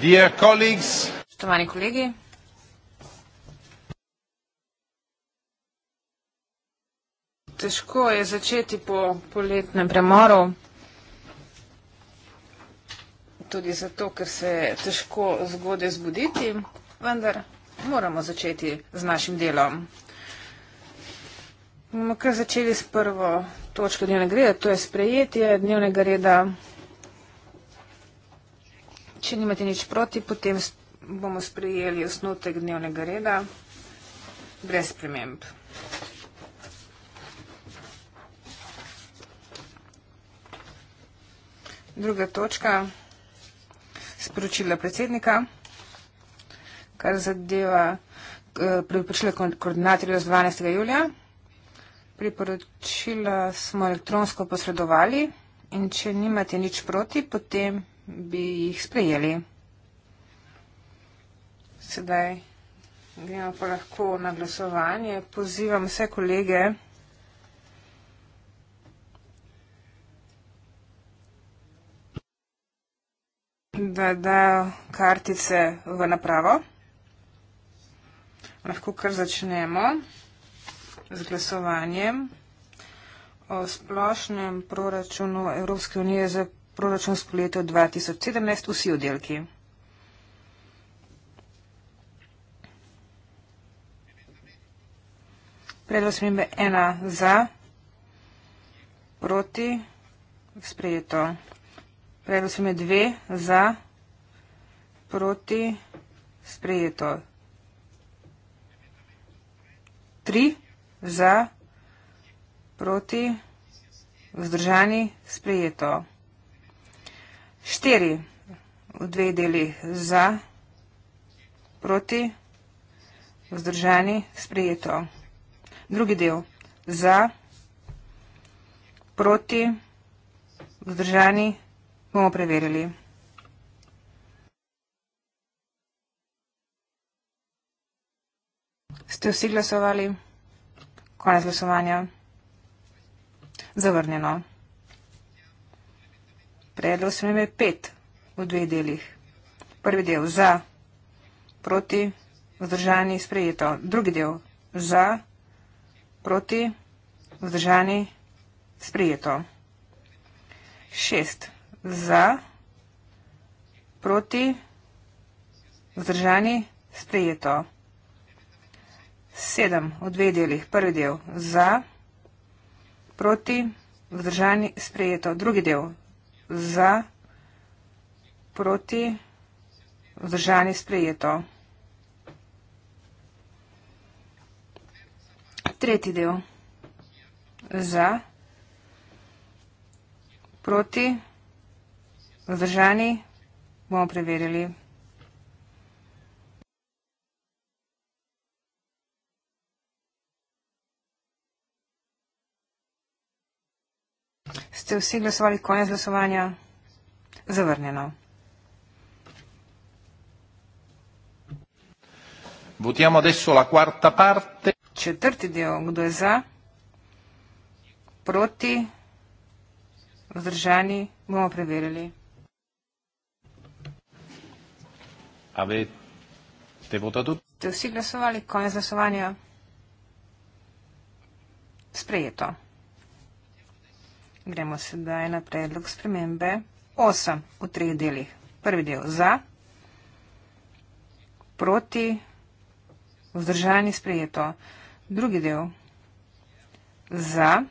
Dear colleagues, Spoštovani kolegi, težko je začeti po poletnem premoru, tudi zato, ker se je težko zgodaj zbuditi, vendar moramo začeti z našim delom. Bomo kar začeli s prvo točko dnevnega reda, to je sprejetje dnevnega reda Če nimate nič proti, potem bomo sprejeli osnutek dnevnega reda brez sprememb. Druga točka, sporočila predsednika, kar zadeva eh, priporočila koordinatorja z 12. julija. Priporočila smo elektronsko posredovali in če nimate nič proti, potem bi jih sprejeli. Sedaj gremo pa lahko na glasovanje. Pozivam vse kolege, da dajo kartice v napravo. Lahko kar začnemo z glasovanjem o splošnem proračunu Evropske unije za proračunsko leto 2017 vsi oddelki. Predlog smembe ena za, proti, sprejeto. Predlog smembe dve za, proti, sprejeto. Tri za, proti, vzdržani, sprejeto. Sprejeto štiri v dveh delih za, proti, vzdržani, sprejeto. Drugi del za, proti, vzdržani, bomo preverili. Ste vsi glasovali? Konec glasovanja. Zavrnjeno. Predlog smeme pet v dveh delih. Prvi del za, proti, vzdržani, sprejeto. Drugi del za, proti, vzdržani, sprejeto. Šest za, proti, vzdržani, sprejeto. Sedem v dveh delih. Prvi del za, proti, vzdržani, sprejeto. Drugi del za, proti, vzdržani sprejeto. Tretji del. Za, proti, vzdržani, bomo preverili. ste vsi glasovali konec glasovanja? Zavrnjeno. Votiamo adesso la quarta parte. Četrti del, kdo je za? Proti? Vzdržani? Bomo preverili. Avete votato? Ste vsi glasovali konec glasovanja? Sprejeto. Gremo sedaj na predlog spremembe 8 v treh delih. Prvi del za, proti, vzdržani sprejeto. Drugi del za,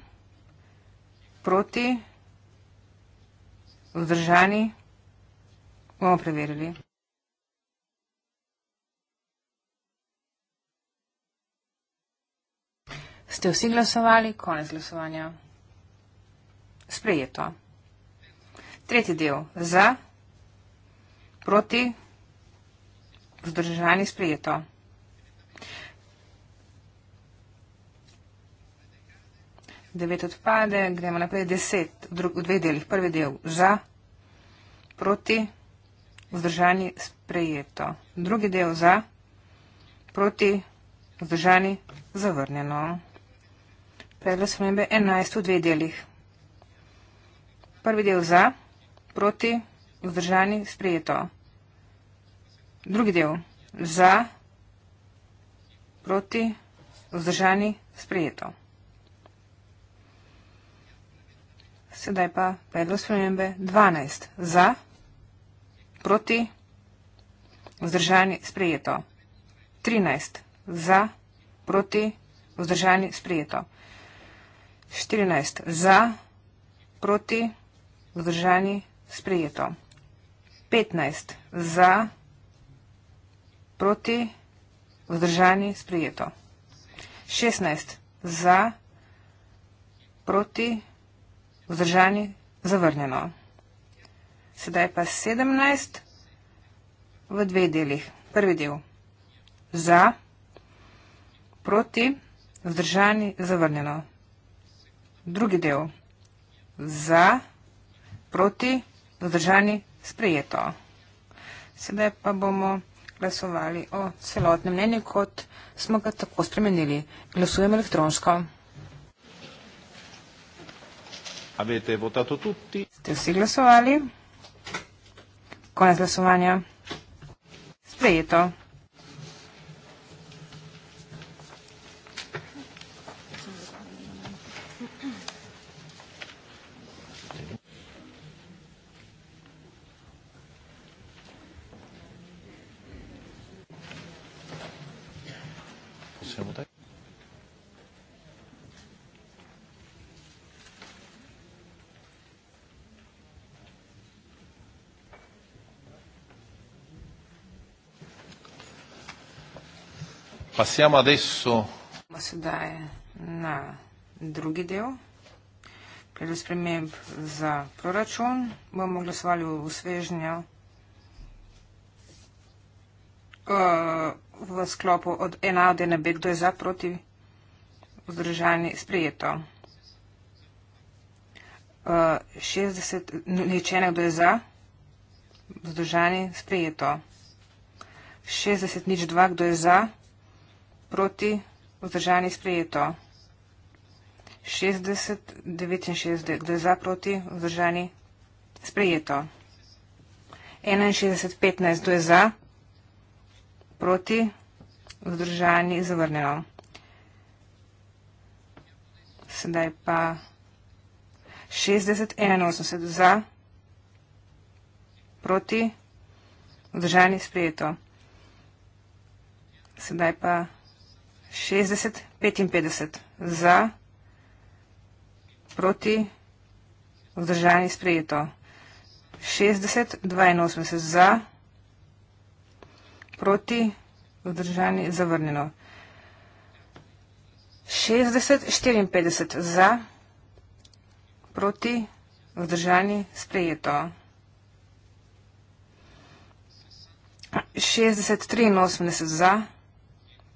proti, vzdržani. Bomo preverili. Ste vsi glasovali? Konec glasovanja sprejeto. Tretji del za, proti, vzdržani sprejeto. Devet odpade, gremo naprej, deset v dveh delih. Prvi del za, proti, vzdržani sprejeto. Drugi del za, proti, vzdržani zavrnjeno. Predlo smembe enajst v dveh delih. Prvi del za, proti, vzdržani, sprejeto. Drugi del za, proti, vzdržani, sprejeto. Sedaj pa predlog spremembe 12. Za, proti, vzdržani, sprejeto. 13. Za, proti, vzdržani, sprejeto. 14. Za, proti, vzdržani, sprejeto vzdržani sprejeto. 15 za, proti, vzdržani sprejeto. 16 za, proti, vzdržani zavrnjeno. Sedaj pa 17 v dveh delih. Prvi del za, proti, vzdržani zavrnjeno. Drugi del za, proti, vzdržani zavrnjeno proti, zadržani, sprejeto. Sedaj pa bomo glasovali o celotnem mnenju, kot smo ga tako spremenili. Glasujem elektronsko. Avete votato tutti? Ste vsi glasovali? Konec glasovanja. Sprejeto. Passiamo adesso v sklopu od ena od ena B, kdo je za proti vzdržani sprejeto. 60, neče ne, kdo je za vzdržani sprejeto. 60, nič dva, kdo je za vzdržani sprejeto proti vzdržani sprejeto. 60, 69, kdo je za proti vzdržani sprejeto. 61, 15, kdo je za proti vzdržani zavrnjeno. Sedaj pa 60, 81 za, proti, vzdržani sprejeto. Sedaj pa 60, 55 za, proti, vzdržanje sprejeto. 60, 82 za, proti, vzdržanje zavrnjeno. 60, 54 za, proti, vzdržanje sprejeto. 60, 83 za,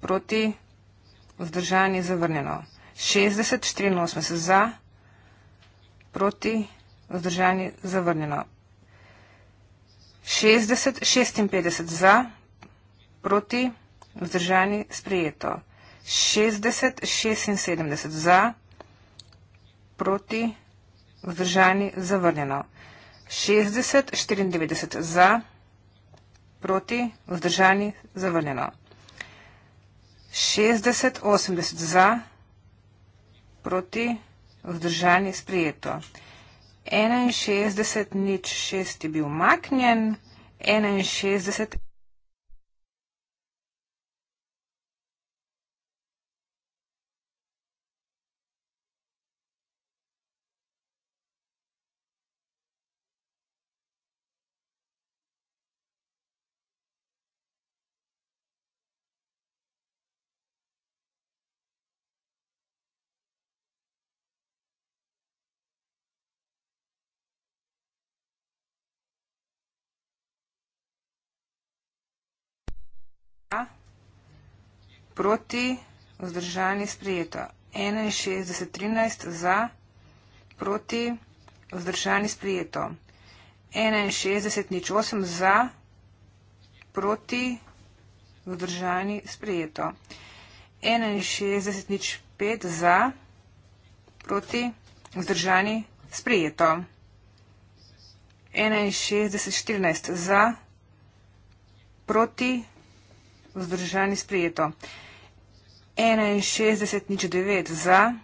proti, vzdržanje sprejeto vzdržan je zavrnjeno. 60, 84 za, proti, vzdržan je zavrnjeno. 60, 56 za, proti, vzdržan je sprejeto. 60, 76 za, proti, vzdržan je zavrnjeno. 60, 94 za, proti, vzdržan je zavrnjeno. 60, 80 za, proti, vzdržanje sprijeto. 61, nič, 6 je bil maknjen, 61. proti, vzdržani, sprijeto. 61, 13, za, proti, vzdržani, sprijeto. 61, nič 8, za, proti, vzdržani, sprijeto. 61, nič 5, za, proti, vzdržani, sprijeto. 61, 14, za, proti, vzdržani, sprijeto vzdržani sprejeto. 61 nič 9 za,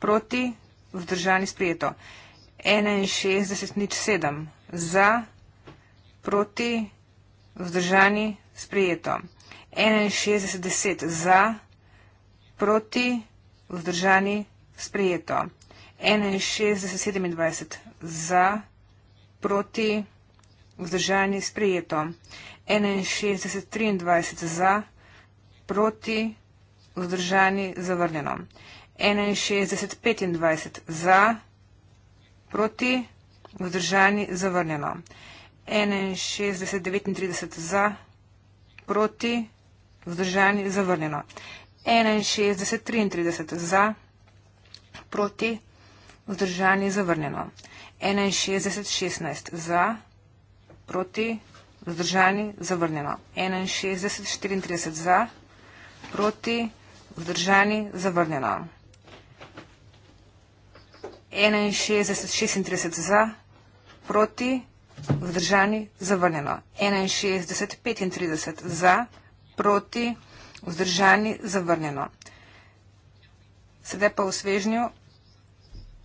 proti, vzdržani sprejeto. 61 nič 7 za, proti, vzdržani sprejeto. 61 10 za, proti, vzdržani sprejeto. 61 27 za, proti, vzdržani sprejeto. 61, 23 za, proti, vzdržani, zavrnjeno. 61, 25 za, proti, vzdržani, zavrnjeno. 61, 39 za, proti, vzdržani, zavrnjeno. 61, 33 za, proti, vzdržani, zavrnjeno. 61, 16 za, proti, vzdržani, zavrnjeno. Vzdržani, zavrnjeno. 61, 34 za, proti, vzdržani, zavrnjeno. 61, 36 za, proti, vzdržani, zavrnjeno. 61, 35 za, proti, vzdržani, zavrnjeno. Sedaj pa v svežnju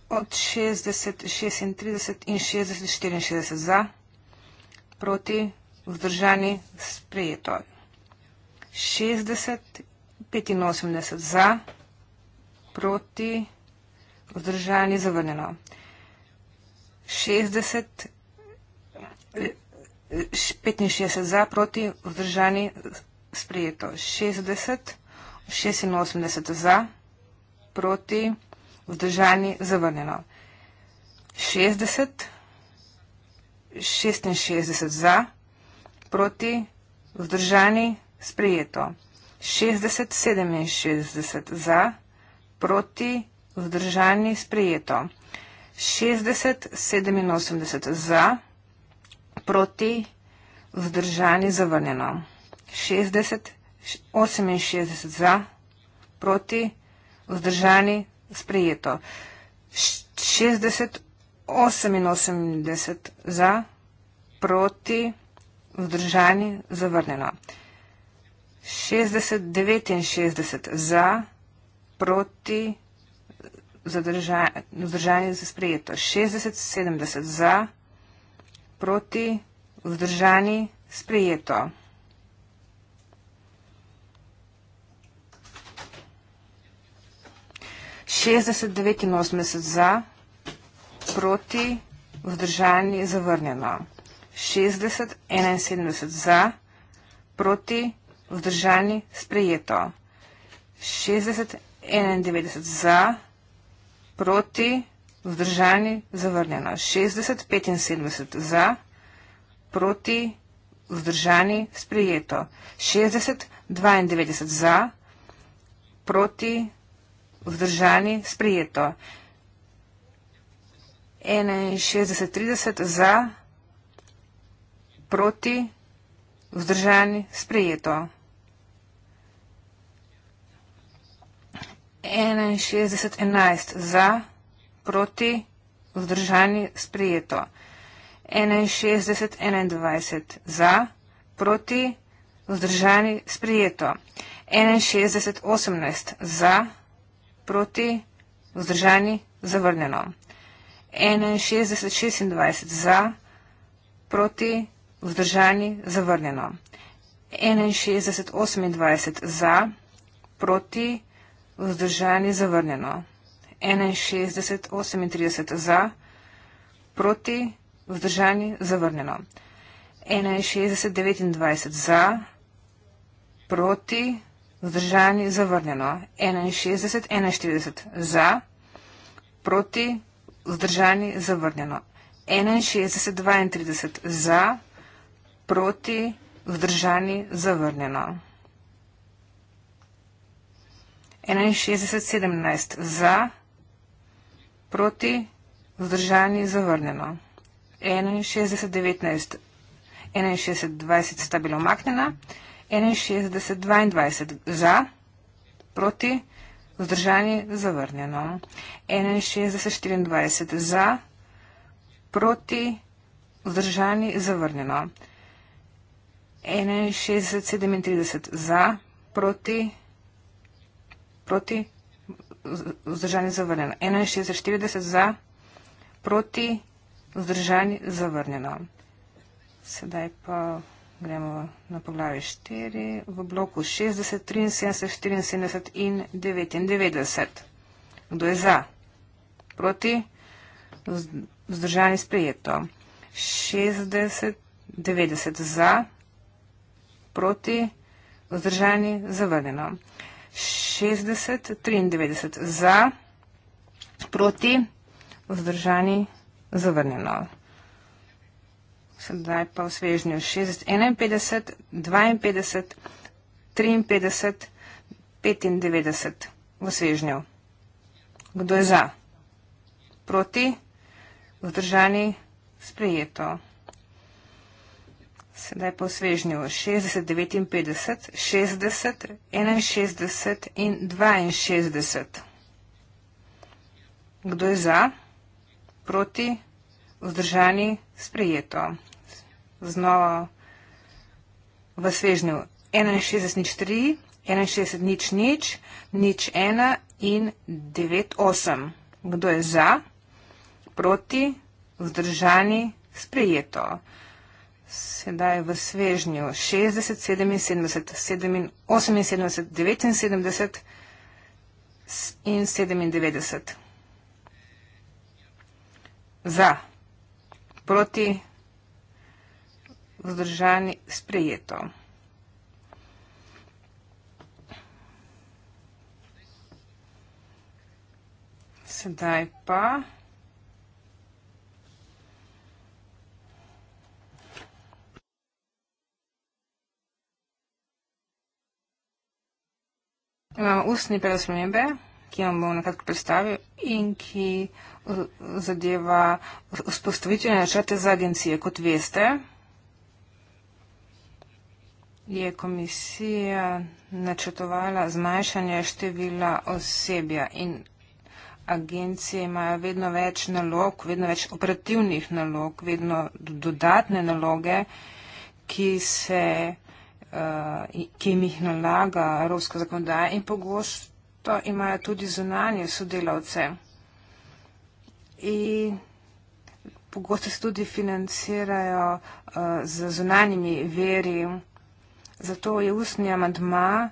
od 60, 36 in 60, 64 za, proti, vzdržani, zavrnjeno vzdržani sprejeto. 60, 85 za, proti, vzdržani zavrnjeno. 60, 65 za, proti, vzdržani sprejeto. 60, 86 za, proti, vzdržani zavrnjeno. 60, 66 za, proti, vzdržani zavrnjeno proti vzdržani sprejeto. 60-67 za, proti vzdržani sprejeto. 60-87 za, proti vzdržani zavrnjeno. 60-68 za, proti vzdržani sprejeto. 60-88 za, proti vzdržani sprejeto vzdržani, zavrnjeno. 60, 69 za, proti, zadržani, vzdržani za sprejeto. 60, 70 za, proti, vzdržani, sprejeto. Šestdeset devetinosemdeset za, proti, vzdržani, zavrnjeno. 60, 71 za, proti, vzdržani, sprejeto. 60, 91 za, proti, vzdržani, zavrnjeno. 60, 75 za, proti, vzdržani, sprejeto. 60, 92 za, proti, vzdržani, sprejeto. 61, 30 za, proti, vzdržani, sprejeto proti, vzdržani, sprejeto. 61, 11 za, proti, vzdržani, sprejeto. 61, 21 za, proti, vzdržani, sprejeto. 61, 18 za, proti, vzdržani, zavrnjeno. 61, 26 za, proti, vzdržani, sprejeto vzdržani, zavrnjeno. 61, 28 za, proti, vzdržani, zavrnjeno. 61, 38 za, proti, vzdržani, zavrnjeno. 61, 29 za, proti, vzdržani, zavrnjeno. 61, 41 za, proti, vzdržani, zavrnjeno. 61, 32 za, proti, vzdržani, zavrnjeno proti, vzdržani, zavrnjeno. 61.17 za, proti, vzdržani, zavrnjeno. 61.19, 61.20 sta bila omaknjena. 61.22 za, proti, vzdržani, zavrnjeno. 61.24 za, proti, vzdržani, zavrnjeno. 61.25 za, proti, vzdržani, zavrnjeno. 61, 37 za, proti, proti, vzdržanje zavrnjeno. 61, 40 za, proti, vzdržanje zavrnjeno. Sedaj pa gremo na poglavje 4 v bloku 60, 73, 74 in 99. Kdo je za? Proti, vzdržanje sprejeto. 60, 90 za, proti, proti, vzdržani, zavrnjeno. 60, 93 za, proti, vzdržani, zavrnjeno. Sedaj pa v svežnju 60, 51, 52, 53, 95 v svežnju. Kdo je za? Proti, vzdržani, sprejeto. Sedaj pa v svežnju 60, 59, 60, 61 in 62. Kdo je za, proti, vzdržani, sprejeto. Znova v svežnju 61 nič 3, 61 nič nič, nič 1 in 9, 8. Kdo je za, proti, vzdržani, sprejeto sedaj v svežnju 60, 77, 78, 79 in 97. Za, proti, vzdržani, sprejeto. Sedaj pa. Imam ustni predlog spremembe, ki vam bom nekako predstavil in ki zadeva vzpostavitev načrte za agencije. Kot veste, je komisija načrtovala zmanjšanje števila osebja in agencije imajo vedno več nalog, vedno več operativnih nalog, vedno dodatne naloge, ki se Eh, ki jim jih nalaga evropska zakonodaja in pogosto imajo tudi zunanje sodelavce. In pogosto se tudi financirajo eh, z zunanjimi veri. Zato je ustni amadma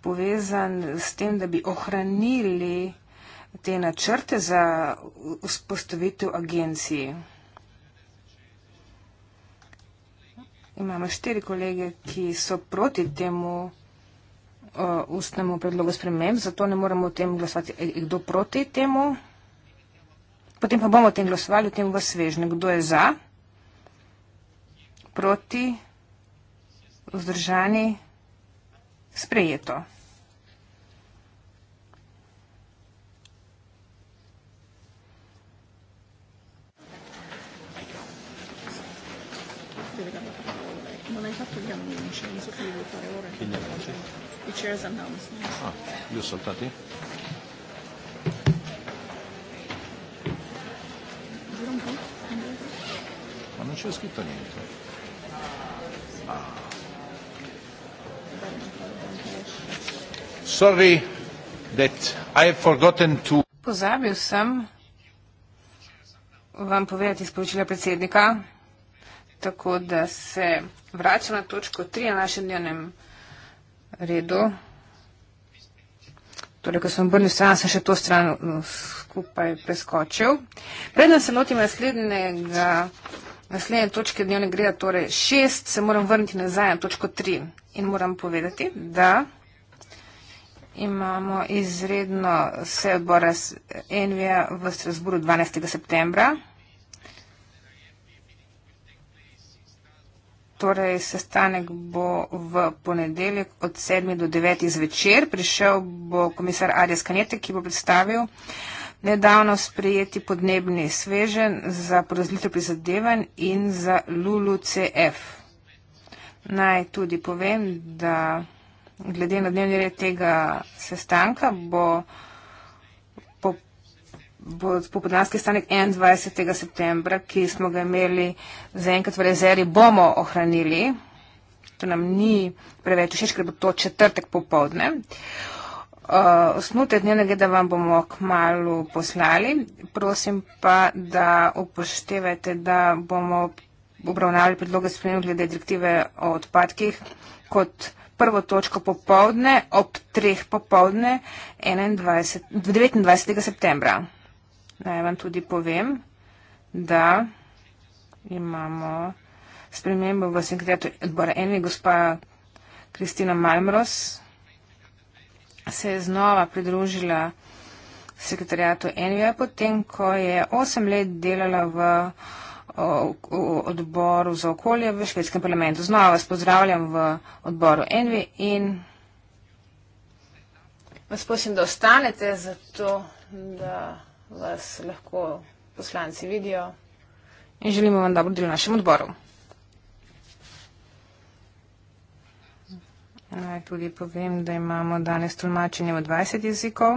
povezan s tem, da bi ohranili te načrte za vzpostavitev agencije. imamo štiri kolege, ki so proti temu uh, ustnemu predlogu sprememb, zato ne moremo o tem glasovati. E, e kdo proti temu? Potem pa bomo o tem glasovali, o tem v svežnju. Kdo je za? Proti? Vzdržani? Sprejeto. chairs and homes. Ah, you're Saltati. You don't drink any of it? Ah, non c'è scritto niente. Ah. Sorry that I have forgotten to... Pozabil sem vam povedati sporočila predsednika, tako da se vračam na točko 3 na našem dnevnem času redu. Torej, ko sem obrnil stran, sem še to stran eh, skupaj preskočil. Preden se notim naslednjega, naslednje točke dnevnega reda, torej šest, se moram vrniti nazaj na točko tri in moram povedati, da imamo izredno sejo odbora NVA v Strasburu 12. septembra. torej sestanek bo v ponedeljek od 7 do 9 zvečer. Prišel bo komisar Arias Kanete, ki bo predstavil nedavno sprejeti podnebni svežen za porazlitev prizadevanj in za LULUCF. Naj tudi povem, da glede na dnevni red tega sestanka bo bo popodanski stanek 21. septembra, ki smo ga imeli zaenkrat v rezervi, bomo ohranili. To nam ni preveč všeč, ker bo to četrtek popovdne. Uh, osnutek uh, dnevnega reda vam bomo k malu poslali. Prosim pa, da upoštevajte, da bomo obravnavali predloge sprememb glede direktive o odpadkih kot prvo točko popovdne ob treh popovdne 21, 29. septembra. Naj vam tudi povem, da imamo spremembo v sekretarju odbora. Eni gospa Kristina Malmros se je znova pridružila sekretarjatu NVA, potem ko je 8 let delala v odboru za okolje v švedskem parlamentu. Znova vas pozdravljam v odboru NVA in vas prosim, da ostanete za to, da vas lahko poslanci vidijo in želimo vam dobro delo našem odboru. Naj tudi povem, da imamo danes tolmačenje v 20 jezikov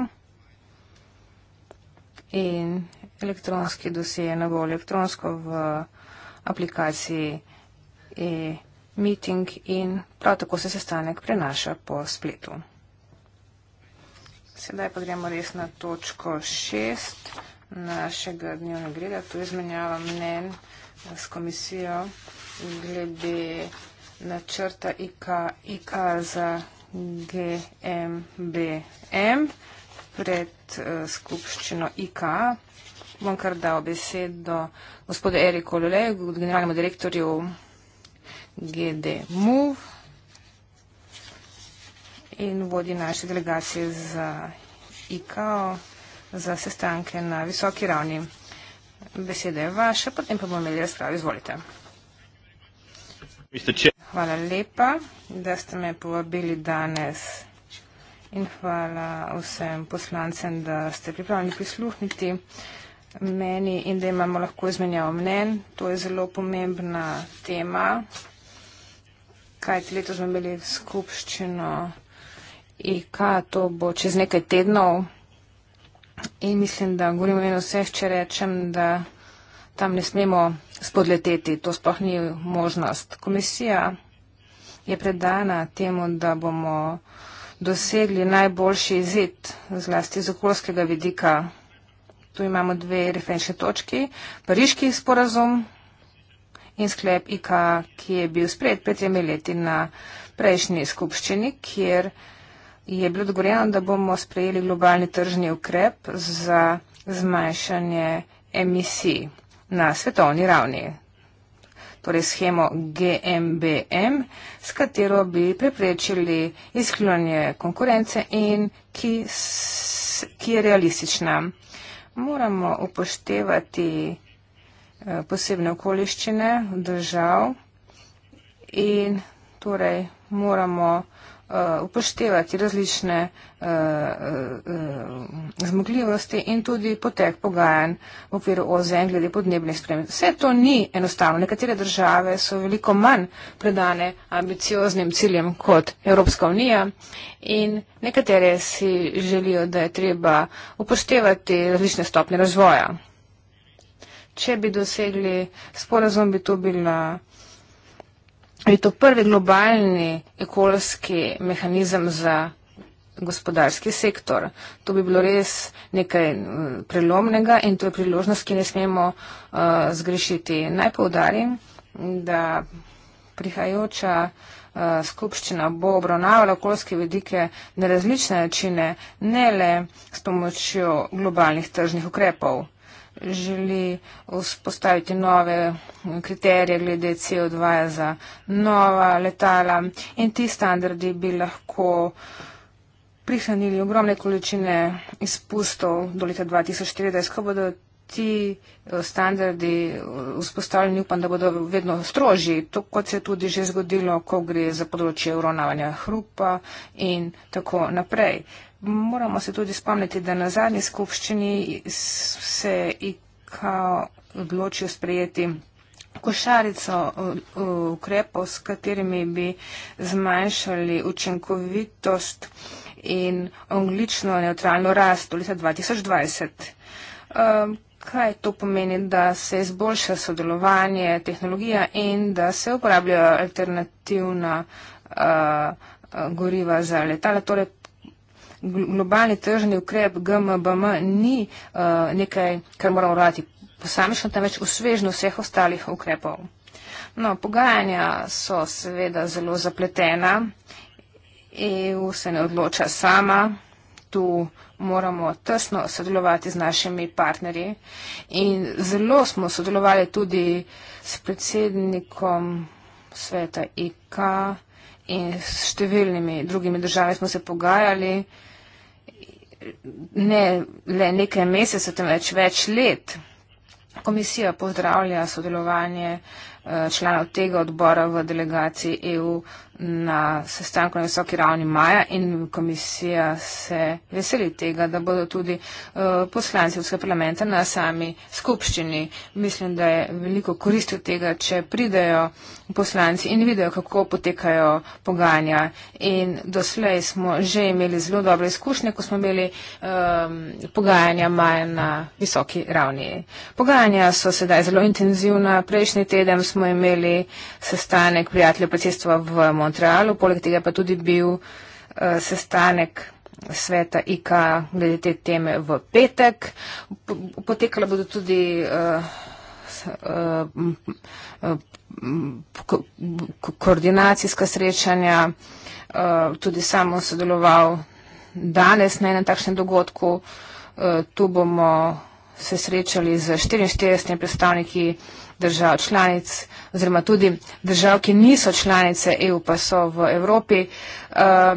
in elektronski dosije na voljo elektronsko v aplikaciji e-meeting in prav tako se sestanek prenaša po spletu. Sedaj pa gremo res na točko šest našega dnevnega reda, to je izmenjava mnen s komisijo glede načrta IK, IK za GMBM pred uh, skupščino IK. Bom kar dal besedo gospodu Eriku Lulegu, generalnemu direktorju GD Move in vodi naše delegacije za IKO, za sestanke na visoki ravni. Beseda je vaša, potem pa bomo imeli razpravo. Izvolite. Hvala lepa, da ste me povabili danes in hvala vsem poslancem, da ste pripravljeni prisluhniti meni in da imamo lahko izmenjav mnen. To je zelo pomembna tema, kajti letos smo imeli skupščino IKA, to bo čez nekaj tednov. In mislim, da govorim o eno vseh, če rečem, da tam ne smemo spodleteti, to sploh ni možnost. Komisija je predana temu, da bomo dosegli najboljši izid zlasti z okoljskega vidika. Tu imamo dve referenčne točki, pariški sporazum in sklep IKA, ki je bil sprejet pred tremi leti na prejšnji skupščini, kjer je bilo dogovorjeno, da bomo sprejeli globalni tržni ukrep za zmanjšanje emisij na svetovni ravni. Torej schemo GMBM, s katero bi preprečili izkljunanje konkurence in ki, s, ki je realistična. Moramo upoštevati eh, posebne okoliščine držav in torej moramo. Eh, upoštevati različne eh, eh, zmogljivosti in tudi potek pogajanj v okviru OZN glede podnebnih sprememb. Vse to ni enostavno. Nekatere države so veliko manj predane ambicioznim ciljem kot Evropska unija in nekatere si želijo, da je treba upoštevati različne stopne razvoja. Če bi dosegli sporazum, bi to bila je to prvi globalni ekološki mehanizem za gospodarski sektor. To bi bilo res nekaj prelomnega in to je priložnost, ki ne smemo uh, zgrešiti. Naj povdarim, da prihajajoča uh, skupščina bo obravnavala okoljske vedike na različne načine, ne le s pomočjo globalnih tržnih ukrepov želi vzpostaviti nove kriterije glede CO2 za nova letala in ti standardi bi lahko prihranili ogromne količine izpustov do leta 2040, ko bodo ti eh, standardi eh, vzpostavljeni, upam, da bodo vedno strožji, to kot se je tudi že zgodilo, ko gre za področje uravnavanja hrupa in tako naprej. Uh, Moramo se tudi spomniti, da na zadnji skupščini se je IKA odločil sprejeti košarico ukrepov, s katerimi bi zmanjšali učinkovitost in anglično neutralno rast do leta 2020. Kaj to pomeni, da se izboljša sodelovanje, tehnologija in da se uporabljajo alternativna uh, goriva za letala, torej globalni tržni ukrep GMBM ni uh, nekaj, kar moramo urvati posamično, temveč osvežno vseh ostalih ukrepov. No, pogajanja so seveda zelo zapletena, EU se ne odloča sama, tu moramo tesno sodelovati z našimi partnerji in zelo smo sodelovali tudi s predsednikom sveta IK in s številnimi drugimi državami smo se pogajali ne le nekaj mesecev, temveč več let. Komisija pozdravlja sodelovanje uh, Eh, članov tega odbora v delegaciji EU na sestanku na visoki ravni maja in komisija se veseli tega, da bodo tudi eh, poslanci Evropskega parlamenta na sami skupščini. Mislim, da je veliko koristi od tega, če pridejo poslanci in vidijo, kako potekajo pogajanja. In doslej smo že imeli zelo dobre izkušnje, ko smo imeli um, pogajanja maja na visoki ravni. Pogajanja so sedaj zelo intenzivna. Prejšnji teden smo smo imeli sestanek prijateljev predsedstva v Montrealu, poleg tega pa tudi bil eh, sestanek sveta IK glede te teme v petek. Potekala bodo tudi eh, eh, koordinacijska srečanja, tudi samo sodeloval danes na enem takšnem dogodku. Tu bomo se srečali z 44 predstavniki držav članic oziroma tudi držav, ki niso članice EU, pa so v Evropi. Eh,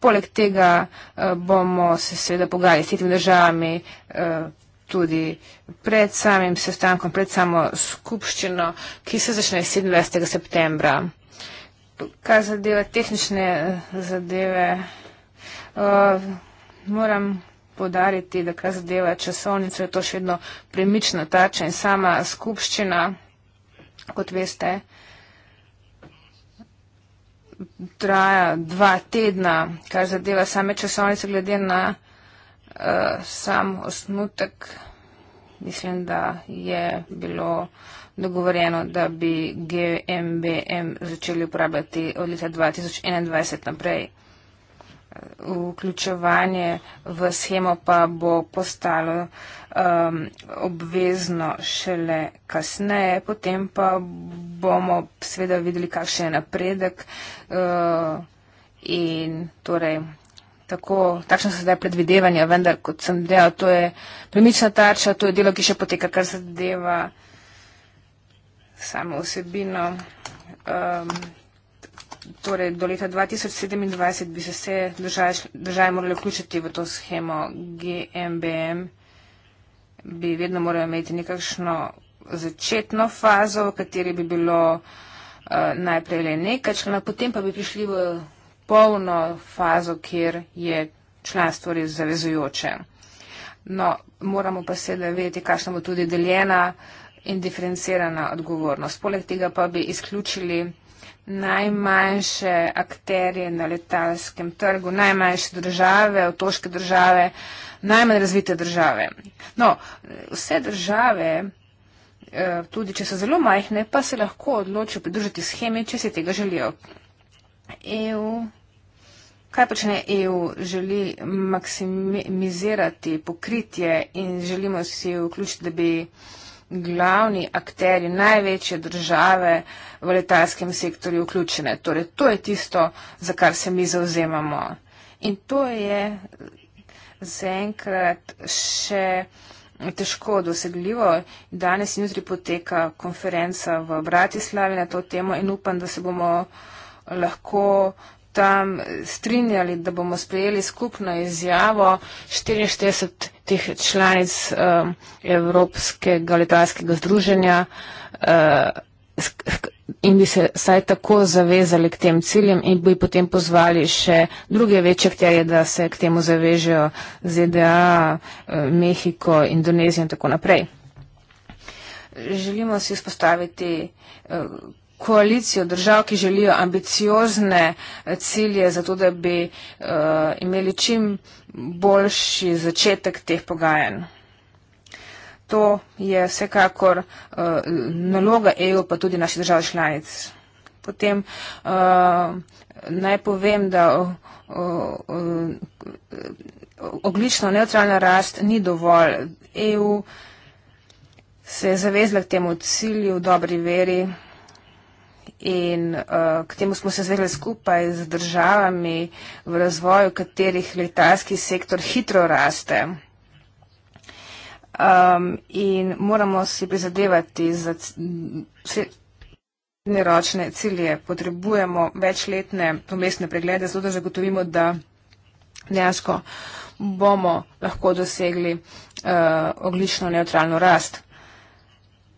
poleg tega eh, bomo se seveda pogajali s tistimi državami eh, tudi pred samim sestankom, pred samo skupščino, ki se začne 27. septembra. Kar zadeva tehnične zadeve, moram podariti, da kar zadeva časovnico, je to še vedno premična tača in sama skupščina, kot veste, traja dva tedna, kar zadeva same časovnice, glede na uh, sam osnutek. Mislim, da je bilo dogovorjeno, da bi GMBM začeli uporabljati od leta 2021 naprej vključevanje v schemo pa bo postalo um, obvezno šele kasneje, potem pa bomo sveda videli, kakšen je napredek uh, in torej tako, takšno so zdaj predvidevanja, vendar kot sem dejal, to je premična tarča, to je delo, ki še poteka, kar zadeva samo osebino. Um, torej do leta 2027 bi se vse države, države morali vključiti v to schemo GMBM, bi vedno morali imeti nekakšno začetno fazo, v kateri bi bilo uh, najprej le nekaj člena, potem pa bi prišli v polno fazo, kjer je članstvo res zavezujoče. No, moramo pa seveda vedeti, kakšna bo tudi deljena in diferencirana odgovornost. Poleg tega pa bi izključili najmanjše akterje na letalskem trgu, najmanjše države, otoške države, najmanj razvite države. No, vse države, eh, tudi če so zelo majhne, pa se lahko odločijo pridružiti scheme, če si tega želijo. EU, kaj počne EU? Želi maksimizirati pokritje in želimo si vključiti, da bi glavni akteri največje države v letalskem sektorju vključene. Torej, to je tisto, za kar se mi zauzemamo. In to je zaenkrat še težko dosegljivo. Danes in jutri poteka konferenca v Bratislavi na to temo in upam, da se bomo lahko tam strinjali, da bomo sprejeli skupno izjavo 44 tih članic um, Evropskega letalskega združenja uh, in bi se saj tako zavezali k tem ciljem in bi potem pozvali še druge večje akterje, da se k temu zavežejo ZDA, uh, Mehiko, Indonezijo in tako naprej. Želimo si izpostaviti. Uh, koalicijo držav, ki želijo ambiciozne eh, cilje za to, da bi uh, imeli čim boljši začetek teh pogajanj. To je vsekakor uh, naloga EU, pa tudi naših držav članic. Potem uh, naj povem, da oglično neutralna rast ni dovolj. EU se je zavezla k temu cilju v dobri veri in uh, k temu smo se zvedeli skupaj z državami, v razvoju katerih letalski sektor hitro raste. Um, in moramo si prizadevati za srednjeročne cilje. Potrebujemo večletne pomestne preglede, zato da zagotovimo, da dejansko bomo lahko dosegli uh, oglično neutralno rast.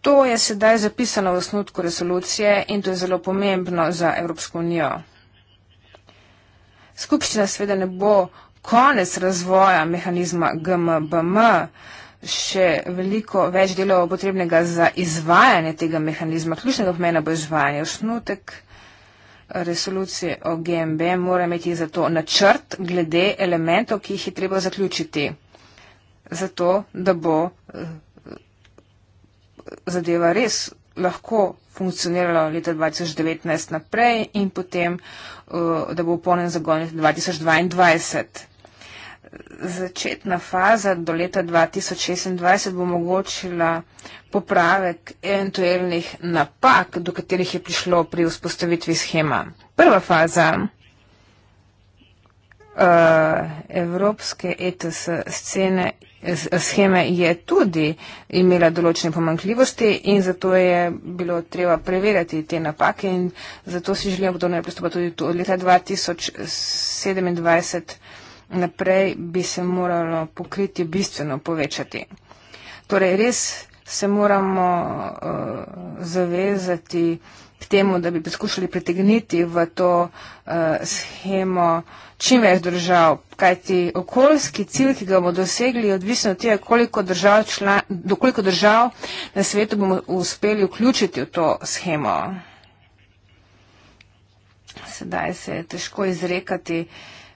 To je sedaj zapisano v osnutku resolucije in to je zelo pomembno za Evropsko unijo. Skupščina sveda ne bo konec razvoja mehanizma GMBM, še veliko več delov potrebnega za izvajanje tega mehanizma. Ključnega pomena bo izvajanje. Osnutek resolucije o GMB mora imeti zato načrt glede elementov, ki jih je treba zaključiti. Zato, da bo eh, zadeva res lahko funkcionirala leta 2019 naprej in potem, uh, da bo v polnem zagonu leta 2022. Začetna faza do leta 2026 bo omogočila popravek eventualnih napak, do katerih je prišlo pri vzpostavitvi schema. Prva faza uh, evropske ETS scene scheme je tudi imela določene pomankljivosti in zato je bilo treba preverjati te napake in zato si želim obdobne pristopa tudi tu. Od leta 2027 naprej bi se moralo pokriti bistveno povečati. Torej res se moramo uh, zavezati temu, da bi poskušali pritegniti v to uh, eh, schemo čim več držav, kajti okoljski cilj, ki ga bomo dosegli, je odvisno od tega, koliko držav, član, koliko držav na svetu bomo uspeli vključiti v to schemo. Sedaj se je težko izrekati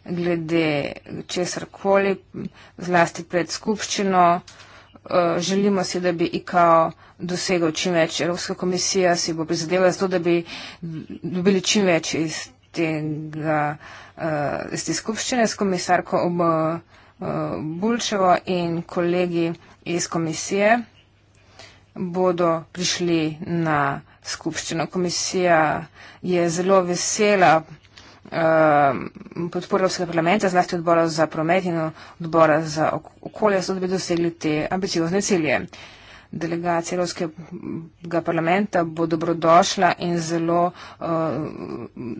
glede česar koli, zlasti pred skupščino. Uh, želimo si, da bi IKO dosegel čim več. Evropska komisija si bo prizadevala za to, da bi dobili čim več iz, tega, uh, iz te skupščine s komisarko ob uh, Bulčevo in kolegi iz komisije bodo prišli na skupščino. Komisija je zelo vesela uh, podpore Evropskega parlamenta, zlasti odbora za promet in odbora za okolje, zato da bi dosegli te ambiciozne cilje. Uh, delegacija Evropskega parlamenta bo dobrodošla in zelo uh,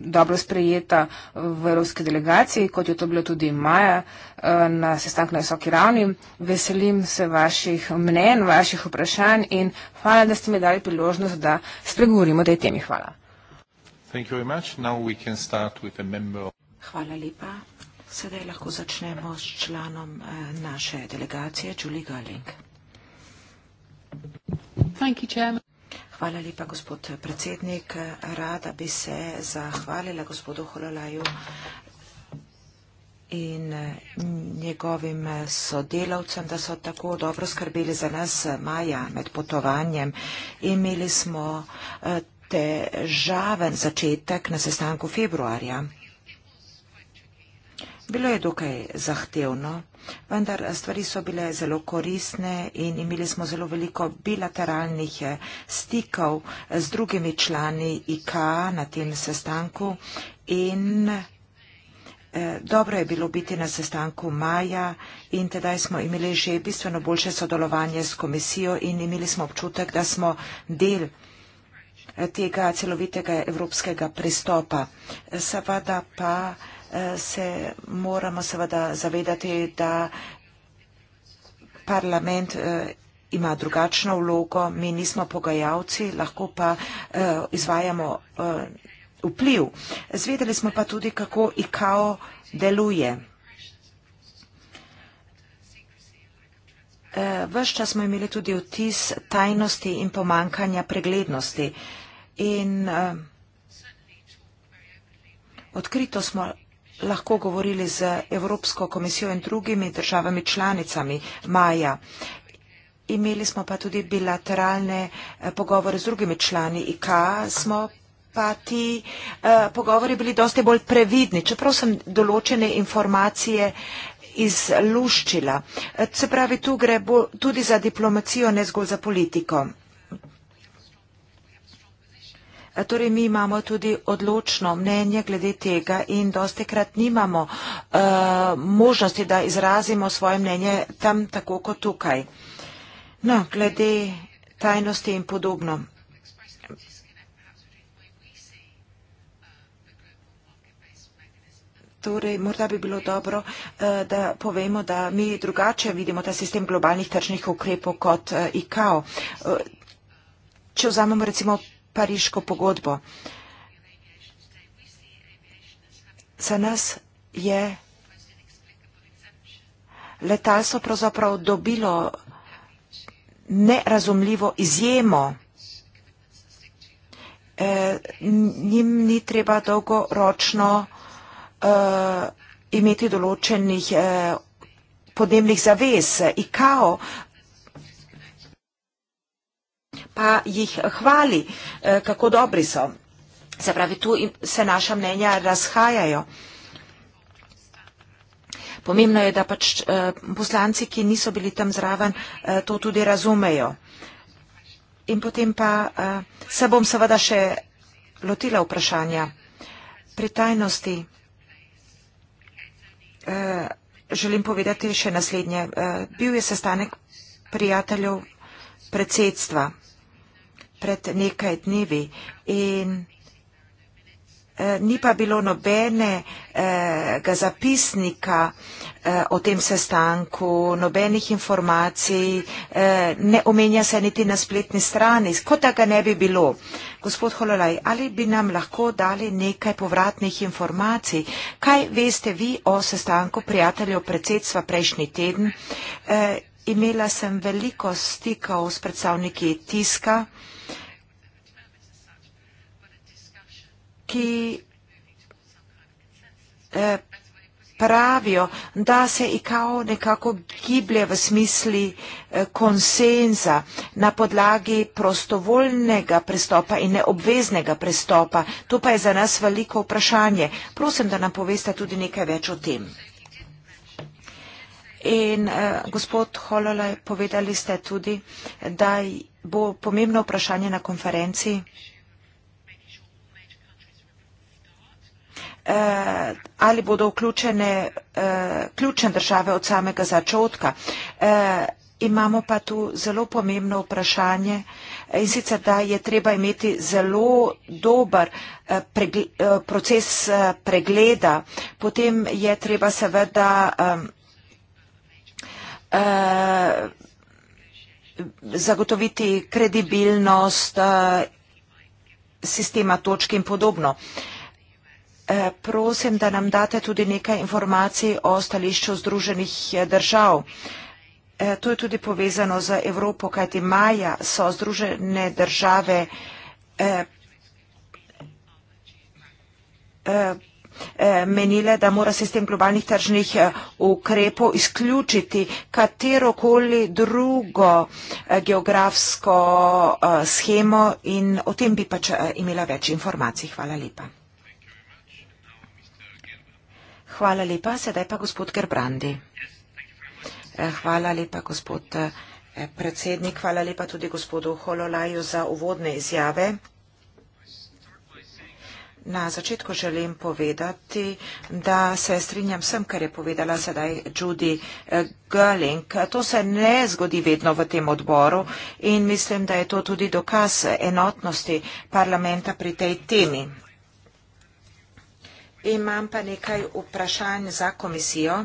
dobro sprejeta v Evropski delegaciji, kot je to bilo tudi maja uh, na sestanku na visoki ravni. Veselim se vaših mnen, vaših vprašanj in hvala, da ste mi dali priložnost, da spregovorimo o tej temi. Hvala. Hvala lepa. Sedaj lahko začnemo s članom eh, naše delegacije, Julie Galling. Hvala lepa, gospod predsednik. Rada bi se zahvalila gospodu Hololaju in njegovim sodelavcem, da so tako dobro skrbeli za nas maja med potovanjem. Imeli smo eh, težaven začetek na sestanku februarja. Bilo je dokaj zahtevno vendar stvari so bile zelo koristne in imeli smo zelo veliko bilateralnih eh, stikov z drugimi člani IKA na tem sestanku in eh, Dobro je bilo biti na sestanku maja in tedaj smo imeli že bistveno boljše sodelovanje s komisijo in imeli smo občutek, da smo del eh, tega celovitega evropskega pristopa. Seveda pa se moramo seveda zavedati, da parlament eh, ima drugačno vlogo, mi nismo pogajalci, lahko pa eh, izvajamo eh, vpliv. Zvedeli smo pa tudi, kako IKAO deluje. Ves čas smo imeli tudi vtis tajnosti in pomankanja preglednosti. In odkrito smo lahko govorili z Evropsko komisijo in drugimi državami članicami maja. Imeli smo pa tudi bilateralne eh, pogovore z drugimi člani IKA, smo pa ti uh, pogovori bili dosti bolj previdni, čeprav sem določene informacije izluščila. Eh, se pravi, tu gre bo, tudi za diplomacijo, ne zgolj za politiko. Torej, mi imamo tudi odločno mnenje glede tega in dosti krat nimamo uh, možnosti, da izrazimo svoje mnenje tam tako kot tukaj. No, glede tajnosti in podobno. Torej, morda bi bilo dobro, eh, da povemo, da mi drugače vidimo ta sistem globalnih tržnih ukrepov kot eh, IKO. Če vzamemo recimo pariško pogodbo. Za nas je letalstvo pravzaprav dobilo nerazumljivo izjemo. E, njim ni treba dolgoročno e, imeti določenih e, podnebnih zavez. E, IKAO pa jih hvali, eh, kako dobri so. Se pravi, tu se naša mnenja razhajajo. Pomembno je, da pač eh, poslanci, ki niso bili tam zraven, eh, to tudi razumejo. In potem pa se bom seveda še lotila vprašanja. Pri tajnosti želim povedati še naslednje. Bil je sestanek prijateljev predsedstva pred nekaj dnevi in eh, ni pa bilo nobenega eh, zapisnika eh, o tem sestanku, nobenih informacij, ne omenja se niti na spletni strani, kot da ga ne bi bilo. Gospod Hololaj, ali bi nam lahko dali nekaj povratnih informacij? Kaj veste vi o sestanku prijateljev predsedstva prejšnji teden? Imela sem veliko stikov s predstavniki tiska. ki eh, pravijo, da se ICAO nekako giblje v smisli eh, konsenza na podlagi prostovoljnega prestopa in neobveznega prestopa. To pa je za nas veliko vprašanje. Prosim, da nam poveste tudi nekaj več o tem. In eh, gospod Hololaj, povedali ste tudi, da bo pomembno vprašanje na konferenciji. eh, ali bodo vključene eh, ključne države od samega začetka. Eh, imamo pa tu zelo pomembno vprašanje eh, in sicer, da je treba imeti zelo dober eh, pregled, eh, proces eh, pregleda, potem je treba seveda eh, eh, zagotoviti kredibilnost eh, sistema točk in podobno. Eh, Eh, prosim, da nam date tudi nekaj informacij o stališču Združenih eh, držav. Eh, to je tudi povezano z Evropo, kajti maja so Združene države menile, da mora sistem globalnih tržnih ukrepov izključiti katerokoli drugo geografsko schemo in o tem bi pač imela več informacij. Hvala lepa. Hvala lepa. Sedaj pa gospod Gerbrandi. Eh, hvala lepa, gospod eh, predsednik. Hvala lepa tudi gospodu Hololaju za uvodne izjave. Na začetku želim povedati, da se strinjam vsem, kar je povedala sedaj Judy eh, Gerling. To se ne zgodi vedno v tem odboru in mislim, da je to tudi dokaz enotnosti parlamenta pri tej temi. Imam pa nekaj vprašanj za komisijo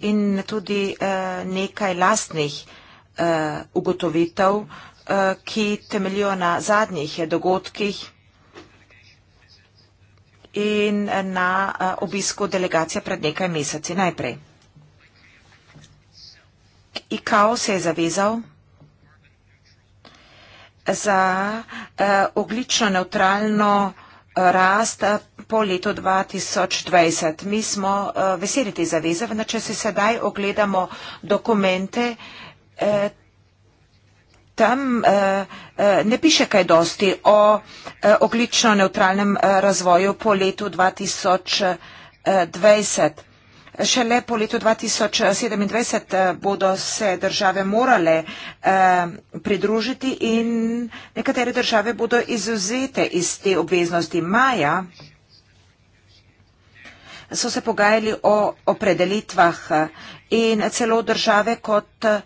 in tudi uh, nekaj lastnih uh, ugotovitev, uh, ki temeljijo na zadnjih dogodkih in na uh, obisku delegacije pred nekaj meseci najprej. IKAO se je zavezal za uh, oglično neutralno uh, rast. Uh, po letu 2020. Mi smo uh, veseli te zaveze, vendar če se sedaj ogledamo dokumente, eh, tam eh, eh, ne piše kaj dosti o eh, oglično neutralnem eh, razvoju po letu 2020. Šele po letu 2027 eh, bodo se države morale eh, pridružiti in nekatere države bodo izuzete iz te obveznosti maja so se pogajali o opredelitvah eh, in celo države kot eh,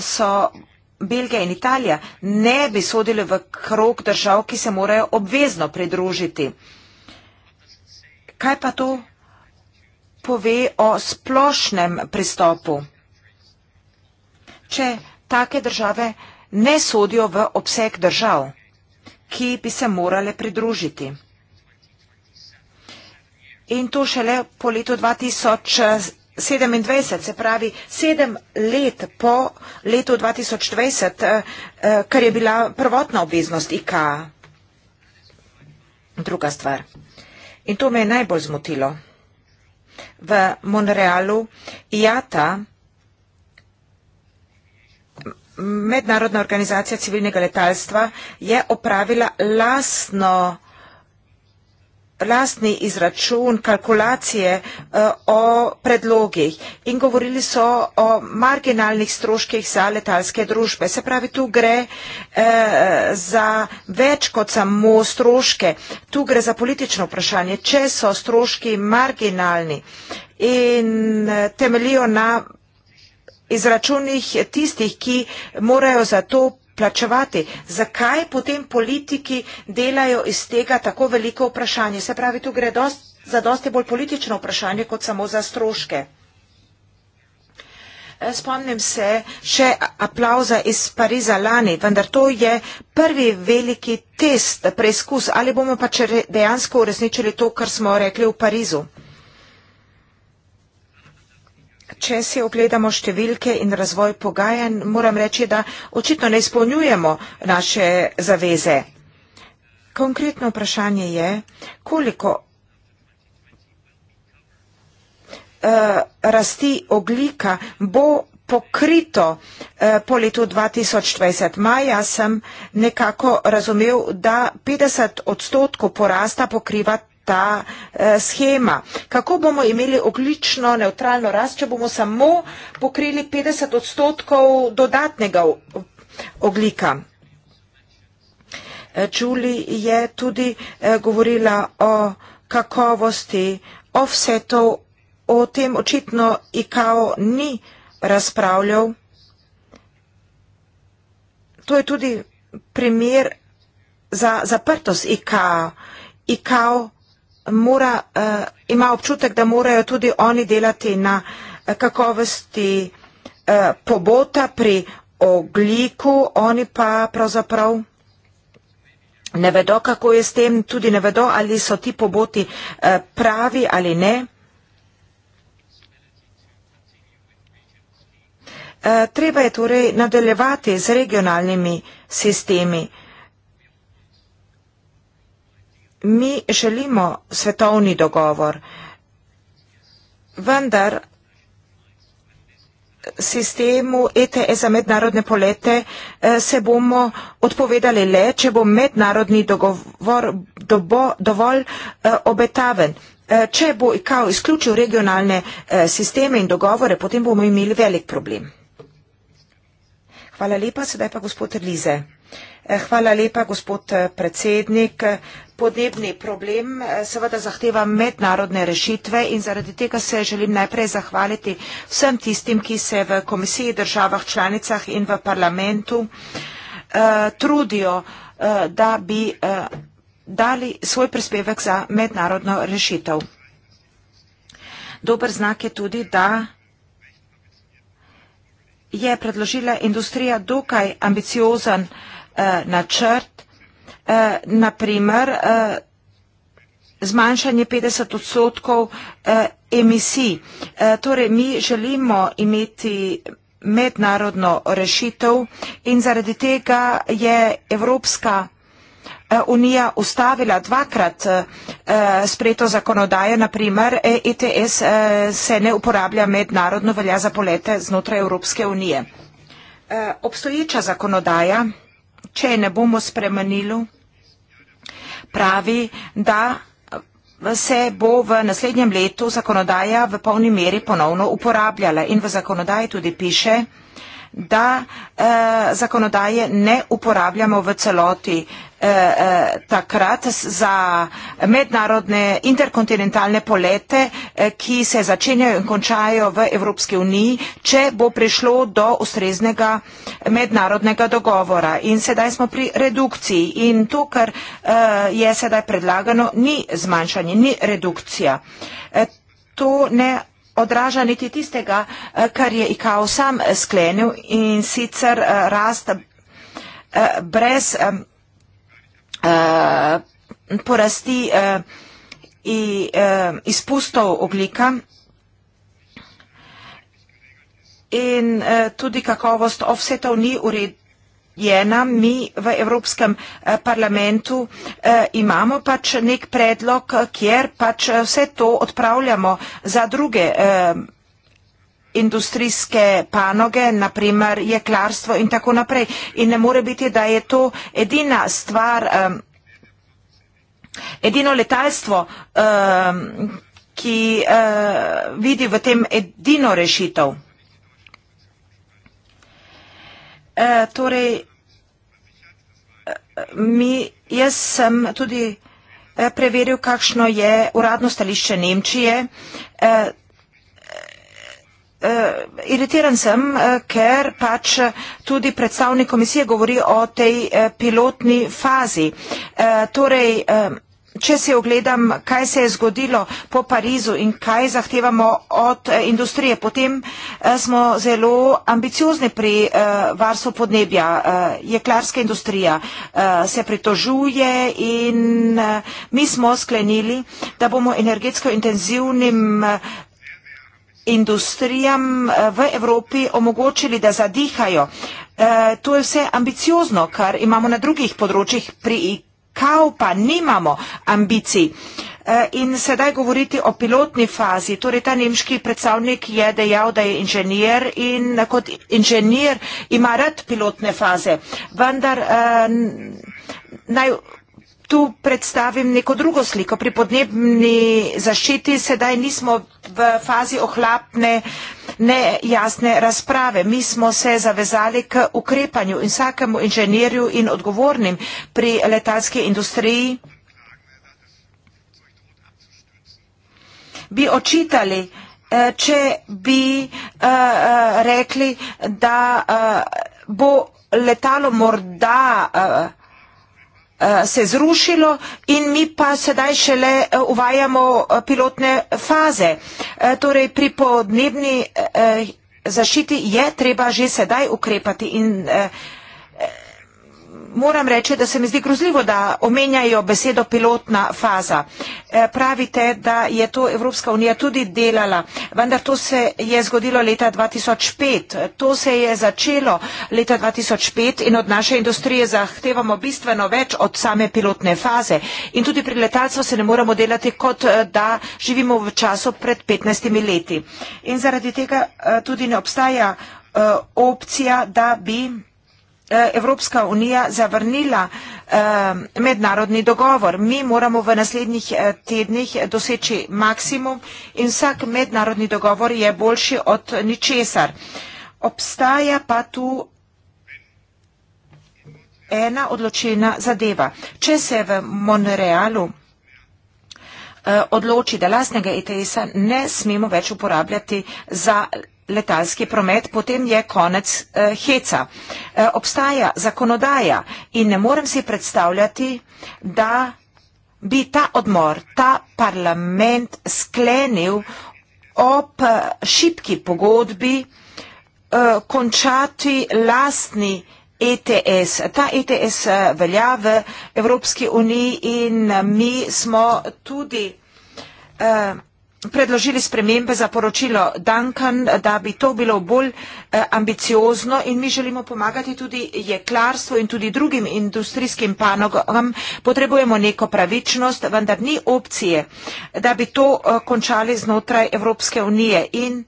so Belgija in Italija ne bi sodili v krog držav, ki se morajo obvezno pridružiti. Kaj pa to pove o splošnem pristopu, če take države ne sodijo v obseg držav, ki bi se morale pridružiti? in to šele po letu 2027, eh, se pravi sedem let po letu 2020, eh, eh, kar je bila prvotna obveznost IKA. Druga stvar. In to me je najbolj zmotilo. V Monrealu IATA, mednarodna organizacija civilnega letalstva, je opravila lasno lastni izračun, kalkulacije eh, o predlogih in govorili so o marginalnih stroških za letalske družbe. Se pravi, tu gre eh, za več kot samo stroške, tu gre za politično vprašanje, če so stroški marginalni in eh, temelijo na izračunih tistih, ki morajo za to plačevati. Zakaj potem politiki delajo iz tega tako veliko vprašanje? Se pravi, tu gre dost, za dosti bolj politično vprašanje kot samo za stroške. E, spomnim se še aplauza iz Pariza lani, vendar to je prvi veliki test, preizkus, ali bomo pač dejansko uresničili to, kar smo rekli v Parizu če si ogledamo številke in razvoj pogajanj, moram reči, da očitno ne izpolnjujemo naše zaveze. Konkretno vprašanje je, koliko eh, rasti oglika bo pokrito eh, po letu 2020. Maja sem nekako razumel, da 50 odstotkov porasta pokriva ta eh, schema. Kako bomo imeli oglično neutralno rast, če bomo samo pokrili 50 odstotkov dodatnega oglika? Čuli eh, je tudi eh, govorila o kakovosti offsetov, o tem očitno IKO ni razpravljal. To je tudi primer za zaprtost IKO. IKO mora, uh, ima občutek, da morajo tudi oni delati na eh, kakovosti uh, pobota pri ogliku, oni pa pravzaprav ne vedo, kako je s tem, tudi ne vedo, ali so ti poboti uh, pravi ali ne. Uh, treba je torej nadaljevati z regionalnimi sistemi. Uh, mi želimo svetovni dogovor, vendar sistemu ETS e za mednarodne polete eh, se bomo odpovedali le, če bo mednarodni dogovor dovolj eh, obetaven. Eh, če bo IKAO izključil regionalne sisteme in dogovore, potem bomo imeli velik problem. Hvala lepa, sedaj pa gospod Lize. Hvala lepa, gospod predsednik. Podnebni problem eh, seveda zahteva mednarodne rešitve in zaradi tega se želim najprej zahvaliti vsem tistim, ki se v komisiji, državah, članicah in v parlamentu eh, trudijo, eh, da bi dali svoj prispevek za mednarodno rešitev. Dober znak je tudi, da je predložila industrija dokaj ambiciozen načrt eh, naprimer eh, zmanjšanje 50 odstotkov eh, emisij. Eh, torej, mi želimo imeti mednarodno rešitev in zaradi tega je Evropska eh, unija ustavila dvakrat eh, spreto zakonodajo, naprimer ETS eh, se ne uporablja mednarodno, velja za polete znotraj Evropske unije. Eh, obstoječa zakonodaja če ne bomo spremenili, pravi, da se bo v naslednjem letu zakonodaja v polni meri ponovno uporabljala. In v zakonodaji tudi piše, da eh, zakonodaje ne uporabljamo v celoti eh, eh takrat za mednarodne interkontinentalne polete, eh, ki se začenjajo in končajo v Evropski uniji, če bo prišlo do ustreznega mednarodnega dogovora. In sedaj smo pri redukciji in to, kar eh, je sedaj predlagano, ni zmanjšanje, ni redukcija. Eh, to ne odraža niti tistega, eh, kar je IKAO sam eh, sklenil in sicer eh, rast brez porasti izpustov oglika in tudi kakovost offsetov ni uredna ena, mi v Evropskem eh, parlamentu eh, imamo pač nek predlog, kjer pač eh, vse to odpravljamo za druge industrijske panoge, naprimer jeklarstvo in tako naprej. In ne more biti, da je to edina stvar, edino letalstvo, ki vidi v tem edino rešitev. E, torej, e, mi, jaz sem tudi e, preveril, kakšno je uradno stališče Nemčije. Iritiran sem, ker pač tudi predstavnik komisije govori o tej pilotni fazi. Torej, če se ogledam, kaj se je zgodilo po Parizu in kaj zahtevamo od eh, industrije, potem eh, smo zelo ambiciozni pri eh, varstvu podnebja. Jeklarska industrija se pritožuje in mi smo sklenili, da bomo energetsko intenzivnim industrijam v Evropi omogočili, da zadihajo. To je vse ambiciozno, kar imamo na drugih področjih pri IT kao pa nimamo ambicij. E, in sedaj govoriti o pilotni fazi. Torej, ta nemški predstavnik je dejal, da je inženir in kot inženir ima rad pilotne faze. Vendar eh, naj tu predstavim neko drugo sliko. Pri podnebni zaščiti sedaj nismo v fazi ohlapne nejasne razprave. Mi smo se zavezali k ukrepanju in vsakemu inženirju in odgovornim pri letalski industriji bi očitali, eh, če bi eh, eh, rekli, da bo letalo morda Eh, se zrušilo in mi pa sedaj šele eh, uvajamo eh, pilotne faze. Torej pri podnebni zašiti je treba že sedaj ukrepati in moram reči, da se mi zdi grozljivo, da omenjajo besedo pilotna faza. E, pravite, da je to Evropska unija tudi delala, vendar to se je zgodilo leta 2005. To se je začelo leta 2005 in od naše industrije zahtevamo bistveno več od same pilotne faze. In tudi pri letalstvu se ne moramo delati, kot e, da živimo v času pred 15 leti. In zaradi tega e, tudi ne obstaja opcija, da bi Eh, Evropska unija zavrnila eh, mednarodni dogovor. Mi moramo v naslednjih eh, tednih doseči maksimum in vsak mednarodni dogovor je boljši od ničesar. Obstaja pa tu ena odločena zadeva. Če se v Monrealu odloči, da lastnega ETS-a ne smemo več uporabljati za letalski promet, potem je konec uh, heca. Uh, obstaja zakonodaja in ne morem si predstavljati, da bi ta odmor, ta parlament sklenil ob eh, šipki pogodbi uh, končati lastni ETS. Ta ETS velja v Evropski uniji in mi smo tudi uh, predložili spremembe za poročilo Duncan, da bi to bilo bolj eh, ambiciozno in mi želimo pomagati tudi jeklarstvu in tudi drugim industrijskim panogam. Potrebujemo neko pravičnost, vendar ni opcije, da bi to eh, končali znotraj Evropske unije in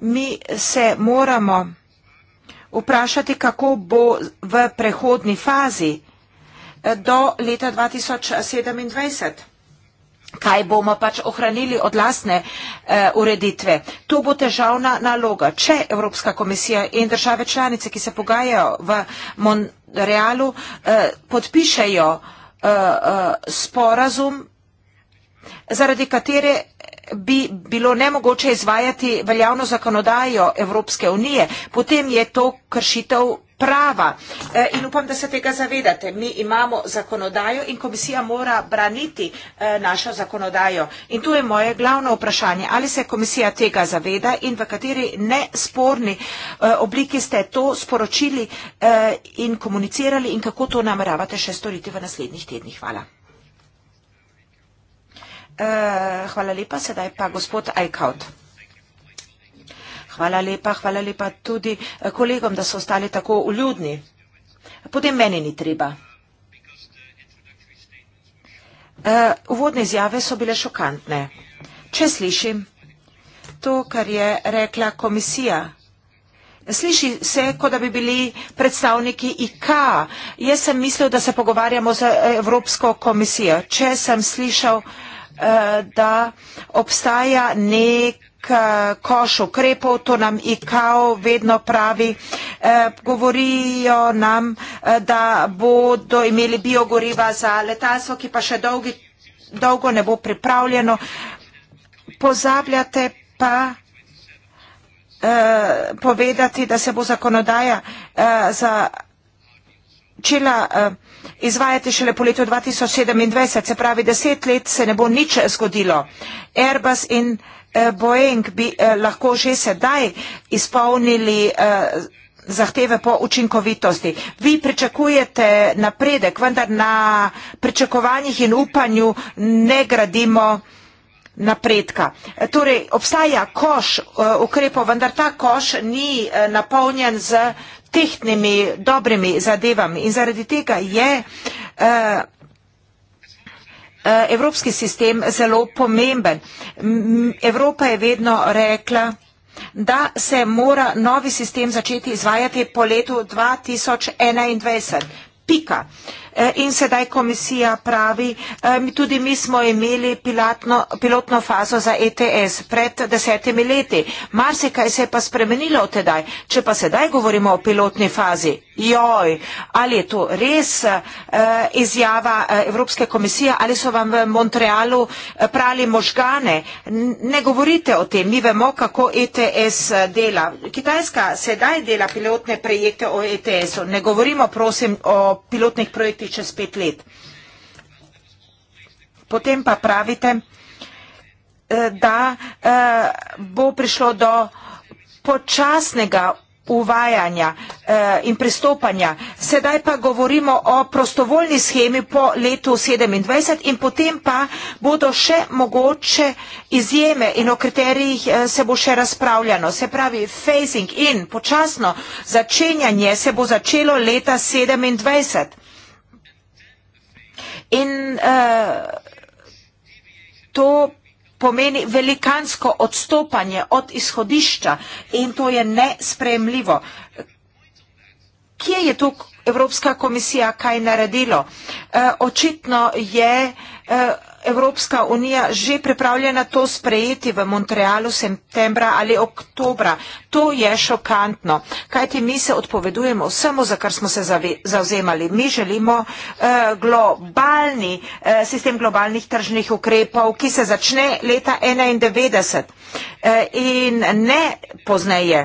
mi se moramo vprašati, kako bo v prehodni fazi eh, do leta 2027 kaj bomo pač ohranili od lastne uh, ureditve. To bo težavna naloga. Če Evropska komisija in države članice, ki se pogajajo v Montrealu, uh, eh, podpišejo uh, uh, sporazum, zaradi katere bi bilo nemogoče izvajati veljavno zakonodajo Evropske unije, potem je to kršitev prava. E, in upam, da se tega zavedate. Mi imamo zakonodajo in komisija mora braniti e, našo zakonodajo. In tu je moje glavno vprašanje, ali se komisija tega zaveda in v kateri nesporni e, obliki ste to sporočili in komunicirali in kako to nameravate še storiti v naslednjih tednih. Hvala. Eh, hvala lepa. Sedaj pa gospod Eichhout. Hvala lepa, hvala lepa tudi eh, kolegom, da so ostali tako uljudni. Potem meni ni treba. Eh, uvodne izjave so bile šokantne. Če slišim to, kar je rekla komisija, sliši se, kot da bi bili predstavniki IK. Jaz sem mislil, da se pogovarjamo z Evropsko komisijo. Če sem slišal. Eh, da obstaja nek eh, koš ukrepov, to nam IKAO vedno pravi, eh, govorijo nam, eh, da bodo imeli biogoriva za letalstvo, ki pa še dolgi, dolgo ne bo pripravljeno. Pozabljate pa eh, povedati, da se bo zakonodaja eh, za začela eh, izvajati šele po letu 2027, se pravi deset let se ne bo nič zgodilo. Airbus in eh, Boeing bi eh, lahko že sedaj izpolnili zahteve po učinkovitosti. Vi pričakujete napredek, vendar na pričakovanjih in upanju ne gradimo napredka. Torej, obstaja koš ukrepov, vendar ta koš ni napolnjen z učinkovitosti tehtnimi, dobrimi zadevami in zaradi tega je eh, eh, evropski sistem zelo pomemben. Evropa je vedno rekla, da se mora novi sistem začeti izvajati po letu 2021. Pika. E, in sedaj komisija pravi, e, tudi mi smo imeli pilotno, pilotno fazo za ETS pred desetimi leti. Marsikaj se je pa spremenilo od tedaj. Če pa sedaj govorimo o pilotni fazi, joj, ali je to res e, izjava Evropske komisije, ali so vam v Montrealu prali možgane. Ne govorite o tem, mi vemo, kako ETS dela. Kitajska sedaj dela pilotne projekte o ETS-u. Ne govorimo, prosim, o pilotnih projektih tudi čez pet let. Potem pa pravite, eh, da eh, bo prišlo do počasnega uvajanja eh, in pristopanja. Sedaj pa govorimo o prostovoljni schemi po letu 27 in potem pa bodo še mogoče izjeme in o kriterijih se bo še razpravljano. Se pravi, phasing in počasno začenjanje se bo začelo leta 27. In uh, to pomeni velikansko odstopanje od izhodišča in to je nespremljivo. Kje je tu Evropska komisija kaj naredilo? Uh, očitno je. Uh, Evropska unija že pripravljena to sprejeti v Montrealu septembra ali oktobra. To je šokantno. Kaj ti mi se odpovedujemo vsemu, za kar smo se zauzemali? Mi želimo eh, globalni eh, sistem globalnih tržnih ukrepov, ki se začne leta 1991 eh, in ne pozneje.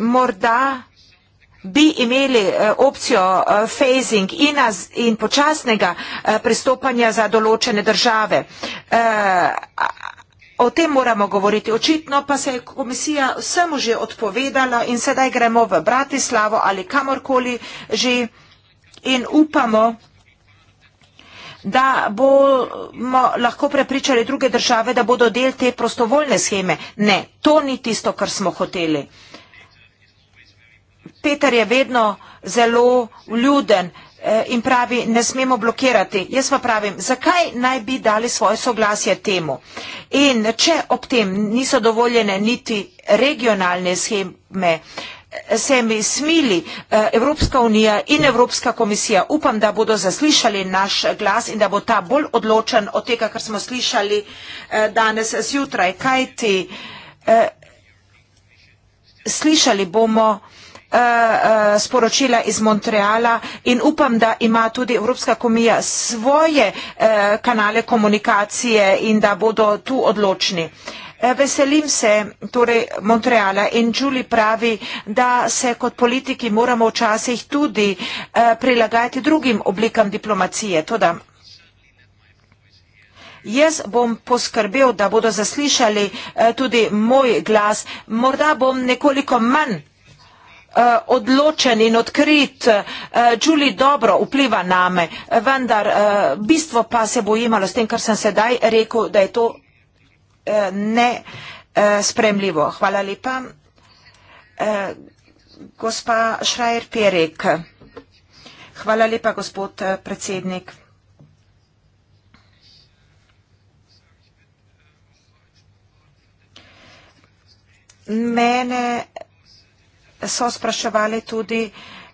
Morda bi imeli eh, opcijo eh, phasing in, az, in počasnega eh, pristopanja za določene države. O tem moramo govoriti. Očitno pa se je komisija vsemu že odpovedala in sedaj gremo v Bratislavo ali kamorkoli že in upamo, da bomo lahko prepričali druge države, da bodo del te prostovoljne scheme. Ne, to ni tisto, kar smo hoteli. Peter je vedno zelo vljuden eh, in pravi, ne smemo blokirati. Jaz pa pravim, zakaj naj bi dali svoje soglasje temu? In če ob tem niso dovoljene niti regionalne scheme, eh, se mi smili eh, Evropska unija in Evropska komisija. Upam, da bodo zaslišali naš glas in da bo ta bolj odločen od tega, kar smo slišali danes zjutraj. Kaj ti slišali bomo? uh, sporočila iz Montreala in upam, da ima tudi Evropska komija svoje uh, kanale komunikacije in da bodo tu odločni. Veselim se torej Montreala in Julie pravi, da se kot politiki moramo včasih tudi eh, prilagajati drugim oblikam diplomacije. Toda jaz bom poskrbel, da bodo zaslišali eh, tudi moj glas. Morda bom nekoliko manj Eh, odločen in odkrit, Đuli eh, dobro vpliva name, vendar eh, bistvo pa se bo imalo s tem, kar sem sedaj rekel, da je to nespremljivo. Hvala lepa. Gospa Šrajer-Perek. Hvala lepa, gospod predsednik. Mene so spraševali tudi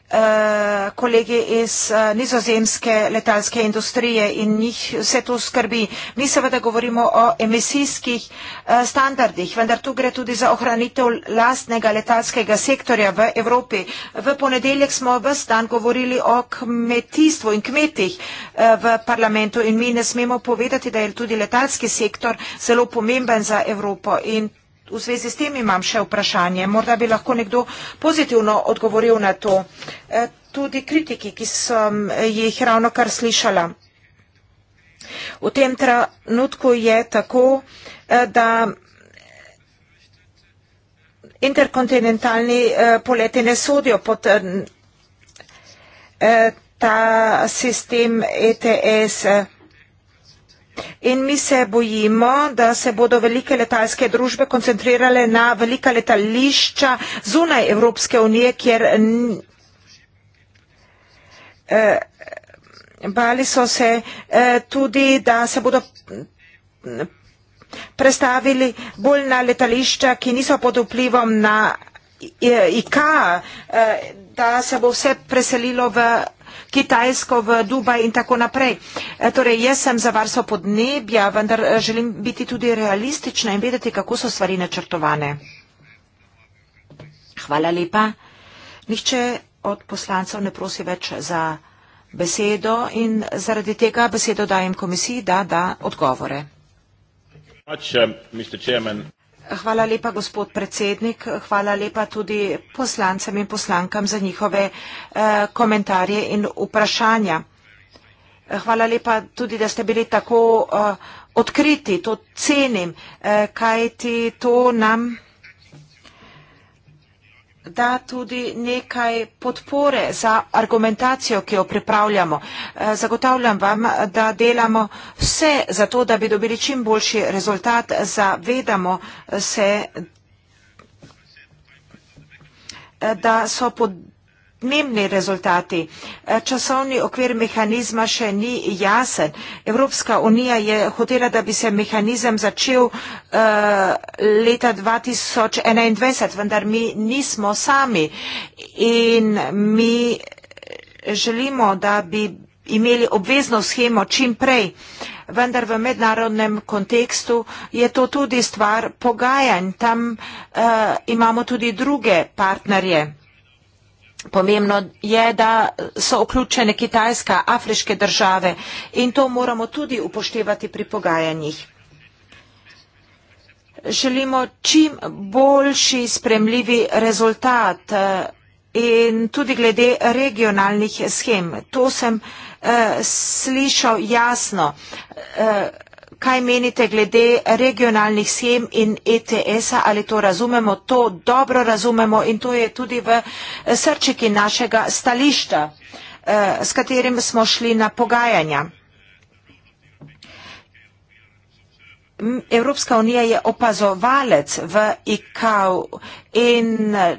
eh, kolegi iz eh, nizozemske letalske industrije in njih vse to skrbi. Mi seveda govorimo o emisijskih eh, standardih, vendar tu gre tudi za ohranitev lastnega letalskega sektorja v Evropi. V ponedeljek smo ves dan govorili o kmetijstvu in kmetih v parlamentu in mi ne smemo povedati, da je tudi letalski sektor zelo pomemben za Evropo in V zvezi s tem imam še vprašanje. Morda bi lahko nekdo pozitivno odgovoril na to. E, tudi kritiki, ki sem jih ravno kar slišala. V tem trenutku je tako, e, da interkontinentalni e, poleti ne sodijo pod ta sistem ETS-a in mi se bojimo, da se bodo velike letalske družbe koncentrirale na velika letališča zunaj Evropske unije, kjer eh, bali so se eh, tudi, da se bodo prestavili bolj na letališča, ki niso pod vplivom na IKA, eh, da se bo vse preselilo v Kitajsko, v Dubaj in tako naprej. Eh, torej, jaz sem za varstvo podnebja, vendar eh, želim biti tudi realistična in vedeti, kako so stvari načrtovane. Hvala lepa. Nihče od poslancev ne prosi več za besedo in zaradi tega besedo dajem komisiji, da da odgovore. Much, um, uh, Mr. Chairman. Hvala lepa, gospod predsednik. Hvala lepa tudi poslancem in poslankam za njihove eh, komentarje in vprašanja. Hvala lepa tudi, da ste bili tako eh, odkriti, to cenim, eh, kaj ti to nam da tudi nekaj podpore za argumentacijo, ki jo pripravljamo. Eh, zagotavljam vam, da delamo vse za to, da bi dobili čim boljši rezultat, zavedamo se, eh, da so podpore pomembni rezultati. Eh, časovni okvir mehanizma še ni jasen. Evropska unija je hotela, da bi se mehanizem začel uh, leta 2021, vendar mi nismo sami in mi želimo, da bi imeli obvezno schemo čim prej. Vendar v mednarodnem kontekstu je to tudi stvar pogajanj. Tam uh, imamo tudi druge partnerje. Pomembno je, da so vključene Kitajska, afriške države in to moramo tudi upoštevati pri pogajanjih. Želimo čim boljši spremljivi rezultat eh, in tudi glede regionalnih schem. To sem uh, slišal jasno. Uh, Kaj menite glede regionalnih schem in ETS-a? Ali to razumemo? To dobro razumemo in to je tudi v eh, srčiki našega stališča, eh, s katerim smo šli na pogajanja. Evropska unija je opazovalec v IKAV in eh,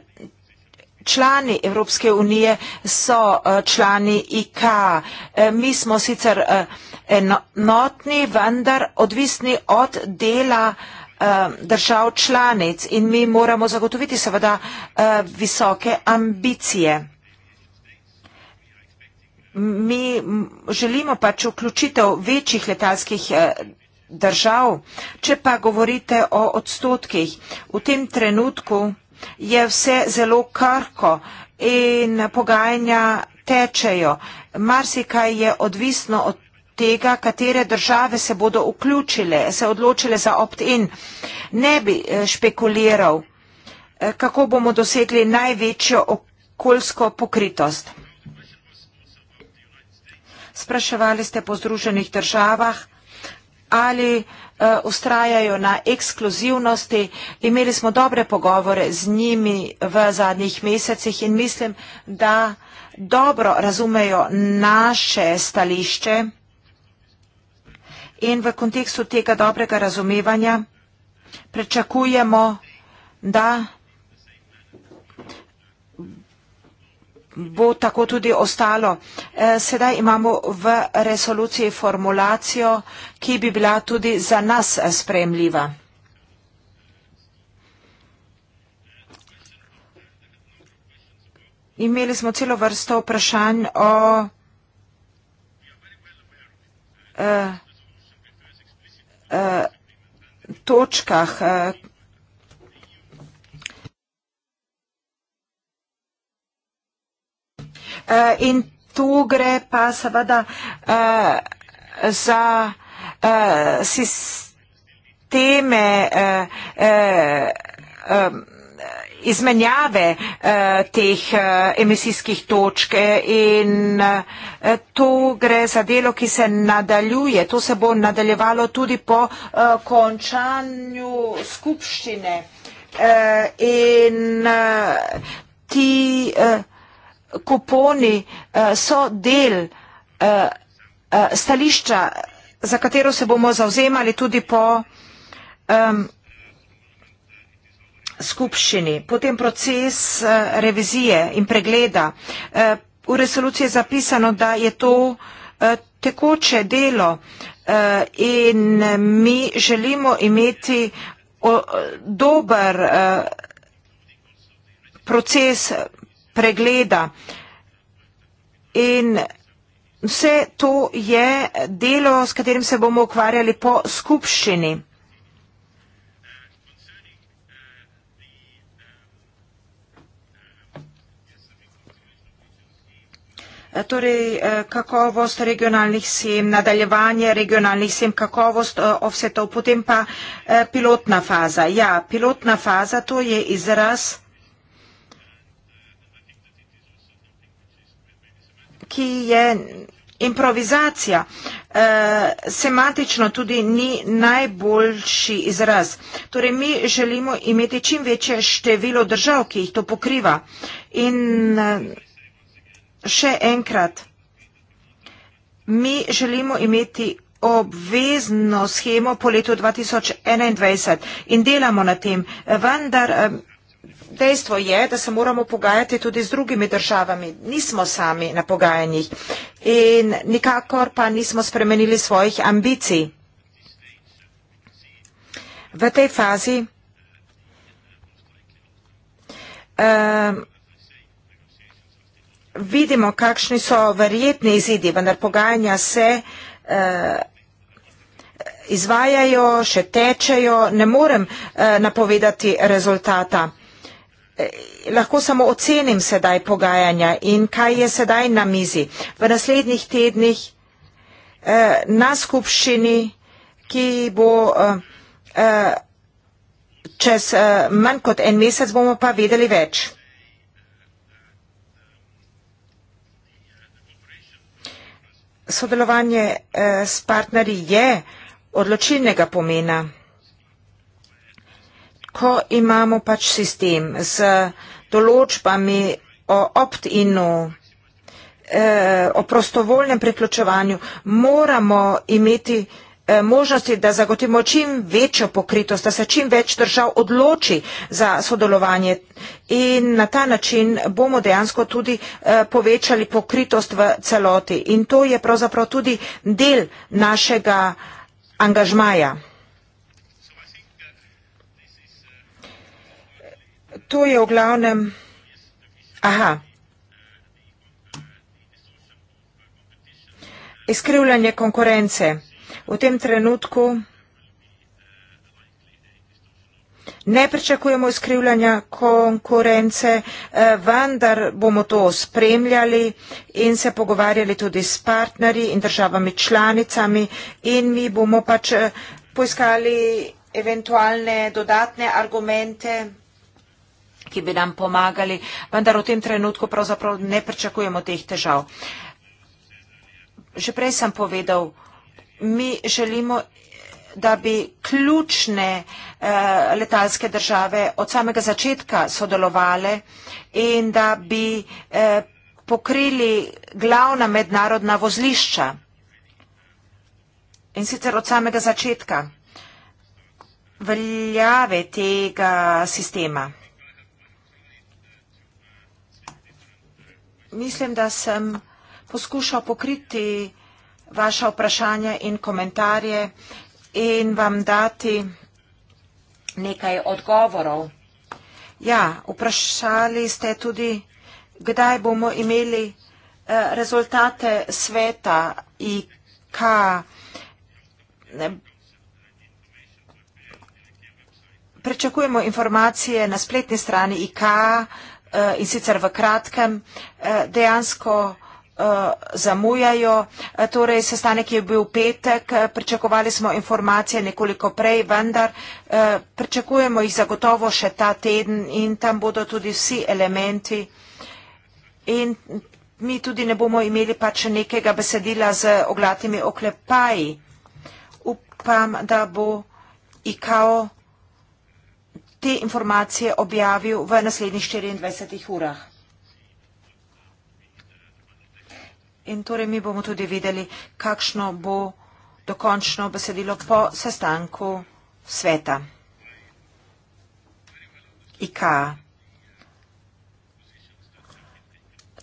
člani Evropske unije so člani IKA. Mi smo sicer enotni, vendar odvisni od dela eh, držav članic in mi moramo zagotoviti seveda eh, visoke ambicije. Mi želimo pač vključitev večjih letalskih eh, držav, če pa govorite o odstotkih. V tem trenutku je vse zelo krko in pogajanja tečejo. Marsikaj je odvisno od tega, katere države se bodo vključile, se odločile za opt-in, ne bi eh, špekuliral, eh, kako bomo dosegli največjo okoljsko pokritost. Spraševali ste po Združenih državah, ali eh, ustrajajo na ekskluzivnosti. Imeli smo dobre pogovore z njimi v zadnjih mesecih in mislim, da dobro razumejo naše stališče in v kontekstu tega dobrega razumevanja prečakujemo, da bo tako tudi ostalo. E, sedaj imamo v resoluciji formulacijo, ki bi bila tudi za nas e, spremljiva. Imeli smo celo vrsto vprašanj o e, Eh, točkah. Eh, eh, in tu gre pa seveda za sisteme, izmenjave eh, teh eh, emisijskih točk in eh, to gre za delo, ki se nadaljuje. To se bo nadaljevalo tudi po končanju skupščine in ti kuponi so del stališča, za katero se bomo zauzemali tudi po um, skupščini, potem proces eh, revizije in pregleda. Eh, v resoluciji je zapisano, da je to eh, tekoče delo in mi želimo imeti dober proces pregleda. In vse to je delo, s katerim se bomo ukvarjali po skupščini. torej eh, kakovost regionalnih sem, nadaljevanje regionalnih sem, kakovost eh, offsetov, potem pa eh, pilotna faza. Ja, pilotna faza to je izraz, ki je improvizacija. Semantično tudi ni najboljši izraz. Torej, mi želimo imeti čim večje število držav, ki jih to pokriva. In, še enkrat, mi želimo imeti obvezno schemo po letu 2021 in delamo na tem. Vendar dejstvo je, da se moramo pogajati tudi z drugimi državami. Nismo sami na pogajanjih in nikakor pa nismo spremenili svojih ambicij. V tej fazi. Um, vidimo, kakšni so verjetni izidi, vendar pogajanja se eh, izvajajo, še tečejo, ne morem eh, napovedati rezultata. Eh, lahko samo ocenim sedaj pogajanja in kaj je sedaj na mizi. V naslednjih tednih eh, na skupščini, ki bo. Eh, eh, Čez uh, manj kot en mesec bomo pa vedeli več. sodelovanje eh, s partnerji je odločilnega pomena. Ko imamo pač sistem z določbami o opt-inu, eh, o prostovoljnem priključevanju, moramo imeti eh, Eh, možnosti, da zagotovimo čim večjo pokritost, da se čim več držav odloči za sodelovanje in na ta način bomo dejansko tudi eh, povečali pokritost v celoti in to je pravzaprav tudi del našega angažmaja. To je v glavnem, aha, izkrivljanje konkurence v tem trenutku ne pričakujemo izkrivljanja konkurence, eh, vendar bomo to spremljali in se pogovarjali tudi s partnerji in državami članicami in mi bomo pač eh, poiskali eventualne dodatne argumente ki bi nam pomagali, vendar v tem trenutku pravzaprav ne pričakujemo teh težav. Že prej sem povedal, mi želimo, da bi ključne eh, letalske države od samega začetka sodelovale in da bi eh, pokrili glavna mednarodna vozlišča. In sicer od samega začetka veljave tega sistema. Mislim, da sem poskušal pokriti vse, vaše vprašanje in komentarje in vam dati nekaj odgovorov. Ja, vprašali ste tudi, kdaj bomo imeli eh, rezultate sveta IK. Pričakujemo informacije na spletni strani IK eh, in sicer v kratkem. Eh, dejansko vprašanje, Eh, zamujajo. Eh, torej, sestanek je bil petek, eh, pričakovali smo informacije nekoliko prej, vendar pričakujemo jih zagotovo še ta teden in tam bodo tudi vsi elementi. In mi tudi ne bomo imeli pač nekega besedila z oglatimi oklepaji. Upam, da bo IKO te informacije objavil v naslednjih 24 urah. in torej mi bomo tudi videli, kakšno bo dokončno besedilo po sestanku sveta. IKA.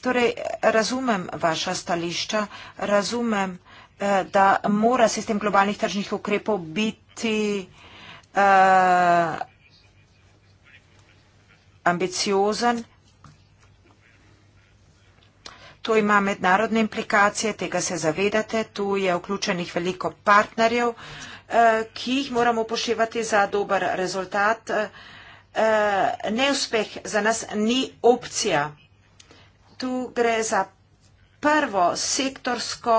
Torej, razumem vaša stališča, razumem, eh, da mora sistem globalnih tržnih ukrepov biti uh, ambiciozen, To ima mednarodne implikacije, tega se zavedate, tu je vključenih veliko partnerjev, eh, ki jih moramo upoštevati za dober rezultat. Eh, eh, neuspeh za nas ni opcija. Tu gre za prvo sektorsko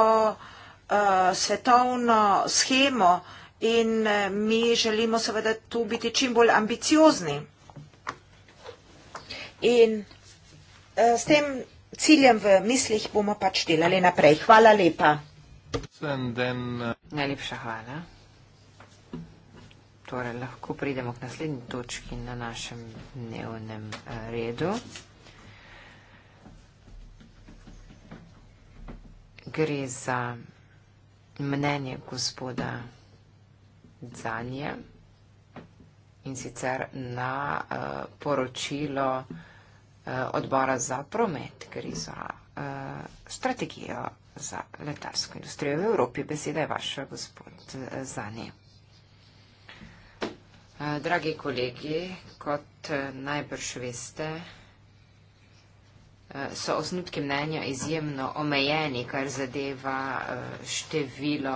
svetovno schemo in mi želimo seveda tu biti čim bolj ambiciozni. In s tem ciljem v mislih bomo pač delali naprej. Hvala lepa. Then, uh... Najlepša hvala. Torej, lahko pridemo k naslednji točki na našem dnevnem eh, redu. Gre za mnenje gospoda Zanje in sicer na uh, poročilo Eh, odbora za promet, ker je za eh, strategijo za letalsko industrijo v Evropi. Beseda je vaša, gospod eh, Zani. Dragi kolegi, kot najbrž veste, so osnutki mnenja izjemno omejeni, kar zadeva število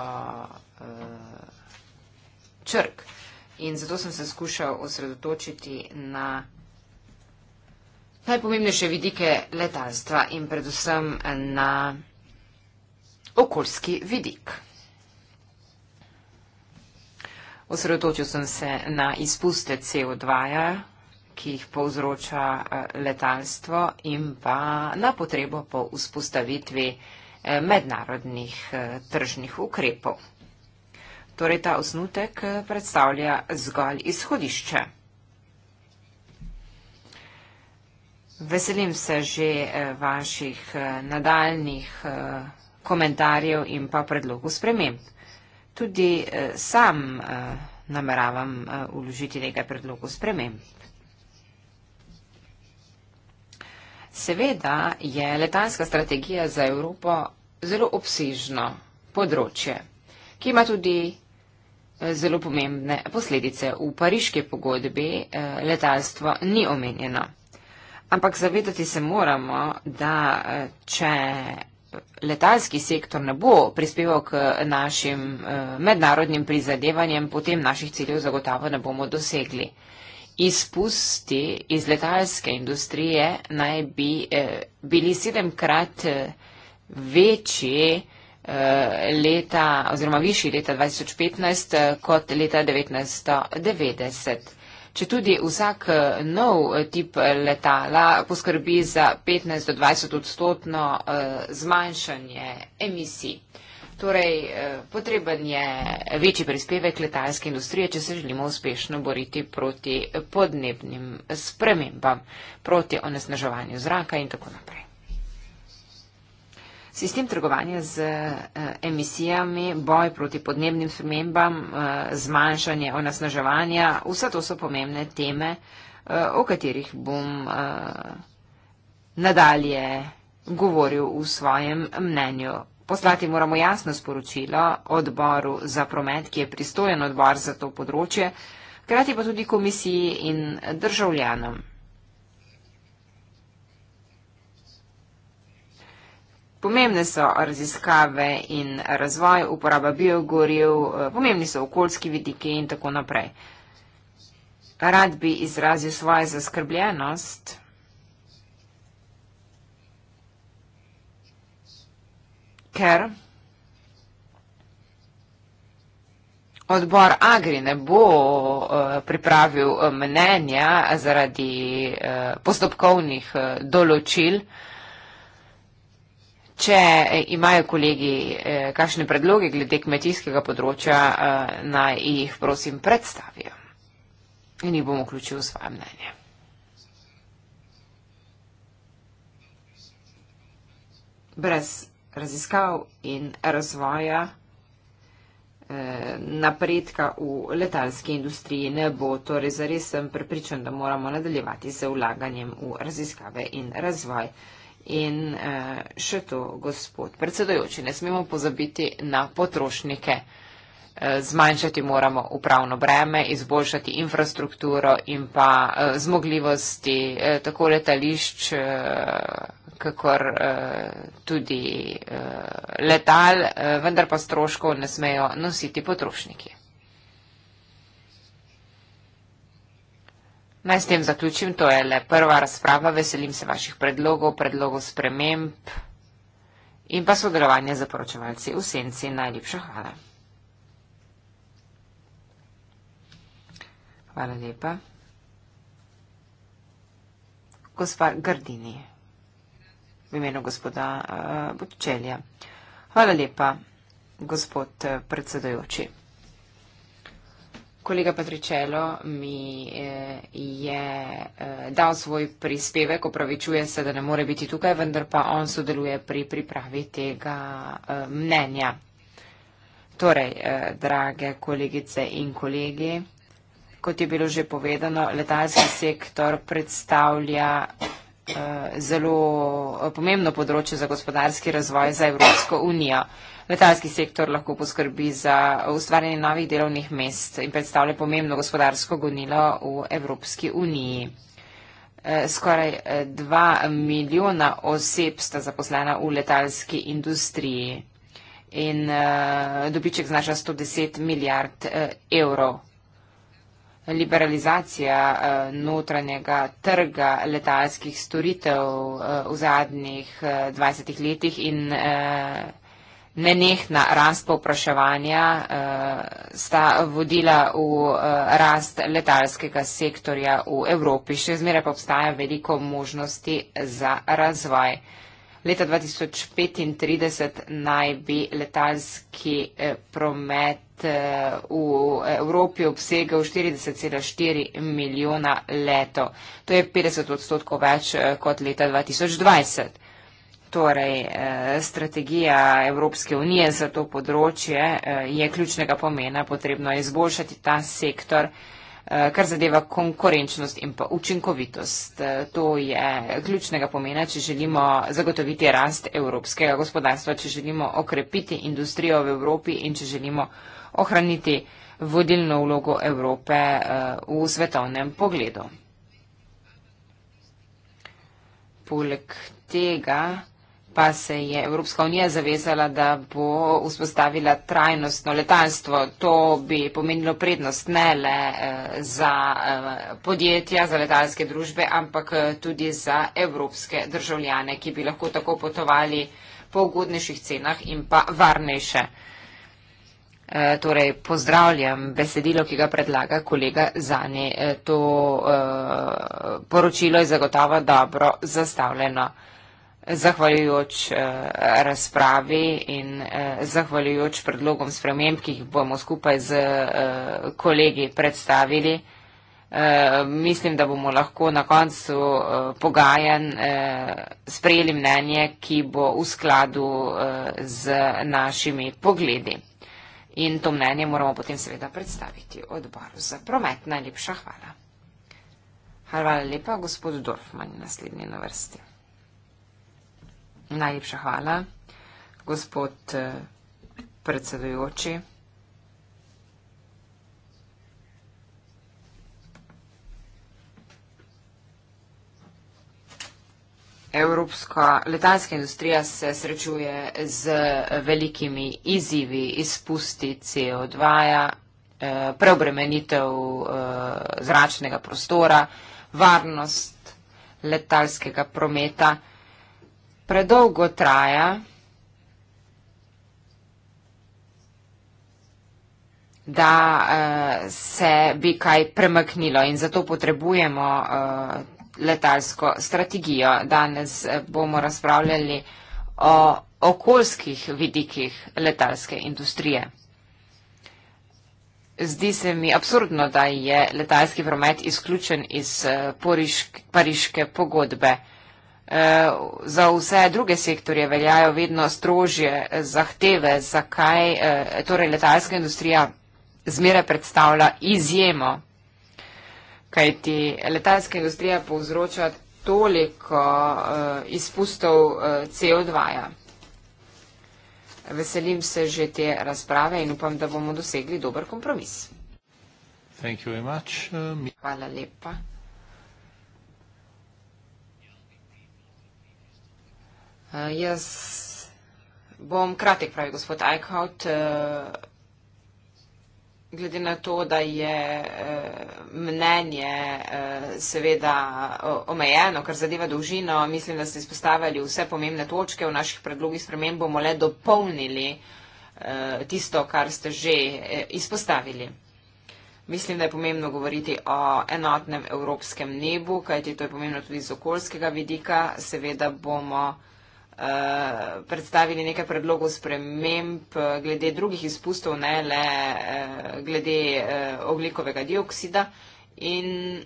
črk. In zato sem se skušal osredotočiti na najpomembnejše vidike letalstva in predvsem na okoljski vidik. Osredotočil sem se na izpuste CO2-ja, ki jih povzroča eh, letalstvo in pa na potrebo po vzpostavitvi eh, mednarodnih eh, tržnih ukrepov. Torej ta osnutek predstavlja zgolj izhodišče. Veselim se že eh, vaših eh, nadaljnih eh, komentarjev in pa predlogu sprememb. Tudi sam nameravam uložiti nekaj predlogu sprememb. Seveda je letalska strategija za Evropo zelo obsežno področje, ki ima tudi zelo pomembne posledice. V pariški pogodbi letalstvo ni omenjeno. Ampak zavedati se moramo, da eh, če letalski sektor ne bo prispeval k našim eh, mednarodnim prizadevanjem, potem naših ciljev zagotavo ne bomo dosegli. Izpusti iz letalske industrije naj bi eh, bili sedemkrat večji leta oziroma višji leta 2015 kot leta 1990. Če tudi vsak eh, nov eh, tip eh, letala poskrbi za 15 do 20 odstotno zmanjšanje emisij. Torej, potreben je večji prispevek letalske industrije, če se želimo uspešno boriti proti podnebnim spremembam, proti onesnaževanju zraka in tako naprej. Sistem trgovanja z eh, emisijami, boj proti podnebnim spremembam, eh, zmanjšanje onasnaževanja, vse to so pomembne teme, eh, o katerih bom nadalje govoril v svojem mnenju. Poslati moramo jasno sporočilo odboru za promet, ki je pristojen odbor za to področje, krati pa tudi komisiji in državljanom. Pomembne so raziskave in razvoj, uporaba biogorjev, eh, pomembni so okoljski vidiki in tako naprej. Rad bi izrazil svojo zaskrbljenost. Ker odbor Agri ne bo eh, pripravil eh, mnenja zaradi postopkovnih določil, Če eh, imajo kolegi eh, kakšne predloge glede kmetijskega področja, eh, naj jih prosim predstavijo in jih bom vključil v svoje mnenje. Brez raziskav in razvoja eh, napredka v letalski industriji ne bo, torej zares sem prepričan, da moramo nadaljevati z vlaganjem v raziskave in razvoj. In uh, še to, gospod predsedojoči, ne smemo pozabiti na potrošnike. Eh, zmanjšati moramo upravno breme, izboljšati infrastrukturo in pa eh, zmogljivosti tako letališč, kakor tudi letal, vendar pa stroškov ne smejo nositi potrošniki. Naj s tem zaključim, to je le prva razprava, veselim se vaših predlogov, predlogov sprememb in pa sodelovanja za poročevalci v senci. Najlepša hvala. Hvala lepa. Gospa Gardini, v imenu gospoda uh, eh, Bučelja. Hvala lepa, gospod eh, predsedojoči kolega Patričelo mi eh, je eh, dal svoj prispevek, opravičuje se, da ne more biti tukaj, vendar pa on sodeluje pri pripravi tega eh, mnenja. Torej, drage kolegice in kolegi, kot je bilo že povedano, letalski sektor predstavlja zelo pomembno področje za gospodarski razvoj za Evropsko unijo letalski sektor lahko poskrbi za ustvarjanje novih delovnih mest in predstavlja pomembno gospodarsko gonilo v Evropski uniji. E, skoraj e, dva milijona oseb sta zaposlena v letalski industriji in e, dobiček znaša 110 milijard evrov. Liberalizacija notranjega trga letalskih storitev v zadnjih 20 letih in nenehna rast povpraševanja uh, sta vodila v uh, rast letalskega sektorja v Evropi. Še zmeraj pa obstaja veliko možnosti za razvoj. Leta 2035 naj bi letalski eh, promet v Evropi obsegel 40,4 milijona letov. To je 50 odstotkov več kot leta 2020. Torej, eh, strategija Evropske unije za to področje eh, je ključnega pomena, potrebno je izboljšati ta sektor, eh, kar zadeva konkurenčnost in pa učinkovitost. To je ključnega pomena, če želimo zagotoviti rast evropskega gospodarstva, če želimo okrepiti industrijo v Evropi in če želimo ohraniti vodilno vlogo Evrope v svetovnem pogledu. Poleg tega, pa se je Evropska unija zavezala, da bo vzpostavila trajnostno letalstvo. To bi pomenilo prednost ne le eh, za eh, podjetja, za letalske družbe, ampak eh, tudi za evropske državljane, ki bi lahko tako potovali po ugodnejših cenah in pa varnejše. Torej, pozdravljam besedilo, ki ga predlaga kolega Zani. To poročilo je zagotovo dobro zastavljeno zahvaljujoč eh, razpravi in eh, zahvaljujoč predlogom sprememb, ki jih bomo skupaj z eh, kolegi predstavili. Uh, mislim, da bomo lahko na koncu uh, eh, pogajan uh, eh, sprejeli mnenje, ki bo v skladu uh, z našimi pogledi. In to mnenje moramo potem seveda predstaviti odboru za promet. Najlepša hvala. Hvala lepa, gospod Dorfman, naslednji na vrsti. Najlepša hvala, gospod eh, predsedujoči. Evropska letalska industrija se srečuje z velikimi izzivi izpusti CO2, -ja, eh, preobremenitev eh, zračnega prostora, varnost letalskega prometa predolgo traja, da uh, se bi kaj premaknilo in zato potrebujemo uh, letalsko strategijo. Danes eh, bomo razpravljali o okoljskih vidikih letalske industrije. Zdi se mi absurdno, da je letalski promet izključen iz uh, poriške, pariške pogodbe. Uh, Eh, za vse druge sektorje veljajo vedno strožje eh, zahteve, zakaj eh, torej letalska industrija zmeraj predstavlja izjemo, kaj ti letalska industrija povzroča toliko izpustov CO2. -ja. Veselim se že te razprave in upam, da bomo dosegli dober kompromis. Thank you very much. Um, Hvala lepa. Eh, jaz bom kratek, pravi gospod Eichhout. Eh, glede na to, da je eh, mnenje seveda omejeno, kar zadeva dolžino, mislim, da ste izpostavili vse pomembne točke v naših predlogih sprememb, bomo le dopolnili tisto, kar ste že izpostavili. Mislim, da je pomembno govoriti o enotnem evropskem nebu, kajti to je pomembno tudi z okoljskega vidika. Seveda bomo Eh, predstavili nekaj predlogov sprememb eh, glede drugih izpustov, ne le eh, glede oglikovega dioksida. In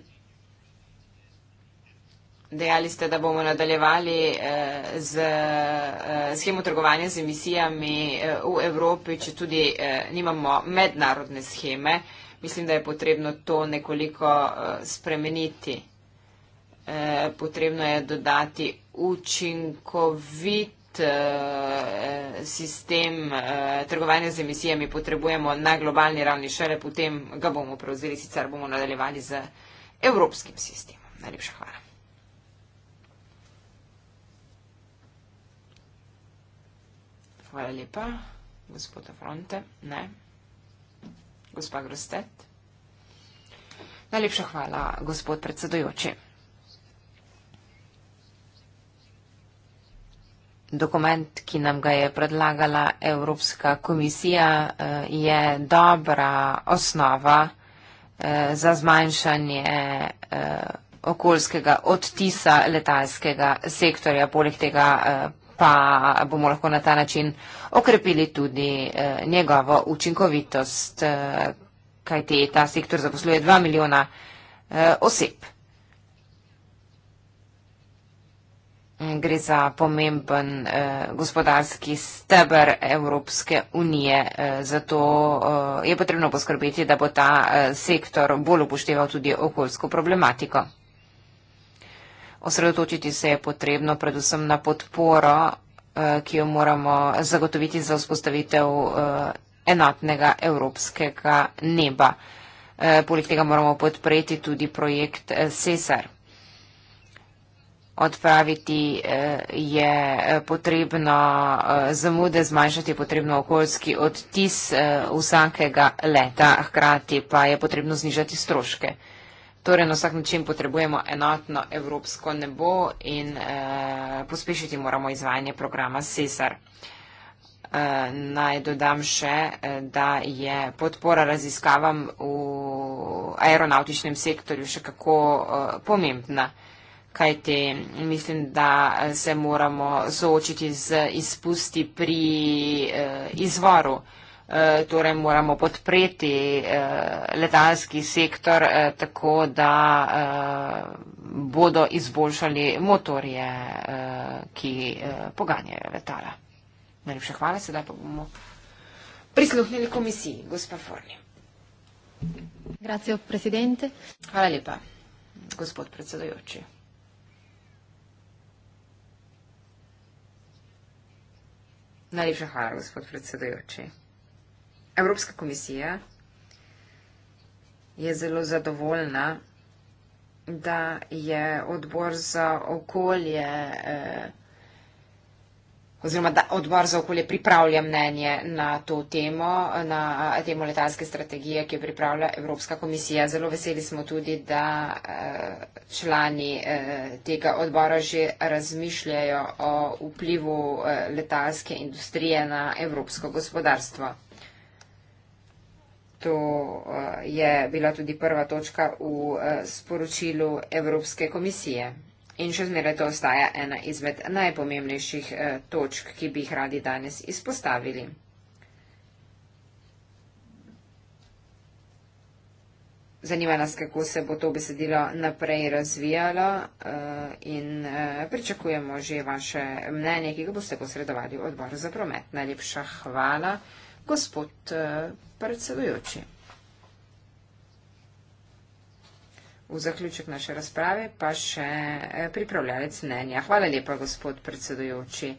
dejali ste, da bomo nadaljevali z schemo trgovanja z emisijami v Evropi, če tudi nimamo mednarodne scheme. Mislim, da je potrebno to nekoliko spremeniti. Potrebno je dodati učinkovit uh, sistem uh, trgovanja z emisijami potrebujemo na globalni ravni, šele potem ga bomo prevzeli, sicer bomo nadaljevali z evropskim sistemom. Najlepša hvala. Hvala lepa, gospod Afronte. Ne. Gospa Grostet. Najlepša hvala, gospod predsedujoči. dokument, ki nam ga je predlagala Evropska komisija, eh, je dobra osnova eh, za zmanjšanje eh, okoljskega odtisa letalskega sektorja. Poleg tega pa bomo lahko na ta način okrepili tudi njegovo učinkovitost, kajti ta sektor zaposluje 2 milijona oseb. Gre za pomemben eh, gospodarski stebr Evropske unije, eh, zato eh, je potrebno poskrbeti, da bo ta eh, sektor bolj upošteval tudi okoljsko problematiko. Osredotočiti se je potrebno predvsem na podporo, eh, ki jo moramo zagotoviti za vzpostavitev eh, enotnega evropskega neba. Eh, poleg tega moramo podpreti tudi projekt eh, CESAR odpraviti eh, je eh, potrebno eh, zamude, zmanjšati je potrebno okoljski odtis vsakega leta, hkrati pa je potrebno znižati stroške. Torej, na vsak način potrebujemo enotno evropsko nebo in e, pospešiti moramo izvajanje programa SESAR. E, naj dodam še, da je podpora raziskavam v aeronautičnem sektorju še kako e, pomembna kajte mislim, da se moramo soočiti z izpusti pri eh, izvoru. Eh, torej moramo podpreti eh, letalski sektor eh, tako, da eh, bodo izboljšali motorje, eh, ki eh, poganjajo letala. Najlepša hvala, sedaj pa bomo prisluhnili komisiji, gospod Forni. Grazie, Hvala lepa, gospod predsedujoči. Najlepša hvala, gospod predsedujoči. Evropska komisija je zelo zadovoljna, da je odbor za okolje eh, oziroma da odbor za okolje pripravlja mnenje na to temo, na eh, temo letalske strategije, ki jo pripravlja Evropska komisija. Zelo veseli smo tudi, da eh, člani eh, tega odbora že razmišljajo o vplivu letalske industrije na evropsko gospodarstvo. To je bila tudi prva točka v sporočilu Evropske komisije. In še zmeraj to ostaja ena izmed najpomembnejših eh, točk, ki bi jih radi danes izpostavili. Zanima nas, kako se bo to besedilo naprej razvijalo eh, in eh, pričakujemo že vaše mnenje, ki ga boste posredovali v odboru za promet. Najlepša hvala, gospod predsedujoči. v zaključek naše razprave pa še eh, pripravljalec mnenja. Hvala lepa, gospod predsedujoči.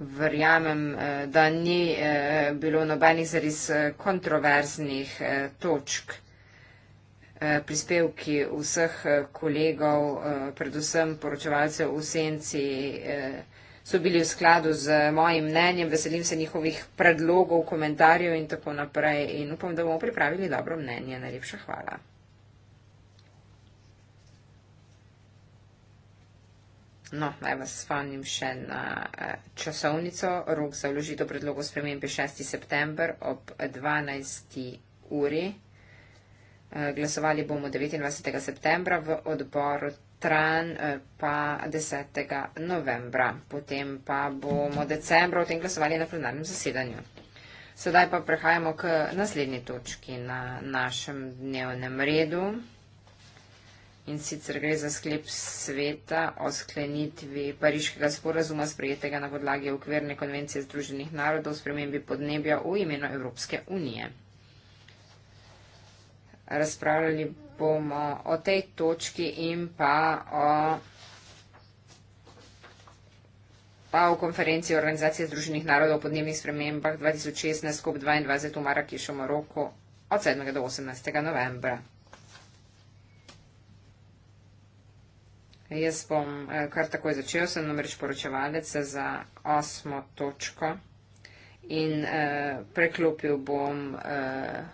Verjamem, eh, da ni eh, bilo nobenih zaris kontroverznih točk prispevki vseh kolegov, predvsem poročevalcev v senci, so bili v skladu z mojim mnenjem, veselim se njihovih predlogov, komentarjev in tako naprej in upam, da bomo pripravili dobro mnenje. Najlepša hvala. No, naj vas spomnim še na eh, časovnico. Rok za vložitev predlogov spremembe 6. september ob 12. uri. Eh, glasovali bomo 29. septembra v odboru Tran eh, pa 10. novembra. Potem pa bomo decembra o tem glasovali na plenarnem zasedanju. Sedaj pa prehajamo k naslednji točki na našem dnevnem redu in sicer gre za sklep sveta o sklenitvi pariškega sporazuma sprejetega na podlagi okvirne konvencije Združenih narodov o spremembi podnebja v imenu Evropske unije. Razpravljali bomo o tej točki in pa o pa v konferenciji Organizacije Združenih narodov o podnebnih spremembah 2016 COP22 v Marakešu, Maroku od 7. do 18. novembra. Jaz bom eh, kar takoj začel, sem namreč poročevalec za osmo točko in eh, preklopil bom eh,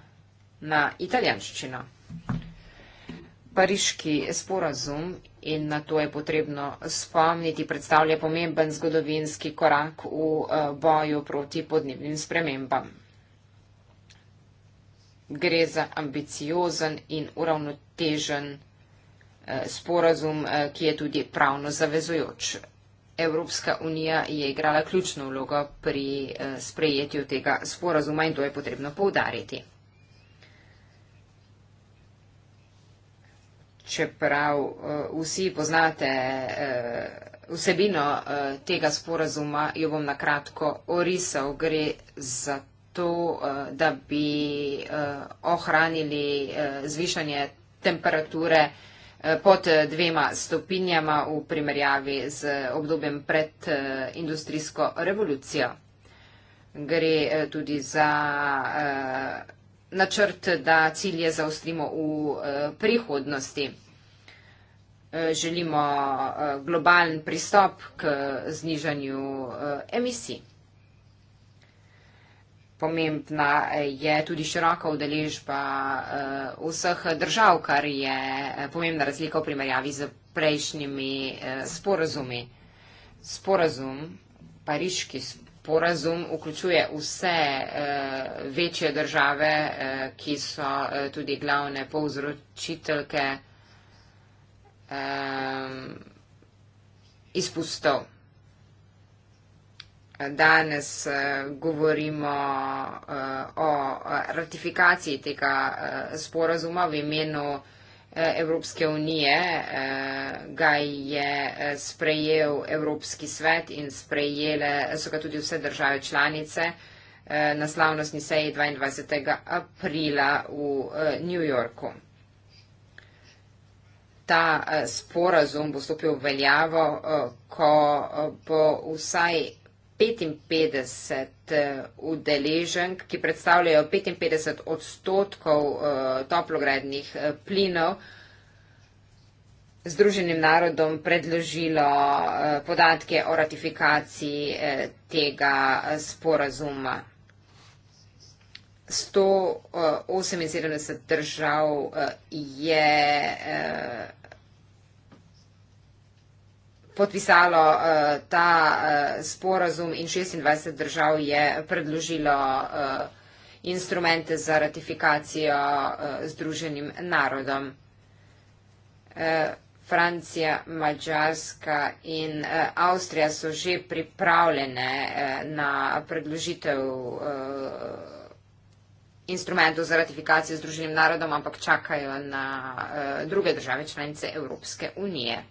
na italijanščino. Pariški sporazum in na to je potrebno spomniti, predstavlja pomemben zgodovinski korak v eh, boju proti podnebnim spremembam. Gre za ambiciozen in uravnotežen sporazum, eh, ki je tudi pravno zavezujoč. Evropska unija je igrala ključno vlogo pri eh, sprejetju tega sporazuma in to je potrebno poudariti. Čeprav eh, vsi poznate vsebino tega sporazuma, jo bom nakratko orisal. Gre za to, da bi ohranili zvišanje temperature Eh, pod eh, dvema stopinjama v primerjavi z eh, obdobjem pred industrijsko revolucijo. Gre tudi za načrt, da cilje zaostrimo v prihodnosti. Želimo globalen pristop k znižanju emisij pomembna je tudi široka udeležba eh, vseh držav, kar je eh, pomembna razlika v primerjavi z prejšnjimi eh, sporazumi. Sporazum, pariški sporazum, vključuje vse večje države, ki so tudi glavne povzročiteljke izpustov. Danes eh, govorimo eh, o eh, ratifikaciji tega sporazuma v imenu Evropske unije. Ga je sprejel Evropski svet in sprejele so ga tudi vse države članice na slavnostni seji 22. aprila v New Yorku. Ta sporazum bo stopil v veljavo, ko bo vsaj 55 eh, udeleženk, ki predstavljajo 55 odstotkov eh, toplogrednih eh, plinov, Združenim narodom predložilo podatke o ratifikaciji tega sporazuma. 178 držav je podpisalo uh, ta uh, sporazum in 26 držav je predložilo uh, instrumente za ratifikacijo uh, Združenim narodom. Uh, Francija, Mačarska in eh, Avstrija so že pripravljene eh, na predložitev eh, instrumentov za ratifikacijo Združenim narodom, ampak čakajo na eh, druge države članice Evropske unije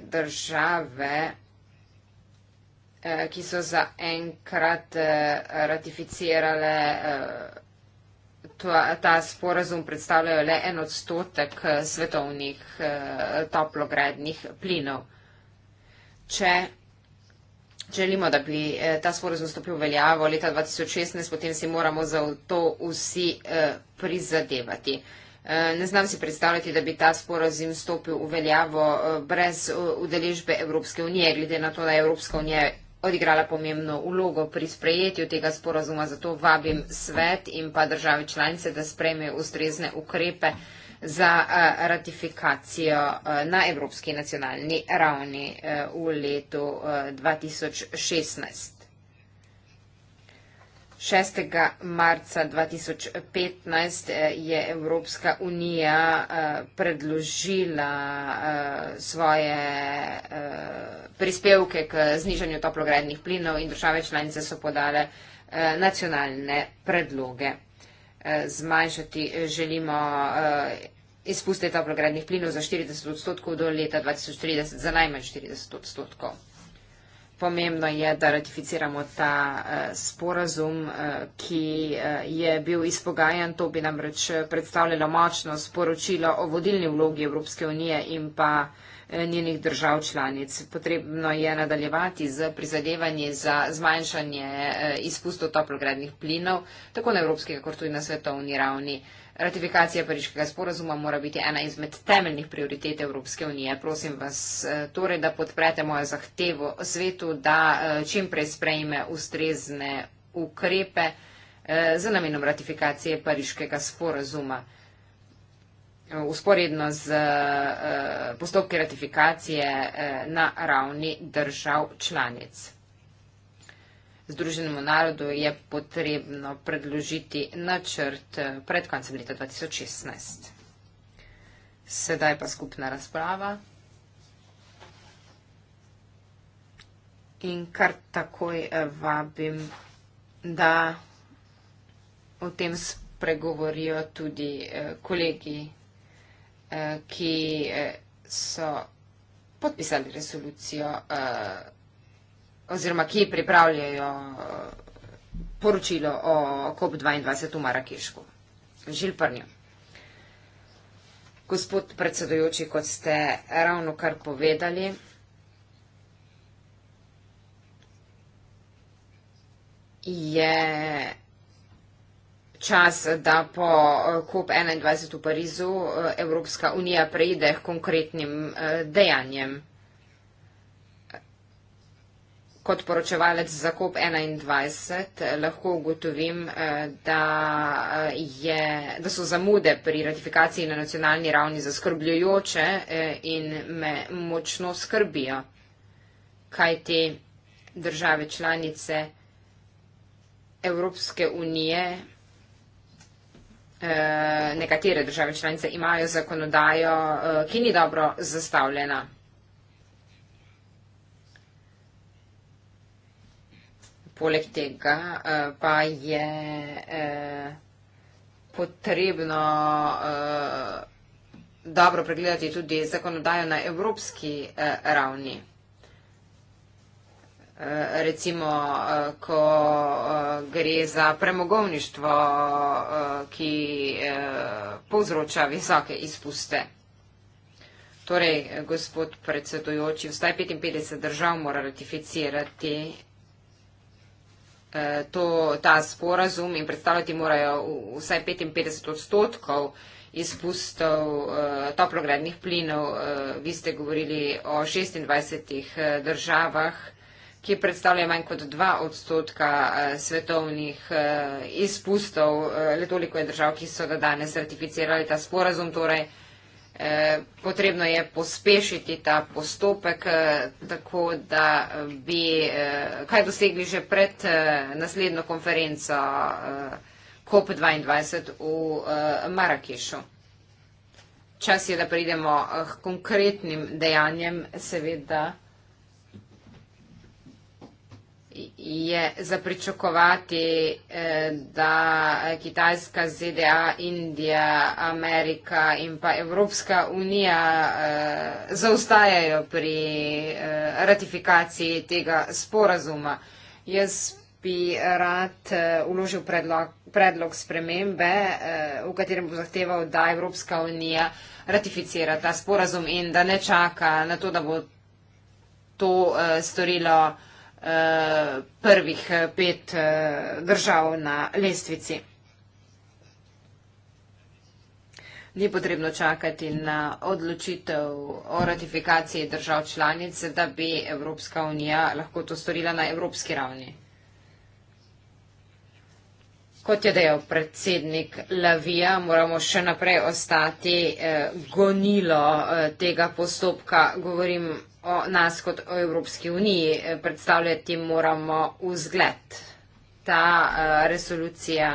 države, eh, ki so zaenkrat eh, ratificirale eh, ta sporazum, predstavljajo le en odstotek svetovnih toplogrednih plinov. Če želimo, da bi ta sporazum stopil v veljavo leta 2016, potem si moramo za to vsi prizadevati. Eh, ne znam si predstavljati, da bi ta sporazim stopil v veljavo eh, brez eh, udeležbe Evropske unije, glede na to, da je Evropska unija odigrala pomembno ulogo pri sprejetju tega sporazuma. Zato vabim svet in pa države članice, da sprejmejo ustrezne ukrepe za ratifikacijo na evropski nacionalni ravni v letu 2016. 6. marca 2015 eh, je Evropska unija eh, predložila eh, svoje prispevke k znižanju toplogrednih plinov in države članice so podale nacionalne predloge. Zmanjšati želimo izpuste toplogrednih plinov za 40 odstotkov do leta 2030 za najmanj 40 odstotkov pomembno je, da ratificiramo ta uh, sporazum, uh, ki uh, je bil izpogajan. To bi namreč predstavljalo močno sporočilo o vodilni vlogi Evropske unije in pa njenih držav članic. Potrebno je nadaljevati z prizadevanji za zmanjšanje izpustov toplogrednih plinov, tako na evropski, kot tudi na svetovni ravni. Uh, Ratifikacija pariškega sporazuma mora biti ena izmed temeljnih prioritet Evropske unije. Prosim vas eh, torej, da podprete mojo zahtevo svetu, da eh, čim prej sprejme ustrezne ukrepe eh, za namenom ratifikacije pariškega sporazuma. Usporedno z postopki ratifikacije na ravni držav članic. Združenemu narodu je potrebno predložiti načrt eh, pred koncem leta 2016. Sedaj pa skupna razprava. In kar takoj eh, vabim, da o tem spregovorijo tudi eh, kolegi, ki so podpisali resolucijo oziroma kje pripravljajo eh, poročilo o COP22 v Marakešku. Žilprnjo. Gospod predsedujoči, kot ste ravno kar povedali, je čas, da po eh, COP21 v Parizu eh, Evropska unija preide k konkretnim dejanjem kot poročevalec za COP21 eh, lahko ugotovim, eh, da, eh, je, da so zamude pri ratifikaciji na nacionalni ravni zaskrbljujoče in me močno skrbijo, kaj te države članice Evropske unije, nekatere države članice imajo zakonodajo, ki ni dobro zastavljena. Poleg tega eh, pa je eh, potrebno eh, dobro pregledati tudi zakonodajo na evropski ravni. Recimo, ko gre za premogovništvo, ki povzroča visoke izpuste. Torej, gospod predsedujoči, vstaj 55 držav mora ratificirati Eh, to, ta sporazum in predstavljati morajo vsaj 55 odstotkov izpustov uh, toplogrednih plinov. Uh, vi ste govorili o 26 državah, ki predstavljajo manj kot 2 odstotka uh, svetovnih uh, izpustov. Uh, le toliko je držav, ki so ga danes ratificirali ta sporazum. Torej, uh, Eh, potrebno je pospešiti ta postopek, eh, tako da eh, bi kaj dosegli že pred naslednjo konferenco COP22 v Marakešu. Čas je, da pridemo k konkretnim dejanjem, seveda. je zapričakovati, eh, da Kitajska, ZDA, Indija, Amerika in pa Evropska unija eh, zaustajajo pri eh, ratifikaciji tega sporazuma. Jaz bi rad uložil predlog, predlog spremembe, v katerem bo zahteval, da Evropska unija ratificira ta sporazum in da ne čaka na to, da bo to storilo. Eh, prvih eh, pet eh, držav na lestvici. Ni potrebno čakati na odločitev o ratifikaciji držav članic, da bi Evropska unija lahko to storila na evropski ravni. Kot je dejal predsednik Lavija, moramo še naprej ostati gonilo tega postopka. Govorim o nas kot o Evropski uniji. E, predstavljati moramo vzgled. Ta e, resolucija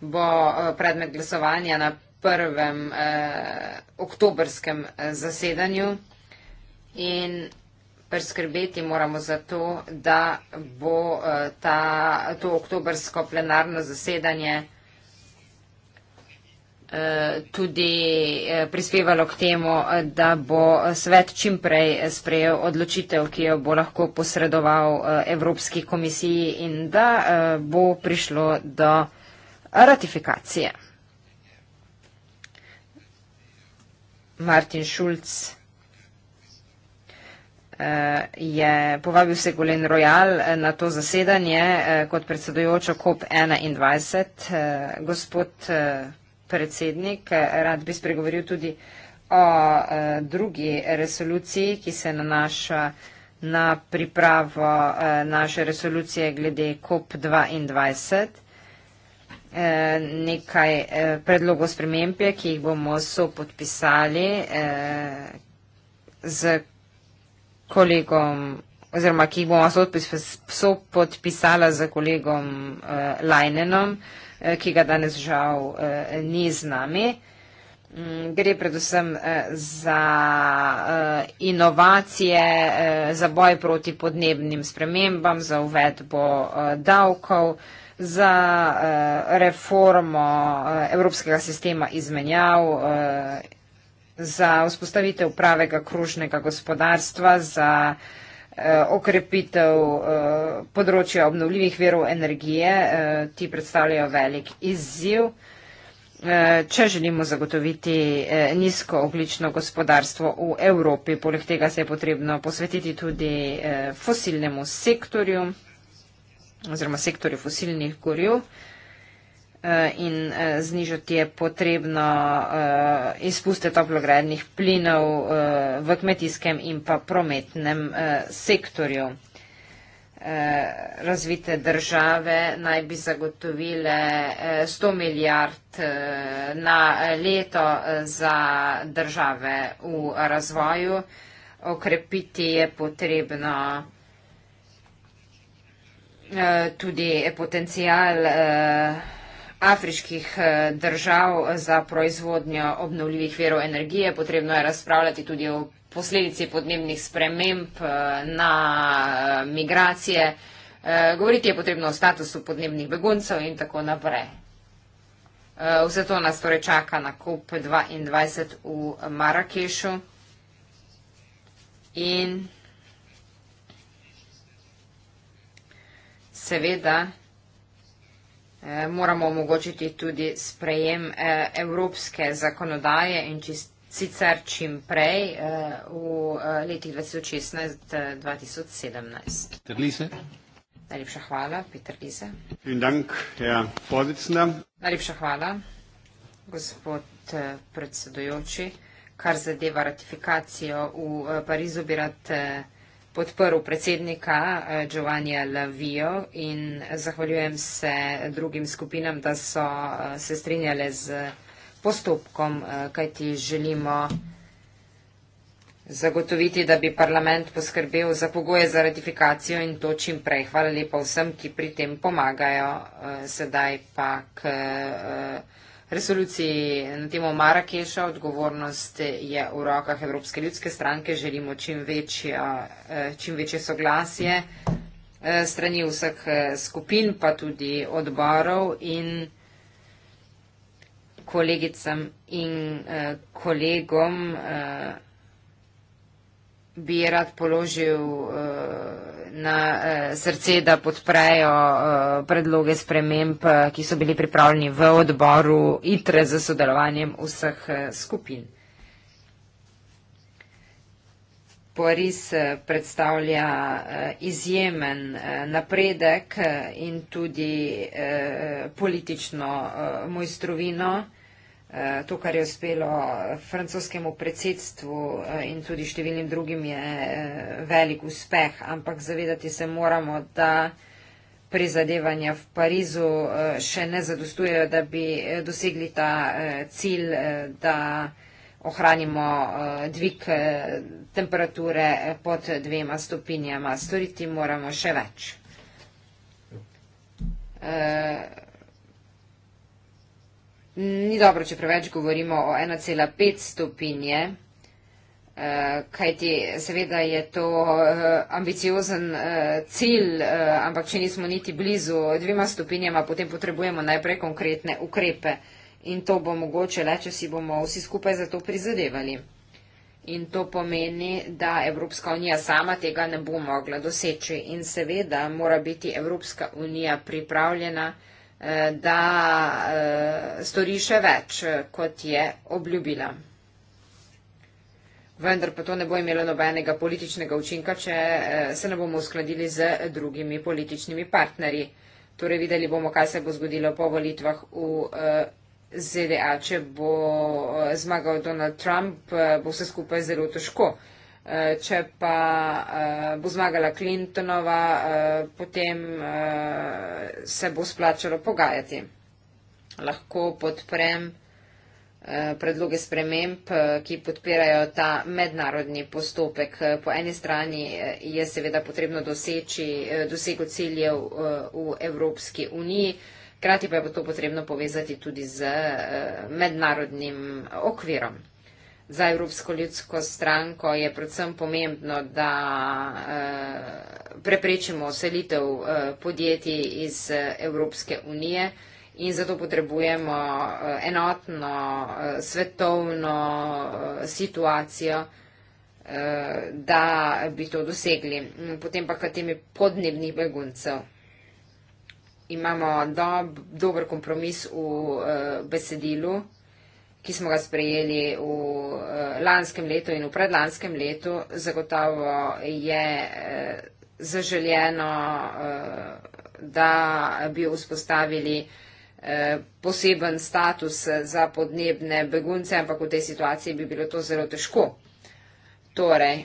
bo e, predmet glasovanja na prvem eh, oktobrskem zasedanju in preskrbeti moramo za to, da bo eh, ta, to oktobrsko plenarno zasedanje eh, Eh, tudi eh, prispevalo k temu, eh, da bo svet čimprej sprejel odločitev, ki jo bo lahko posredoval Evropski komisiji in da bo prišlo do ratifikacije. Martin Šulc je povabil se Golen Royal na to zasedanje kot predsedujočo COP21. Gospod predsednik, rad bi spregovoril tudi o eh, drugi resoluciji, ki se nanaša na pripravo eh, naše resolucije glede COP22. Eh, nekaj eh, predlogov sprememb je, ki jih bomo so podpisali eh, z kolegom oziroma ki jih bomo so podpisala z kolegom eh, Lajnenom. Eh, Eh, ki ga danes žal eh, ni z nami. Mm, gre predvsem eh, za inovacije, za boj proti podnebnim spremembam, za uvedbo davkov, za reformo evropskega sistema izmenjav, za vzpostavitev pravega kružnega gospodarstva, za Eh, okrepitev eh, področja obnovljivih verov energije, eh, ti predstavljajo velik izziv. Če želimo zagotoviti nizko oglično gospodarstvo v Evropi, poleg tega se je potrebno posvetiti tudi fosilnemu sektorju oziroma sektorju fosilnih goriv. Eh, in eh, znižati je potrebno eh, izpuste toplogrednih plinov v kmetijskem in pa prometnem sektorju. Razvite države naj bi zagotovile 100 milijard na leto za države v razvoju. Okrepiti je potrebno tudi potencijal afriških eh, držav za proizvodnjo obnovljivih verov energije. Potrebno je razpravljati tudi o posledici podnebnih sprememb eh, na eh, migracije. Govoriti je potrebno o statusu podnebnih beguncev in tako naprej. Vse to nas torej čaka na COP22 v Marrakešu. In seveda Eh, moramo omogočiti tudi sprejem eh, evropske zakonodaje in čist sicer čim prej eh, v letih 2016-2017. Najlepša hvala, Peter Lise. Dank, ja, Najlepša hvala, gospod predsedujoči. Kar zadeva ratifikacijo v Parizu, bi rad podprl predsednika eh, Giovannija Lavio in zahvaljujem se drugim skupinam, da so eh, se strinjale z postopkom, eh, kajti želimo zagotoviti, da bi parlament poskrbel za pogoje za ratifikacijo in to čim prej. Hvala lepa vsem, ki pri tem pomagajo. Sedaj pa k resoluciji na temo Marakeša odgovornost je v rokah Evropske ljudske stranke. Želimo čim večje, eh, čim večje soglasje eh, strani vseh eh, skupin, pa tudi odborov in kolegicam in kolegom bi rad položil na eh, srce, da podprejo eh, predloge sprememb, eh, ki so bili pripravljeni v odboru ITRE z sodelovanjem vseh skupin. Poris predstavlja izjemen napredek in tudi politično mojstrovino. Eh, to, kar je uspelo eh, francoskemu predsedstvu eh, in tudi številnim drugim, je velik uspeh, ampak zavedati se moramo, da prizadevanja v Parizu še ne zadostujejo, da bi dosegli ta cilj, da ohranimo dvig temperature pod dvema stopinjama. Storiti moramo še več. Uh, Ni dobro, če preveč govorimo o 1,5 stopinje, eh, kajti seveda je to eh, ambiciozen eh, cilj, ampak če nismo niti blizu dvima stopinjama, potem potrebujemo najprej konkretne ukrepe in to bo mogoče le, če si bomo vsi skupaj za to prizadevali. In to pomeni, da Evropska unija sama tega ne bo mogla doseči in seveda mora biti Evropska unija pripravljena, Eh, da eh, stori še več, kot je obljubila. Vendar pa to ne bo imelo nobenega političnega učinka, če eh, se ne bomo uskladili z drugimi političnimi partnerji. Torej videli bomo, kaj se bo zgodilo po volitvah v ZDA. Če bo zmagal Donald Trump, bo vse skupaj zelo težko. Eh, če pa eh, bo zmagala Clintonova, eh, potem se bo splačalo pogajati. Lahko podprem predloge sprememb, ki podpirajo ta mednarodni postopek. Po eni strani je seveda potrebno doseči dosego ciljev v Evropski uniji, krati pa je to potrebno povezati tudi z mednarodnim okvirom za Evropsko ljudsko stranko je predvsem pomembno, da eh, preprečimo selitev eh, podjetij iz eh, Evropske unije in zato potrebujemo enotno svetovno situacijo da bi to dosegli. Potem pa k temi podnebnih beguncev. Imamo dob, dober kompromis v besedilu, ki smo ga sprejeli v eh, lanskem letu in v predlanskem letu, zagotovo je eh, zaželjeno, eh, da bi vzpostavili poseben status za podnebne begunce, ampak v tej situaciji bi bilo to zelo težko. Torej,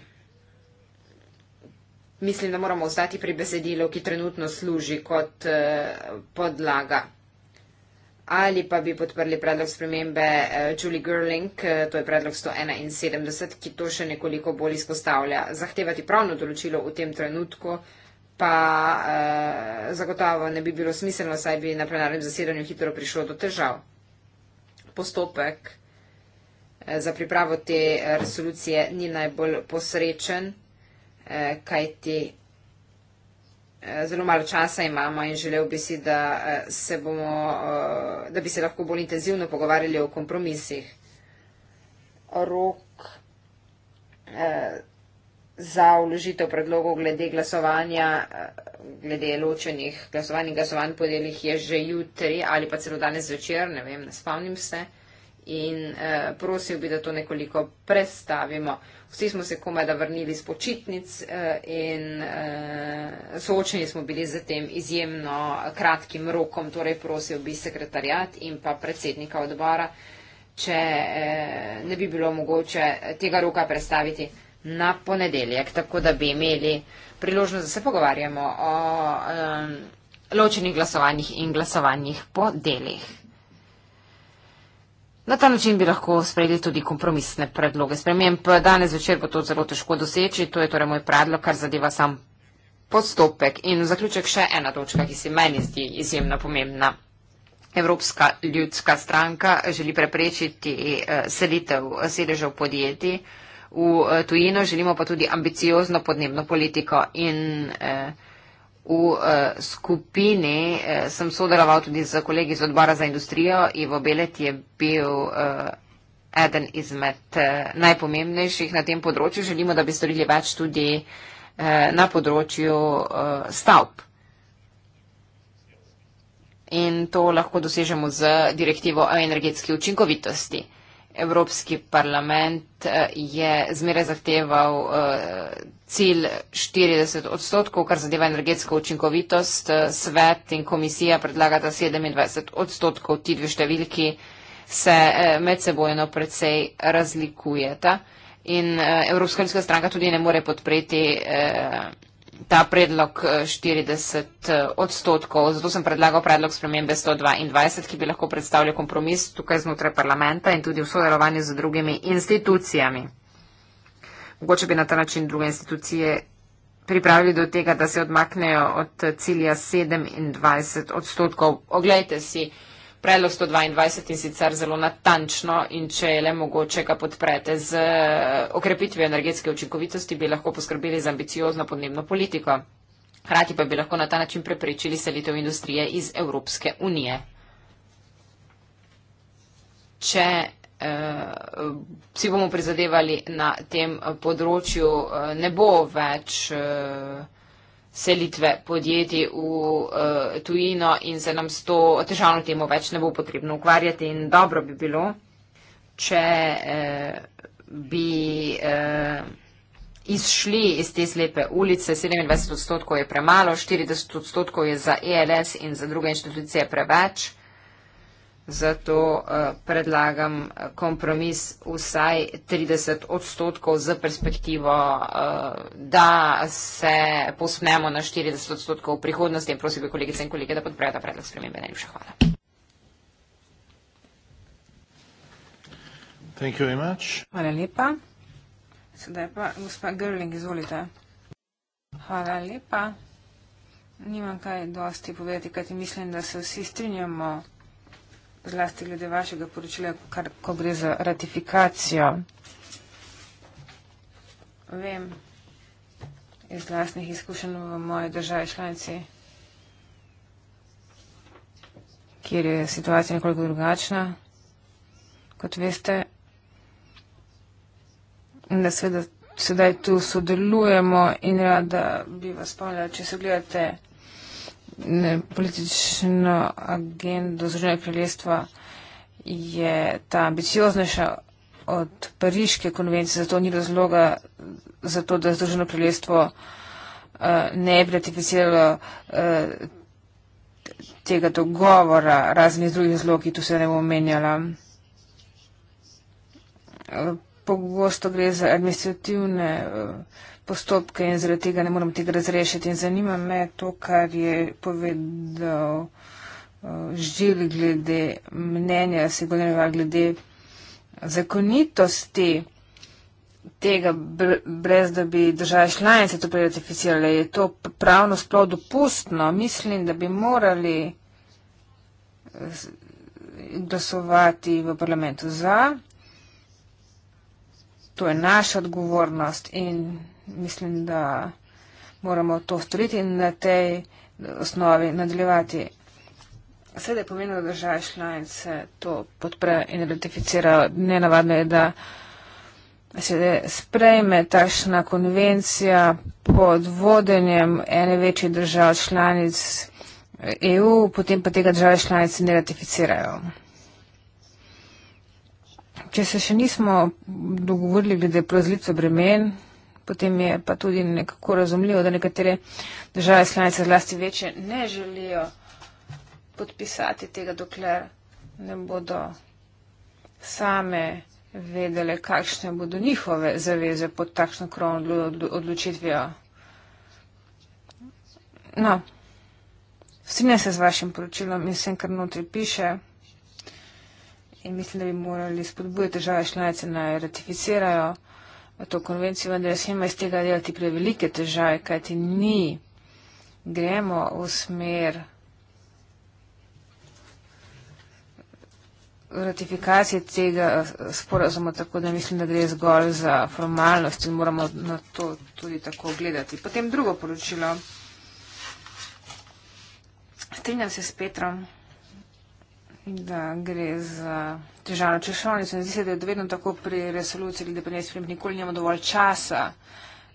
mislim, da moramo ostati pri besedilu, ki trenutno služi kot podlaga ali pa bi podprli predlog spremembe eh, Julie Gerling, eh, to je predlog 171, ki to še nekoliko bolj izpostavlja. Zahtevati pravno določilo v tem trenutku pa eh, zagotovo ne bi bilo smiselno, saj bi na plenarnem zasedanju hitro prišlo do težav. Postopek eh, za pripravo te resolucije ni najbolj posrečen, eh, kajti Eh, zelo malo časa imamo in želel bi si, da, eh, se bomo, eh, da bi se lahko bolj intenzivno pogovarjali o kompromisih. Rok za uložitev predlogov glede glasovanja, glede ločenih glasovanj in glasovanj po delih je že jutri ali pa celo danes večer, ne vem, ne spomnim se in eh, prosil bi, da to nekoliko prestavimo. Vsi smo se komaj da vrnili z počitnic eh, in eh, soočeni smo bili z tem izjemno kratkim rokom, torej prosil bi sekretarjat in pa predsednika odbora, če eh, ne bi bilo mogoče tega roka prestaviti na ponedeljek, tako da bi imeli priložnost, da se pogovarjamo o eh, ločenih glasovanjih in glasovanjih po delih. Na ta način bi lahko sprejeli tudi kompromisne predloge sprememb. Danes večer bo to zelo težko doseči, to je torej moj predlog, kar zadeva sam postopek. In v zaključek še ena točka, ki se meni zdi izjemno pomembna. Evropska ljudska stranka želi preprečiti eh, selitev eh, sedežev podjetij v eh, tujino, želimo pa tudi ambiciozno podnebno politiko in eh, V uh, skupini uh, sem sodeloval tudi z kolegi iz odbora za industrijo. Ivo Belet je bil uh, eden izmed uh, najpomembnejših na tem področju. Želimo, da bi storili več tudi uh, na področju uh, stavb. In to lahko dosežemo z direktivo o energetski učinkovitosti. Uh, Evropski parlament eh, je zmeraj zahteval eh, cilj 40 odstotkov, kar zadeva energetsko učinkovitost. Eh, svet in komisija predlagata 27 odstotkov. Ti dve številki se med sebojno precej razlikujeta. In Evropska ljudska stranka tudi ne more podpreti ta predlog 40 eh, eh, odstotkov. Zato sem predlagal predlog spremembe 122, ki bi lahko predstavljal kompromis tukaj znotraj parlamenta in tudi v sodelovanju z drugimi institucijami. Mogoče bi na ta način druge institucije pripravili do tega, da se odmaknejo od cilja 27 odstotkov. Oglejte si predlog 122 in sicer zelo natančno in če je le mogoče ga podprete z eh, okrepitvijo energetske učinkovitosti, bi lahko poskrbeli za ambiciozno podnebno politiko. Hrati pa bi lahko na ta način preprečili selitev industrije iz Evropske unije. Če eh, si bomo prizadevali na tem področju, eh, ne bo več. Eh, selitve podjetij v uh, tujino in se nam s to težavno temo več ne bo potrebno ukvarjati in dobro bi bilo, če uh, bi uh, izšli iz te slepe ulice, 27 odstotkov je premalo, 40 odstotkov je za ELS in za druge inštitucije preveč zato eh, predlagam eh, kompromis vsaj 30 odstotkov z perspektivo, eh, da se posmemo na 40 odstotkov v prihodnosti in prosim bi kolegice in kolege, da podprejo ta predlog spremembe. Najlepša hvala. Thank you very much. Hvala lepa. Sedaj pa gospa Gerling, izvolite. Hvala lepa. Nimam kaj dosti povedati, kajti mislim, da se vsi strinjamo zlasti glede vašega poročila, kar, ko gre za ratifikacijo. Vem iz vlastnih izkušenj v moje države članici, kjer je situacija nekoliko drugačna, kot veste. In da seveda sedaj tu sodelujemo in rada bi vas spomnila, če se gledate ne, politično agendo Združenega kraljestva je ta ambicioznejša od Pariške konvencije, zato ni razloga za to, da Združeno kraljestvo uh, ne bi ratificiralo uh, tega dogovora razni iz drugih zlog, ki tu se ne bom omenjala. Uh, pogosto gre za administrativne uh, postopke in zaradi tega ne morem tega razrešiti. In zanima me to, kar je povedal eh, Žil glede mnenja, se govorila glede zakonitosti tega, brez da bi države članice to preratificirale. Je to pravno sploh dopustno? Mislim, da bi morali eh, glasovati v parlamentu za. To je naša odgovornost in mislim, da moramo to storiti in na tej osnovi nadaljevati. Sedaj je pomenilo, da države članice to podpre in ratificira. Nenavadno je, da se sprejme takšna konvencija pod vodenjem ene večje države članic EU, potem pa tega države članice ne ratificirajo. Če se še nismo dogovorili glede prozlico bremen, potem je pa tudi nekako razumljivo, da nekatere države članice zlasti večje ne želijo podpisati tega, dokler ne bodo same vedele, kakšne bodo njihove zaveze pod takšno krovno odločitvijo. No, strinjam se z vašim poročilom in vsem, kar notri piše. In mislim, da bi morali spodbujati države članice, naj ratificirajo to konvencijo, vendar jaz ima iz tega delati prevelike težave, kajti mi gremo v smer ratifikacije tega eh, sporazuma, tako da mislim, da gre zgolj za formalnost in moramo na to tudi tako gledati. Potem drugo poročilo. Strinjam se s Petrom, da gre za težavno češavnico. Zdi se, da je vedno tako pri resoluciji, da pri nesprim nikoli nima dovolj časa.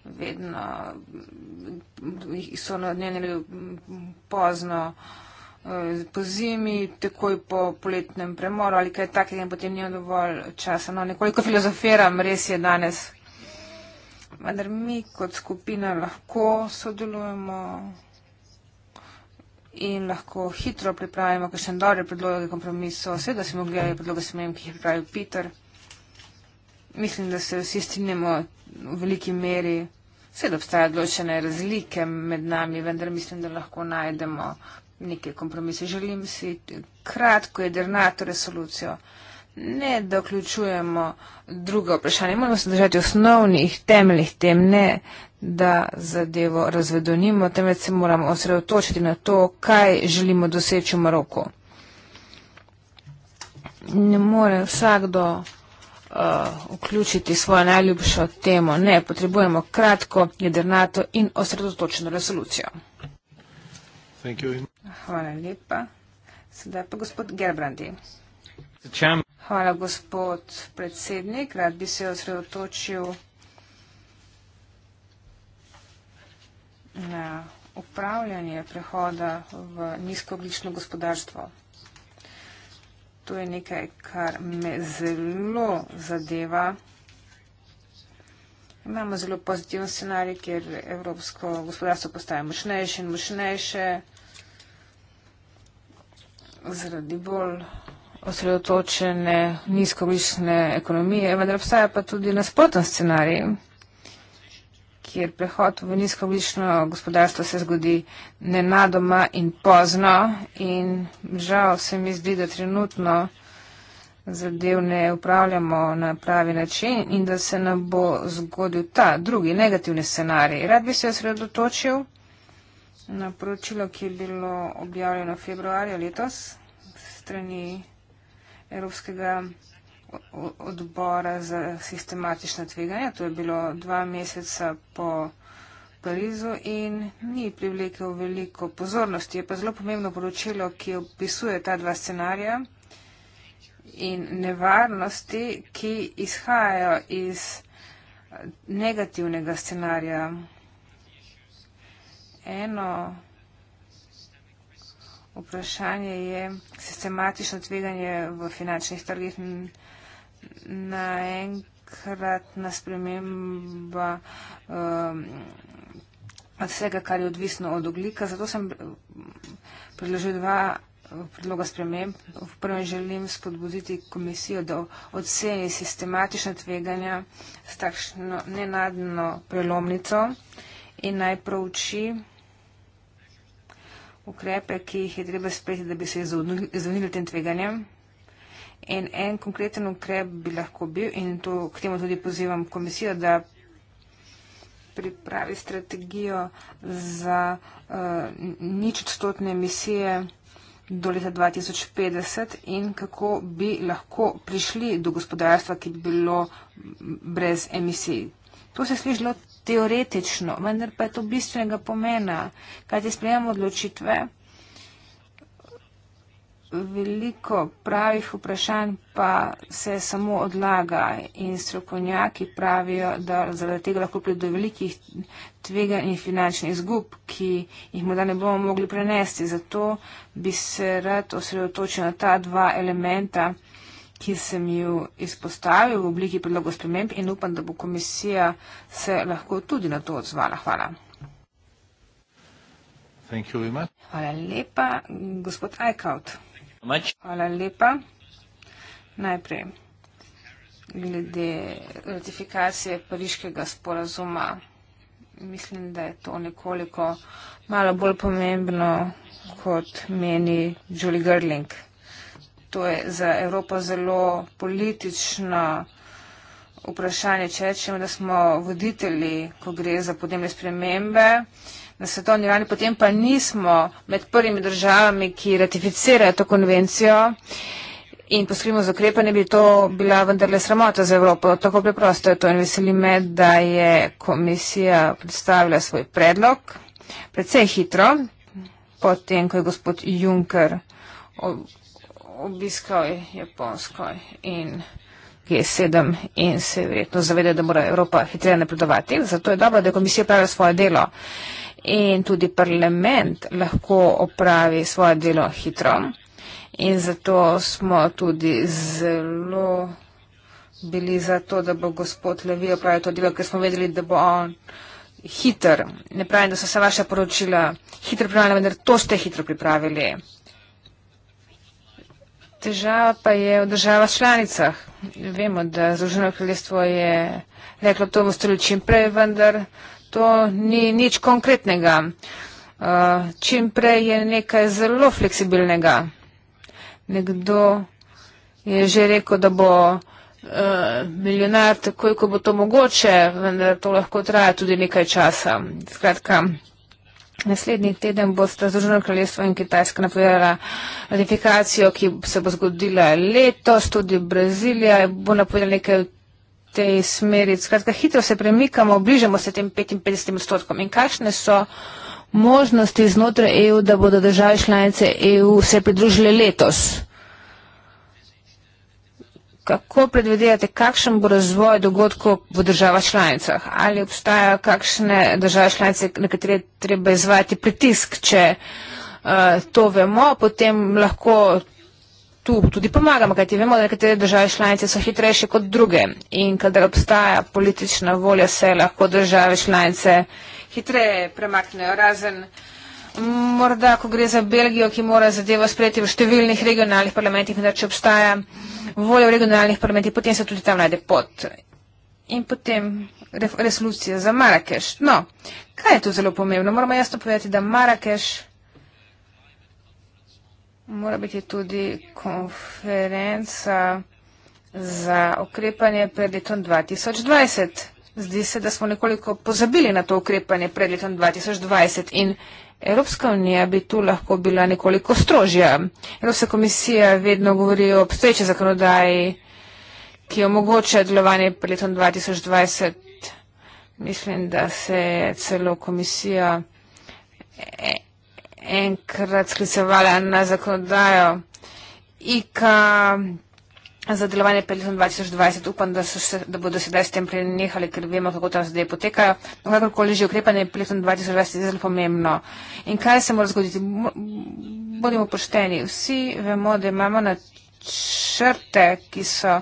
Vedno eh, so na dnevnem redu mm, pozno eh, po zimi, takoj po poletnem premoru ali kaj takega in potem nima dovolj časa. No, nekoliko filozofiram, res je danes. Vendar mi kot skupina lahko sodelujemo in lahko hitro pripravimo še en dobre predloge kompromisov. Seveda smo gledali predloge smem, ki jih je pripravil Peter. Mislim, da se vsi strinjamo v veliki meri. Seveda obstajajo določene razlike med nami, vendar mislim, da lahko najdemo neke kompromise. Želim si kratko, jedrnato resolucijo. Ne, da vključujemo druge vprašanje. Moramo se držati osnovnih temeljih tem, ne da zadevo razvedonimo, temveč se moramo osredotočiti na to, kaj želimo doseči v Maroku. Ne more vsakdo uh, vključiti svojo najljubšo temo. Ne, potrebujemo kratko, jedrnato in osredotočeno resolucijo. Hvala lepa. Sedaj pa gospod Gerbrandi. Hvala, gospod predsednik. Rad bi se osredotočil na upravljanje prehoda v nizkoglično gospodarstvo. To je nekaj, kar me zelo zadeva. Imamo zelo pozitivno scenarij, kjer evropsko gospodarstvo postaje močnejše in močnejše zaradi bolj osredotočene nizkogljične ekonomije, vendar obstaja pa tudi nasproten scenarij, kjer prehod v nizkogljično gospodarstvo se zgodi nenadoma in pozno in žal se mi zdi, da trenutno zadev ne upravljamo na pravi način in da se nam bo zgodil ta drugi negativni scenarij. Rad bi se osredotočil na poročilo, ki je bilo objavljeno februarja letos strani Evropskega odbora za sistematična tveganja. To je bilo dva meseca po Parizu in ni privlekel veliko pozornosti. Je pa zelo pomembno poročilo, ki opisuje ta dva scenarija in nevarnosti, ki izhajajo iz negativnega scenarija. Eno vprašanje je sistematično tveganje v finančnih trgih naenkrat na sprememba od um, vsega, kar je odvisno od oglika. Zato sem predložil dva uh, predloga sprememb. V prvem želim spodbuditi komisijo, da oceni sistematična tveganja s takšno nenadno prelomnico in naj prouči, ukrepe, ki jih je treba sprejeti, da bi se izognili tem tveganjem. In en konkreten ukrep bi lahko bil, in to k temu tudi pozivam komisijo, da pripravi strategijo za uh, nič odstotne emisije do leta 2050 in kako bi lahko prišli do gospodarstva, ki bi bilo brez emisij. To se sliši zelo teoretično, vendar pa je to bistvenega pomena, kajti sprejemamo odločitve. Veliko pravih vprašanj pa se samo odlaga in strokovnjaki pravijo, da zaradi tega lahko pride do velikih tveganj in finančnih izgub, ki jih morda ne bomo mogli prenesti. Zato bi se rad osredotočil na ta dva elementa ki sem ju izpostavil v obliki predlogov sprememb in upam, da bo komisija se lahko tudi na to odzvala. Hvala. Hvala lepa, gospod Eichhout. Hvala lepa. Najprej glede ratifikacije pariškega sporazuma. Mislim, da je to nekoliko malo bolj pomembno, kot meni Julie Gerling to je za Evropo zelo politično vprašanje, če rečemo, da smo voditelji, ko gre za podnebne spremembe na svetovni ravni, potem pa nismo med prvimi državami, ki ratificirajo to konvencijo in poskrbimo z ukrepanje, bi to bila vendarle sramota za Evropo. Tako preprosto je to in veseli me, da je komisija predstavila svoj predlog precej hitro, potem ko je gospod Juncker obiskal Japonsko in G7 in se verjetno zaveda, da mora Evropa hitreje napredovati. Zato je dobro, da je komisija opravila svoje delo in tudi parlament lahko opravi svoje delo hitro. In zato smo tudi zelo bili za to, da bo gospod Levi opravil to delo, ker smo vedeli, da bo on hiter. Ne pravim, da so se vaše poročila hitro pripravljena, vendar to ste hitro pripravili. Težava pa je v državah članicah. Vemo, da Združeno kraljestvo je reklo, to bo storilo čim prej, vendar to ni nič konkretnega. Uh, čim prej je nekaj zelo fleksibilnega. Nekdo je že rekel, da bo uh, milijonar takoj, ko bo to mogoče, vendar to lahko traja tudi nekaj časa. Skratka, Naslednji teden boste Združeno kraljestvo in Kitajska napovedala ratifikacijo, ki se bo zgodila letos, tudi Brazilija bo napovedala nekaj v tej smeri. Skratka, hitro se premikamo, bližamo se tem 55 odstotkom. In kakšne so možnosti znotraj EU, da bodo države članice EU se pridružile letos? Uh, kako predvidevate, kakšen bo razvoj dogodkov v državah članicah? Ali obstajajo kakšne države članice, na katere treba izvajati pritisk, če uh, to vemo, potem lahko. Tu tudi pomagamo, kajti vemo, da nekatere države članice so hitrejše kot druge in kadar obstaja politična volja, se lahko države članice hitreje premaknejo razen morda, ko gre za Belgijo, ki mora zadevo sprejeti v številnih regionalnih parlamentih, vendar če obstaja voljo v regionalnih parlamentih, potem se tudi tam najde pot. In potem resolucija za Marakeš. No, kaj je tu zelo pomembno? Moramo jasno povedati, da Marakeš mora biti tudi konferenca za okrepanje pred letom 2020. Zdi se, da smo nekoliko pozabili na to okrepanje pred letom 2020 in Evropska unija bi tu lahko bila nekoliko strožja. Evropska komisija vedno govori o obstoječe zakonodaji, ki omogoča delovanje pred letom 2020. Mislim, da se je celo komisija e, enkrat sklicevala na zakonodajo IKA za delovanje 2020. Upam, da, se, da bodo sedaj s tem prenehali, ker vemo, kako tam zdaj potekajo. Kakorkoli že ukrepanje 2020 je zelo pomembno. In kaj se mora zgoditi? Bodimo pošteni. Vsi vemo, da imamo na črte, ki so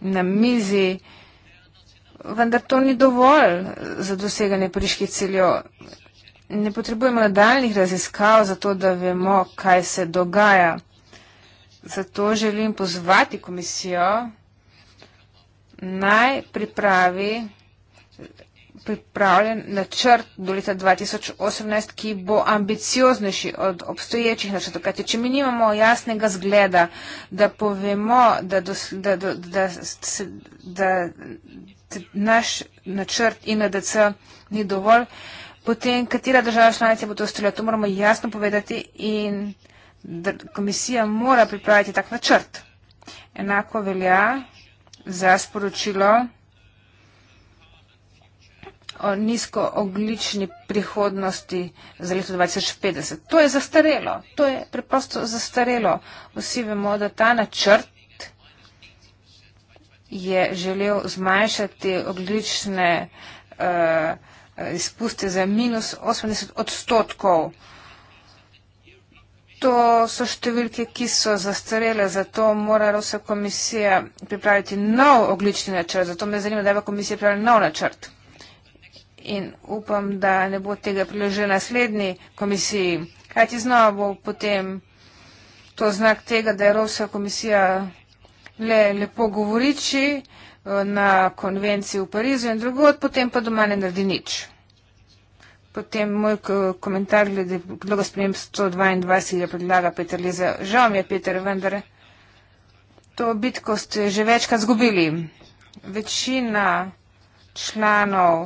na mizi, vendar to ni dovolj za doseganje priških ciljev. Ne potrebujemo nadaljnih raziskav za to, da vemo, kaj se dogaja. Zato želim pozvati komisijo naj pripravi pripravljen načrt do leta 2018, ki bo ambicioznejši od obstoječih načrtov. Kajte, če mi nimamo jasnega zgleda, da povemo, da, dos, da, da, da, da, da naš načrt INDC ni dovolj, potem katera država članica bo to ustrela, to moramo jasno povedati in komisija mora pripraviti tak načrt. Enako velja za sporočilo o nizkooglični prihodnosti za leto 2050. To je zastarelo, to je preprosto zastarelo. Vsi vemo, da ta načrt je želel zmanjšati oglične uh, izpuste za minus 80 odstotkov. Uh, to so številke, ki so zastarele, zato mora Evropska komisija pripraviti nov oglični načrt. Zato me zanima, da je komisija pripravila nov načrt. In upam, da ne bo tega priložil naslednji komisiji. Kaj ti znova bo potem to znak tega, da je Evropska komisija le lepo govoriči eh, na konvenciji v Parizu in drugod, potem pa doma ne naredi nič. Potem moj komentar glede predloga sprememb 122, ki ga predlaga Peter Liza. Žal mi je, Peter, vendar to bitko ste že večkrat zgubili. Večina članov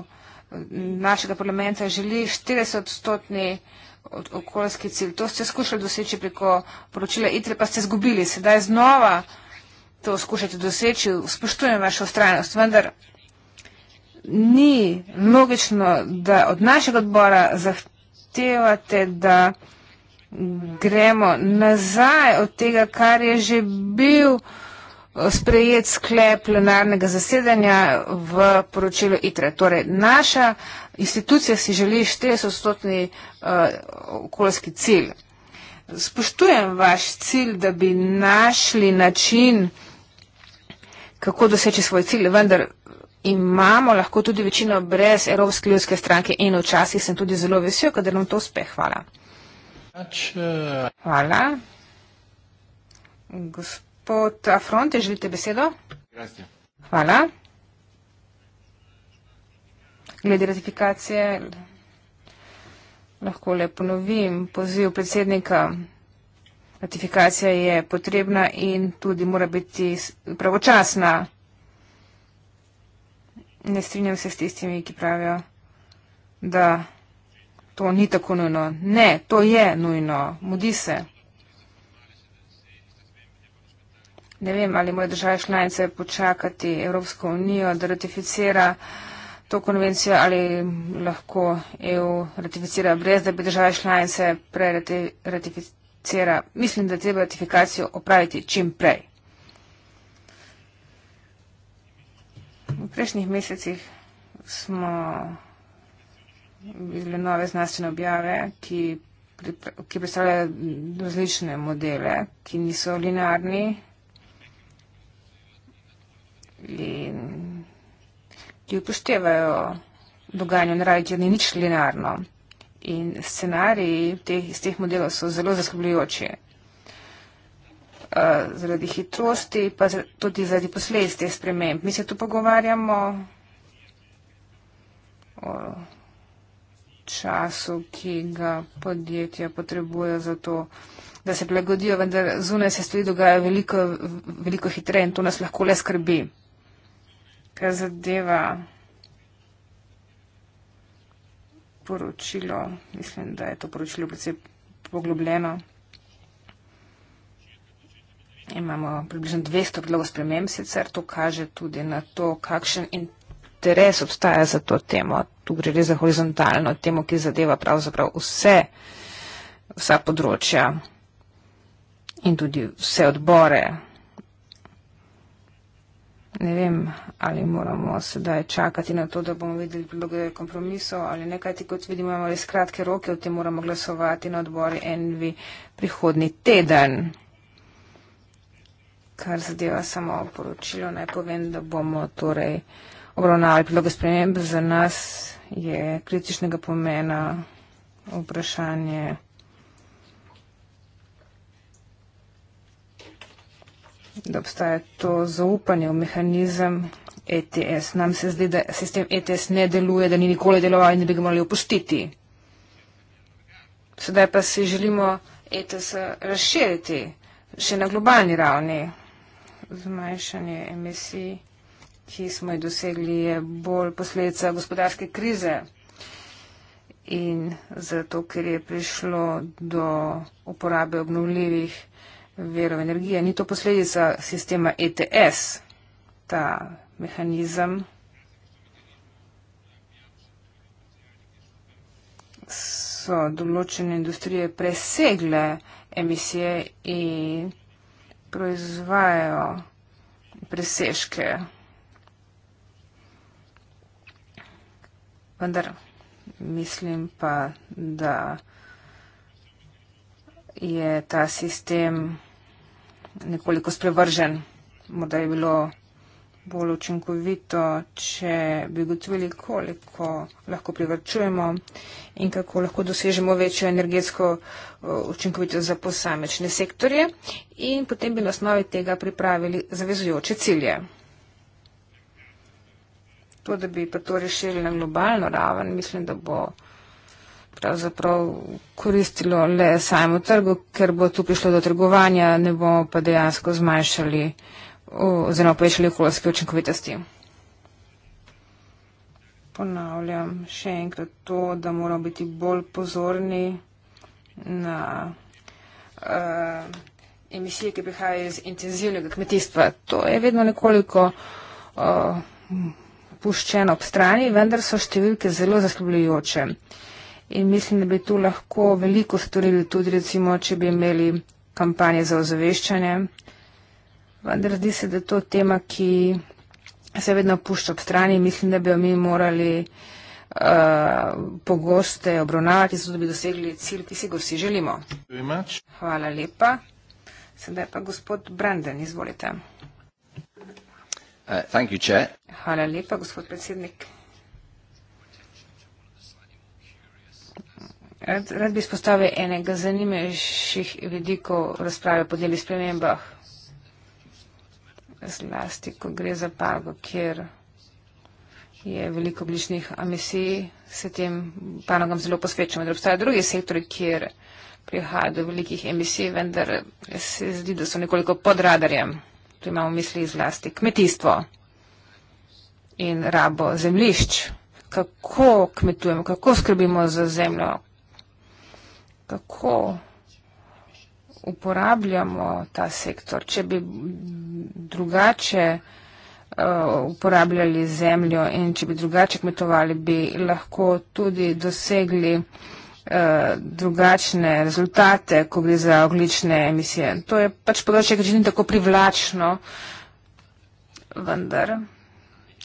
mm, našega parlamenta želi 40-stotni okoljski cilj. To ste skušali doseči preko poročila ITRE, pa ste zgubili. Sedaj znova to skušate doseči. Spoštujem vašo ustrajnost, vendar ni logično, da od našega odbora zahtevate, da gremo nazaj od tega, kar je že bil eh, sprejet sklep plenarnega zasedanja v poročilu ITRE. Torej, naša institucija si želi 40-stotni uh, eh, okoljski cilj. Spoštujem vaš cilj, da bi našli način, kako doseči svoj cilj, vendar imamo lahko tudi večino brez Evropske ljudske stranke in včasih sem tudi zelo vesel, kadar nam to uspe. Hvala. Hvala. Gospod Afronte, želite besedo? Hvala. Glede ratifikacije lahko le ponovim poziv predsednika. Ratifikacija je potrebna in tudi mora biti pravočasna ne strinjam se s tistimi, ki pravijo, da to ni tako nujno. Ne, to je nujno, mudi se. Ne vem, ali moje države članice počakati Evropsko unijo, da ratificira to konvencijo, ali lahko EU ratificira brez, da bi države članice preratificira. Mislim, da treba ratifikacijo opraviti čim prej. V prejšnjih mesecih smo videli nove znanstvene objave, ki, pripra ki predstavljajo različne modele, ki niso linearni. In ki upoštevajo dogajanje v naravi, ki ni nič linearno. In scenariji teh, iz teh modelov so zelo zaskrbljujoči. Eh, zaradi hitrosti, pa tudi zaradi posledstv teh sprememb. Mi se tu pogovarjamo o času, ki ga podjetja potrebujo za to, da se prilagodijo, vendar zunaj se stvari dogajajo veliko, veliko hitreje in to nas lahko le skrbi. Kar zadeva poročilo, mislim, da je to poročilo precej poglobljeno imamo približno 200 predlogov sprememb, sicer to kaže tudi na to, kakšen interes obstaja za to temo. Tu gre res za horizontalno temo, ki zadeva pravzaprav vse, vsa področja in tudi vse odbore. Ne vem, ali moramo sedaj čakati na to, da bomo videli predloge kompromisov ali nekaj, ti kot vidimo, imamo res kratke roke, o tem moramo glasovati na odbori NV prihodni teden. Kar zadeva samo poročilo, naj povem, da bomo torej obravnavali predloge sprememb. Za nas je kritičnega pomena vprašanje. da obstaja to zaupanje v mehanizem ETS. Nam se zdi, da sistem ETS ne deluje, da ni nikoli deloval in da bi ga morali opustiti. Sedaj pa si želimo ETS razširiti še na globalni ravni zmanjšanje emisij, ki smo jih dosegli, je bolj posledica gospodarske krize in zato, ker je prišlo do uporabe obnovljivih verov energije. Ni to posledica sistema ETS, ta mehanizem. So določene industrije presegle emisije in proizvajajo presežke. Vendar mislim pa, da je ta sistem nekoliko sprevržen, morda je bilo bolj učinkovito, če bi gotovili, koliko lahko privrčujemo in kako lahko dosežemo večjo energetsko eh, učinkovitost za posamečne sektorje in potem bi na osnovi tega pripravili zavezujoče cilje. To, da bi pa to rešili na globalno raven, mislim, da bo pravzaprav koristilo le samo trgu, ker bo tu prišlo do trgovanja, ne bomo pa dejansko zmanjšali oziroma povečali okoljske učinkovitosti. Ponavljam še enkrat to, da moramo biti bolj pozorni na uh, emisije, ki prihajajo iz intenzivnega kmetijstva. To je vedno nekoliko uh, puščeno ob strani, vendar so številke zelo zaskrbljujoče. In mislim, da bi tu lahko veliko storili tudi, recimo, če bi imeli kampanje za ozaveščanje, vendar zdi se, da to je tema, ki se vedno pušča ob strani in mislim, da bi jo mi morali uh, pogoste obravnavati, zato da bi dosegli cilj, ki si ga vsi želimo. Hvala lepa. Sedaj pa gospod Branden, izvolite. Uh, thank you, chair. Hvala lepa, gospod predsednik. Rad, rad bi spostavil enega zanimivejših vidikov razprave o podnebnih spremembah zlasti, ko gre za pargo, kjer je veliko bližnih emisij, se tem panogam zelo posvečamo. Da obstajajo drugi sektori, kjer prihaja do velikih emisij, vendar se zdi, da so nekoliko pod radarjem. Tu imamo v misli zlasti kmetijstvo in rabo zemlišč. Kako kmetujemo, kako skrbimo za zemljo, kako uporabljamo ta sektor, če bi drugače eh, uporabljali zemljo in če bi drugače kmetovali, bi lahko tudi dosegli eh, drugačne rezultate, ko gre za oglične emisije. To je pač področje, ki ni tako privlačno, vendar,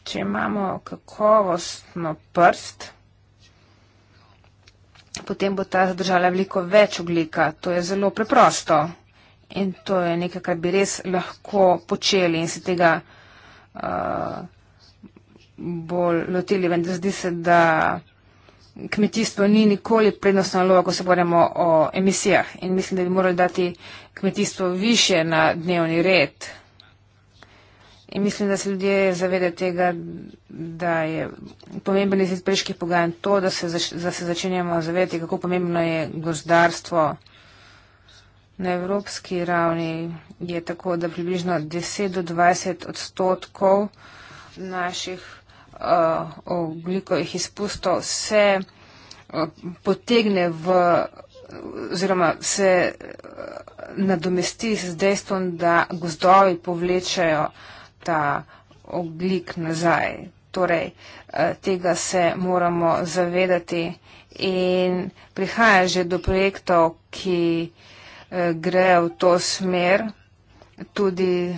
če imamo kakovostno prst, potem bo ta zadržala veliko več oglika. To je zelo preprosto in to je nekaj, kar bi res lahko počeli in se tega uh, bolj lotili. Vendar zdi se, da kmetijstvo ni nikoli prednostna naloga, ko se govorimo o emisijah. In mislim, da bi morali dati kmetijstvo više na dnevni red. In mislim, da se ljudje zavedajo tega, da je pomemben izid preških pogajanj to, da se, zaš, da se začenjamo zavedati, kako pomembno je gozdarstvo na evropski ravni. Je tako, da približno 10 do 20 odstotkov naših uh, oglikovih izpustov se uh, potegne v oziroma se uh, nadomesti z dejstvom, da gozdovi povlečajo uh, ta oglik nazaj. Torej, eh, tega se moramo zavedati in prihaja že do projektov, ki eh, grejo v to smer. Tudi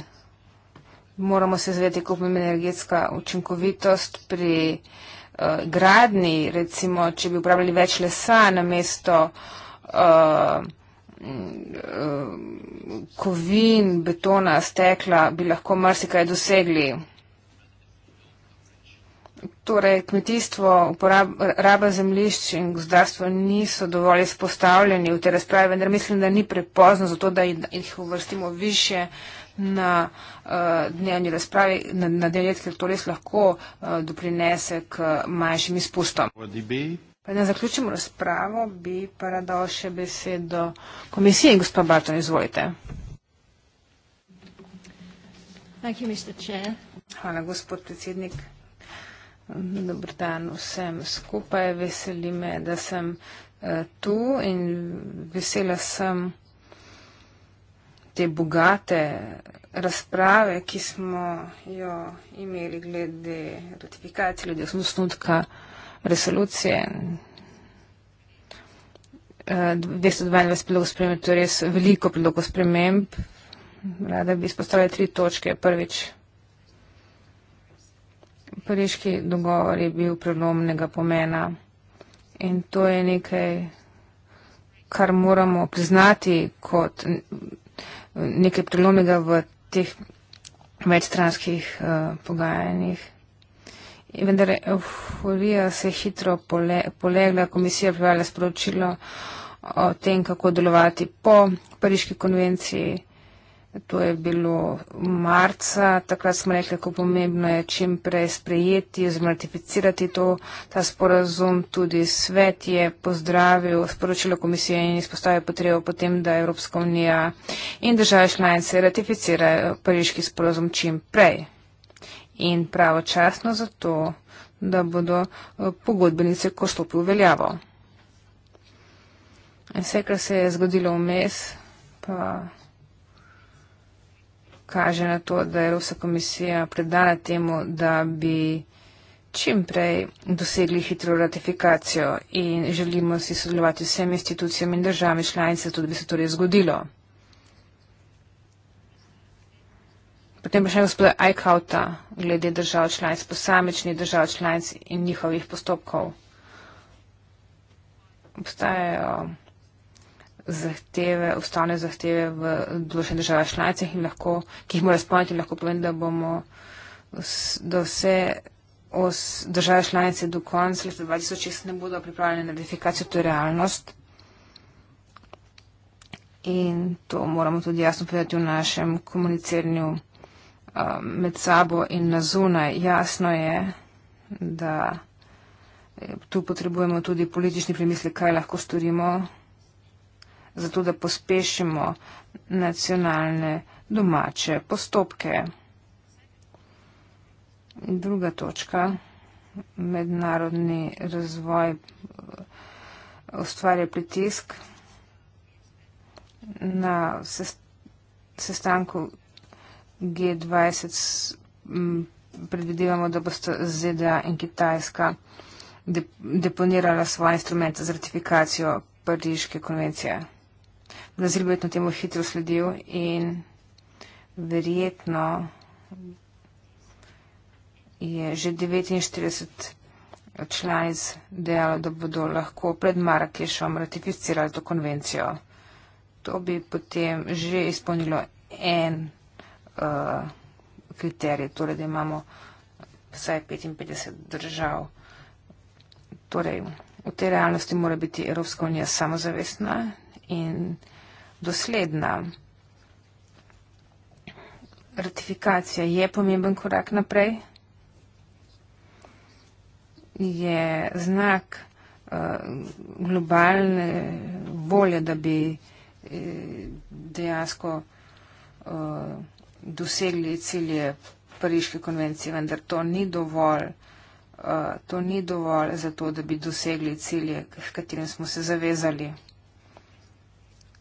moramo se zavedati, kako pomembna energetska učinkovitost pri eh, gradni, recimo, če bi uporabljali več lesa na mesto kovin, betona, stekla, bi lahko marsikaj dosegli. Torej, kmetijstvo, uporaba zemljišč in gozdarstvo niso dovolj izpostavljeni v te razprave, vendar mislim, da ni prepozno za to, da jih uvrstimo više na uh, dnevni razpravi, na, na dnevni red, ker to res lahko uh, doprinese k manjšim izpustom. Pa da zaključimo razpravo, bi pa rada še besedo komisije. Gospa Barton, izvolite. Thank you, Mr. Chair. Hvala, gospod predsednik. Dobro dan vsem skupaj. Veseli me, da sem uh, tu in vesela sem te bogate razprave, ki smo jo imeli glede ratifikacije, glede osnovstvnutka resolucije. 222 eh, predlogov sprememb, to je res veliko predlogov sprememb. Rada bi izpostavila tri točke. Prvič, pariški dogovor je bil prelomnega pomena in to je nekaj, kar moramo priznati kot nekaj prelomnega v teh večstranskih uh, pogajanjih vendar euforija se je hitro pole, polegla, komisija prevala sporočilo o tem, kako delovati po Pariški konvenciji. To je bilo marca, takrat smo rekli, kako pomembno je čim prej sprejeti oziroma ratificirati to, ta sporazum. Tudi svet je pozdravil sporočilo komisije in izpostavil potrebo potem, da Evropska unija in države članice ratificirajo pariški sporazum čim prej in pravočasno zato, da bodo eh, pogodbenice kostopi uveljavo. Vse, kar se je zgodilo vmes, pa kaže na to, da je Evropska komisija predana temu, da bi čim prej dosegli hitro ratifikacijo in želimo si sodelovati s vsemi institucijami in državami članice, da bi se torej zgodilo. Potem pa še gospoda Eichauta glede držav članic, posamečnih držav članic in njihovih postopkov. Obstajajo zahteve, ustavne zahteve v določenih državah članicah, ki jih mora spomniti, lahko povem, da bomo do vse os, države članice do konca leta 2006 ne bodo pripravljene na ratifikacijo, to je realnost. In to moramo tudi jasno povedati v našem komuniciranju. Eh, med sabo in na zunaj. Jasno je, da eh, tu potrebujemo tudi politični premisle, kaj lahko storimo, zato da pospešimo nacionalne domače postopke. Druga točka, mednarodni razvoj eh, ustvarja pritisk na sestanku G20 m, mm, predvidevamo, da boste ZDA in Kitajska deponirala svoje instrumente za ratifikacijo Pariške konvencije. Brazil bo na temu hitro sledil in verjetno je že 49 članic dejalo, da bodo lahko pred Marakešom ratificirali to konvencijo. To bi potem že izpolnilo en Eh, kriterije, torej da imamo vsaj 55 držav. Torej, v tej realnosti mora biti Evropska unija samozavestna in dosledna. Ratifikacija je pomemben korak naprej, je znak uh, globalne volje, da bi uh, dejansko uh, dosegli cilje Pariške konvencije, vendar to ni dovolj. Uh, to ni dovolj za to, da bi dosegli cilje, k katerim smo se zavezali.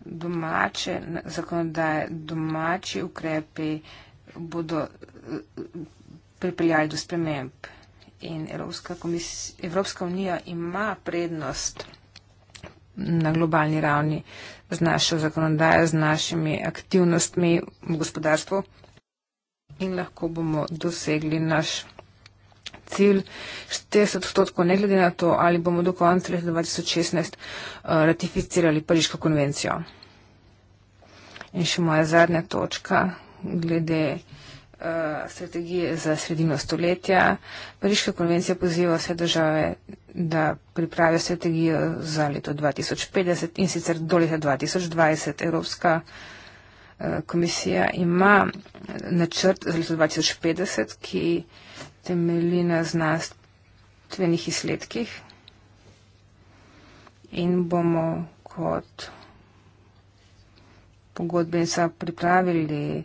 Domače zakonodaje, domači ukrepi bodo uh, pripeljali do sprememb. In Evropska, Evropska unija ima prednost na globalni ravni z našo zakonodajo, z našimi aktivnostmi v gospodarstvu in lahko bomo dosegli naš cilj 40 odstotkov, ne glede na to, ali bomo do konca leta 2016 eh, ratificirali Pariško konvencijo. In še moja zadnja točka glede Eh, strategije za sredino stoletja. Pariška konvencija poziva vse države, da pripravijo strategijo za leto 2050 in sicer do leta 2020. Evropska eh, komisija ima načrt za leto 2050, ki temelji na znanstvenih izsledkih in bomo kot pogodbenica pripravili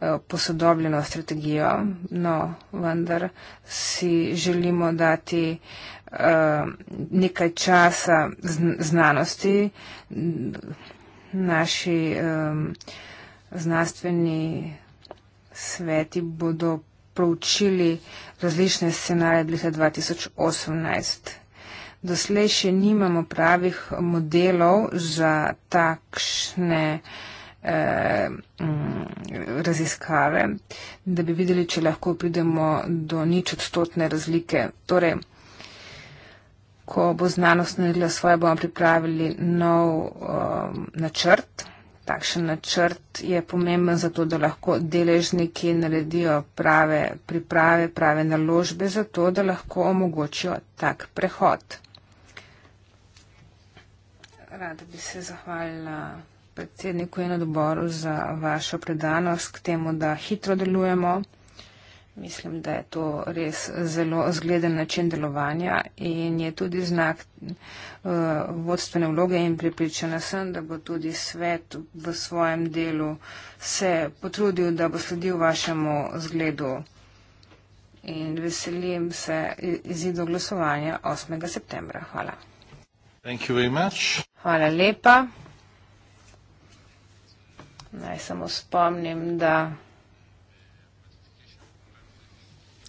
Eh, posodobljeno strategijo, no, vendar si želimo dati eh, nekaj časa znanosti. Naši eh, znanstveni sveti bodo proučili različne scenarije od leta 2018. Doslej še nimamo pravih modelov za takšne uh, Eh, mm, raziskave, da bi videli, če lahko pridemo do nič odstotne razlike. Torej, ko bo znanost naredila svoje, bomo pripravili nov um, načrt. Takšen načrt je pomemben zato, da lahko deležniki naredijo prave priprave, prave naložbe, zato, da lahko omogočijo tak prehod. Rada bi se zahvalila predsedniku in odboru za vašo predanost k temu, da hitro delujemo. Mislim, da je to res zelo zgleden način delovanja in je tudi znak eh, vodstvene vloge in pripričana sem, da bo tudi svet v svojem delu se potrudil, da bo sledil vašemu zgledu. In veselim se izidu glasovanja 8. septembra. Hvala. Hvala lepa. Naj samo spomnim, da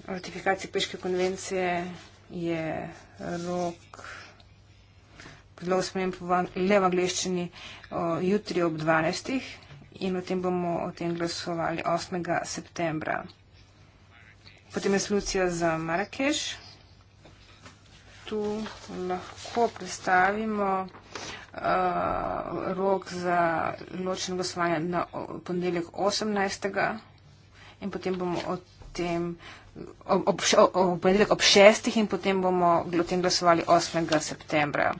ratifikacija Peške konvencije je rok predlogov sprememb le v angliščini jutri ob 12. in o tem bomo o tem glasovali 8. septembra. Potem je solucija za Marrakeš. Tu lahko predstavimo. Eh, rok za ločeno glasovanje na ponedeljek 18. in potem bomo o tem ob, ob, ob, ob šestih in potem bomo o tem glasovali 8. septembra.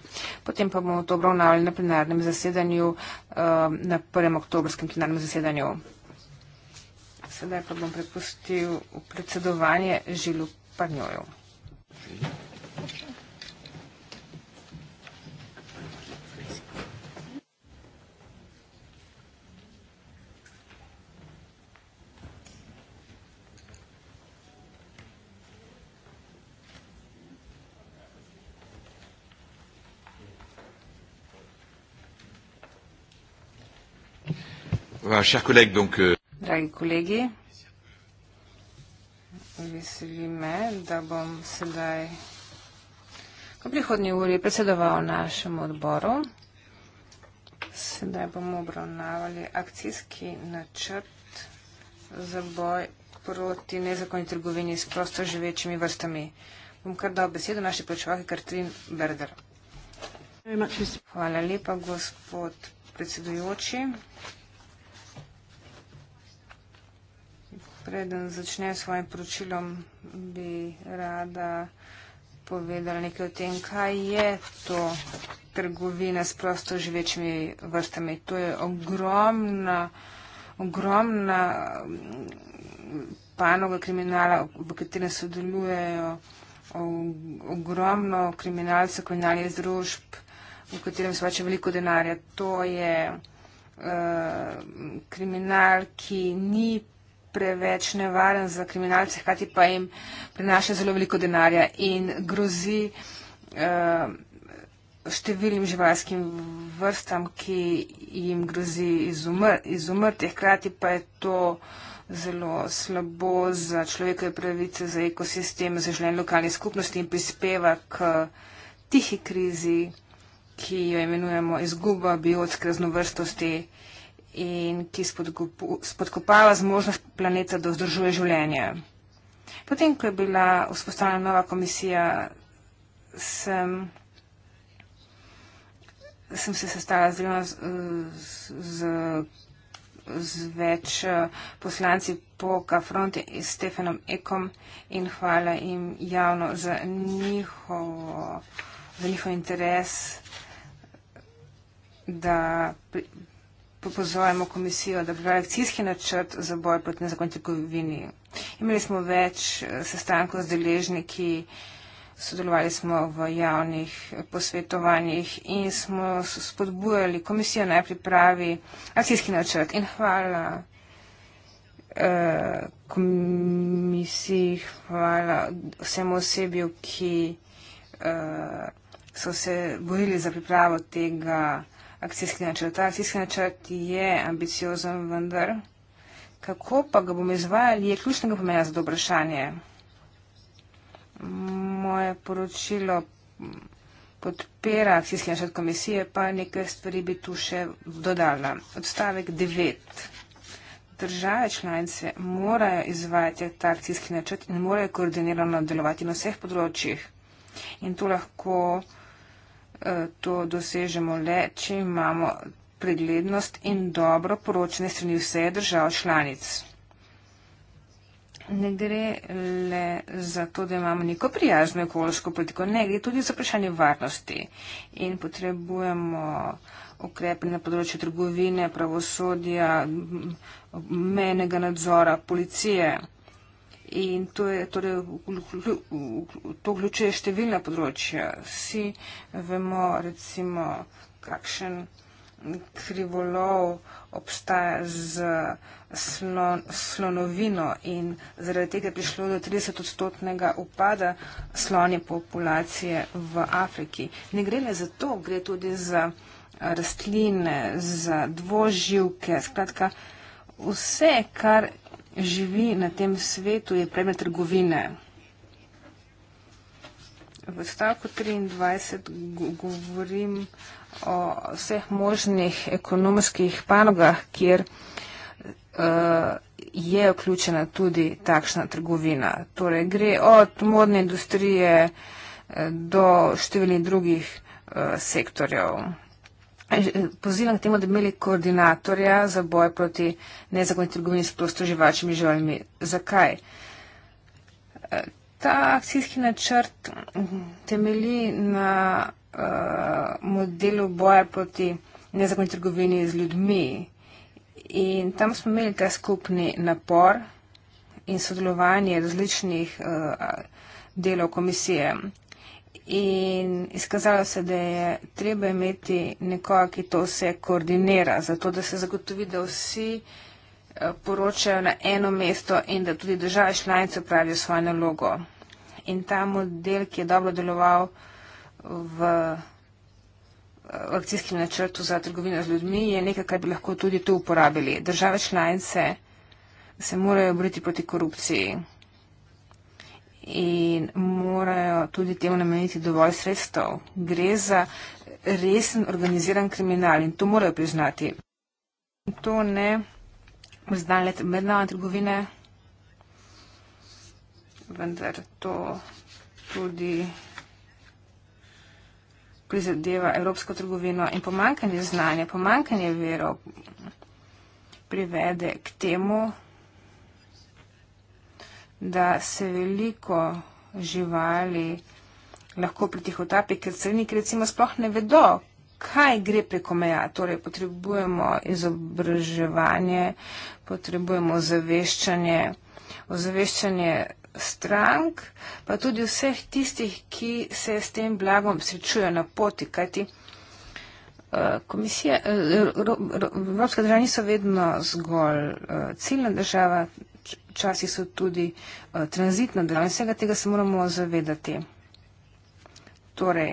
Potem pa bomo to obravnavali na plenarnem zasedanju, eh, na prvem oktobrskem plenarnem zasedanju. Sedaj pa bom prepustil predsedovanje Žilu Parnjoju. Žilu. Euh, Dragi kolegi, veseli me, da bom sedaj v prihodnji uri predsedoval našemu odboru. Sedaj bomo obravnavali akcijski načrt za boj proti nezakonji trgovini s prosto živečimi vrstami. Bom kar dal besedo naši predsedovalki Katrin Berger. Hvala lepa, gospod predsedujoči. preden začnem s svojim poročilom, bi rada povedala nekaj o tem, kaj je to trgovina s prosto živečimi vrstami. To je ogromna, ogromna panoga kriminala, v katerem sodelujejo ogromno kriminalcev, kriminalnih združb, v katerem se vače veliko denarja. To je uh, kriminal, ki ni preveč nevaren za kriminalce, hkrati pa jim prinaša zelo veliko denarja in grozi uh, številnim živalskim vrstam, ki jim grozi izumr, izumrti. Hkrati pa je to zelo slabo za človekove pravice, za ekosistem, za življenje lokalne skupnosti in prispeva k tihi krizi, ki jo imenujemo izguba biotske raznovrstosti in ki spodkopava zmožnost planeta, da vzdržuje življenje. Potem, ko je bila vzpostavljena nova komisija, sem, sem se sestala z, z, z, z več poslanci POK-a Fronte in Stefanom Ekom in hvala jim javno za, njihovo, za njihov interes da pozovemo komisijo, da pripravi akcijski načrt za boj proti nezakonitih kovini. Imeli smo več eh, sestankov z deležniki, sodelovali smo v javnih eh, posvetovanjih in smo spodbujali komisijo naj pripravi akcijski načrt. In hvala eh, komisiji, hvala vsemu osebju, ki so se borili za pripravo tega akcijski načrt. Ta akcijski načrt je ambiciozen, vendar kako pa ga bomo izvajali, je ključnega pomena za to vprašanje. Moje poročilo podpira akcijski načrt komisije, pa nekaj stvari bi tu še dodala. Odstavek 9. Države članice morajo izvajati ta akcijski načrt in morajo koordinirano delovati na vseh področjih. In tu lahko Eh, to dosežemo le, če imamo preglednost in dobro poročanje strani vse držav članic. Ne gre le za to, da imamo neko prijazno ekološko politiko, ne gre tudi za vprašanje varnosti in potrebujemo ukrepe na področju trgovine, pravosodja, menega nadzora, policije. In to, je, torej, to vključuje številna področja. Vsi vemo, recimo, kakšen krivolov obstaja z slon, slonovino in zaradi tega je prišlo do 30-odstotnega upada slonje populacije v Afriki. Ne gre le za to, gre tudi za rastline, za dvoživke, skratka vse, kar živi na tem svetu, je predmet trgovine. V stavku 23 govorim o vseh možnih ekonomskih panogah, kjer uh, je vključena tudi takšna trgovina. Torej, gre od modne industrije eh, do številnih drugih uh, sektorjev pozivam k temu, da bi imeli koordinatorja za boj proti nezakonitim trgovini s prostoživačimi živalmi. Zakaj? Ta akcijski načrt mhm, temeli na uh, modelu boja proti nezakonitim trgovini z ljudmi in tam smo imeli ta skupni napor in sodelovanje različnih uh, delov komisije. In izkazalo se, da je treba imeti nekoga, ki to vse koordinira, zato da se zagotovi, da vsi eh, poročajo na eno mesto in da tudi države članice pravijo svojo nalogo. In ta model, ki je dobro deloval v, eh, v akcijskem načrtu za trgovino z ljudmi, je nekaj, kar bi lahko tudi tu uporabili. Države članice se morajo boriti proti korupciji in morajo tudi temu nameniti dovolj sredstev. Gre za resen organiziran kriminal in to morajo priznati. To ne vzdanje mednarodne trgovine, vendar to tudi prizadeva evropsko trgovino in pomankanje znanja, pomankanje verov privede k temu, da se veliko živali lahko pritihotapi, ker carinik recimo sploh ne vedo, kaj gre preko meja. Torej potrebujemo izobraževanje, potrebujemo zaveščanje, ozaveščanje strank, pa tudi vseh tistih, ki se s tem blagom srečujejo na poti, kajti eh, komisija, eh, Evropska država niso vedno zgolj eh, ciljna država, včasih so tudi uh, tranzitna dela in vsega tega se moramo zavedati. Torej,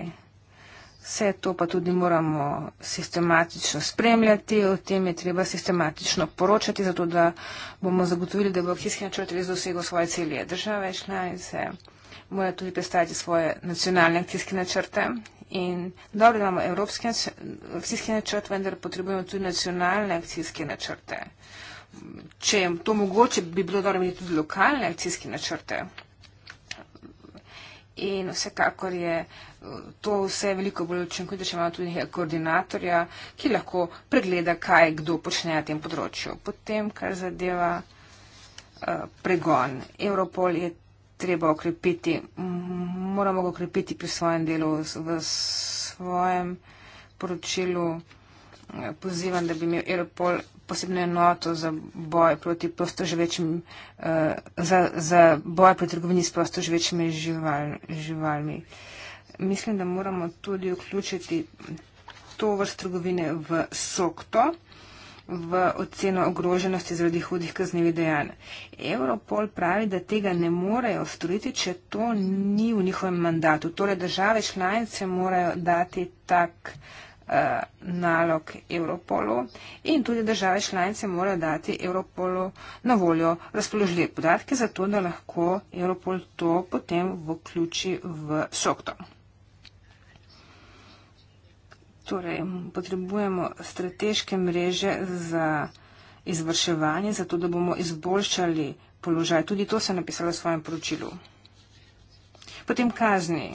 vse to pa tudi moramo sistematično spremljati, o tem je treba sistematično poročati, zato da bomo zagotovili, da bo akcijski načrt res dosegel svoje cilje države članice, mora tudi predstaviti svoje nacionalne akcijske načrte. In dobro, da imamo evropske akcijske načrte, vendar potrebujemo tudi nacionalne akcijske načrte če je to mogoče, bi bilo dobro imeti tudi lokalne akcijske načrte. In vsekakor je uh, to vse veliko bolj učinkovito, če imamo tudi nekega koordinatorja, ki lahko pregleda, kaj kdo počne na tem področju. Potem, kar zadeva uh, pregon. Evropol je treba okrepiti, moramo ga okrepiti pri svojem delu, v svojem poročilu uh, pozivam, da bi imel Evropol posebno enoto za boj proti prostoživečim, eh, za, za boj proti trgovini s prostoživečimi žival, živalmi. Mislim, da moramo tudi vključiti to vrst trgovine v SOKTO, v oceno ogroženosti zaradi hudih kaznjivih dejanj. Europol pravi, da tega ne morejo storiti, če to ni v njihovem mandatu. Torej, države članice morajo dati tak. Uh, Eh, nalog Europolu in tudi države članice morajo dati Europolu na voljo razpoložljive podatke, zato da lahko Europol to potem vključi v SOCTO. Torej, potrebujemo strateške mreže za izvrševanje, zato da bomo izboljšali položaj. Tudi to se je napisalo v svojem poročilu. Potem kazni.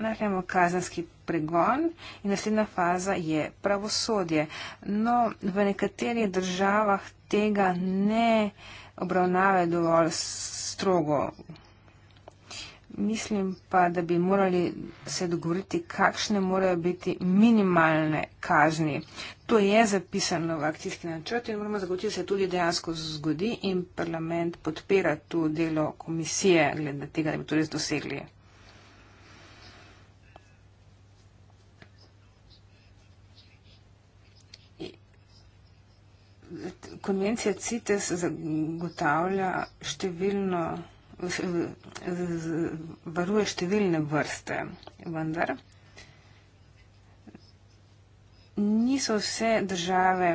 Najprej kazenski pregon in naslednja faza je pravosodje. No, v nekaterih državah tega ne obravnave dovolj strogo. Mislim pa, da bi morali se dogovoriti, kakšne morajo biti minimalne kazni. To je zapisano v akcijski načrt in moramo zagotiti, da se tudi dejansko zgodi in parlament podpira to delo komisije glede tega, da bi to res dosegli. konvencija CITES zagotavlja številno, varuje številne vrste, vendar niso vse države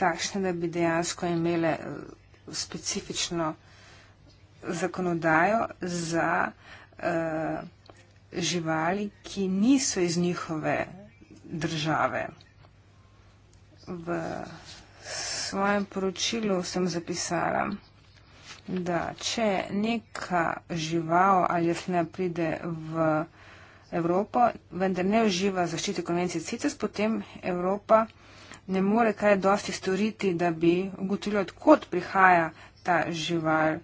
takšne, da bi dejansko imele eh, specifično zakonodajo za uh, živali, ki niso iz njihove države. V svojem poročilu sem zapisala, da če neka žival ali jasna pride v Evropo, vendar ne uživa zaščite konvencije CITES, potem Evropa ne more kaj dosti storiti, da bi ugotovila, odkot prihaja ta žival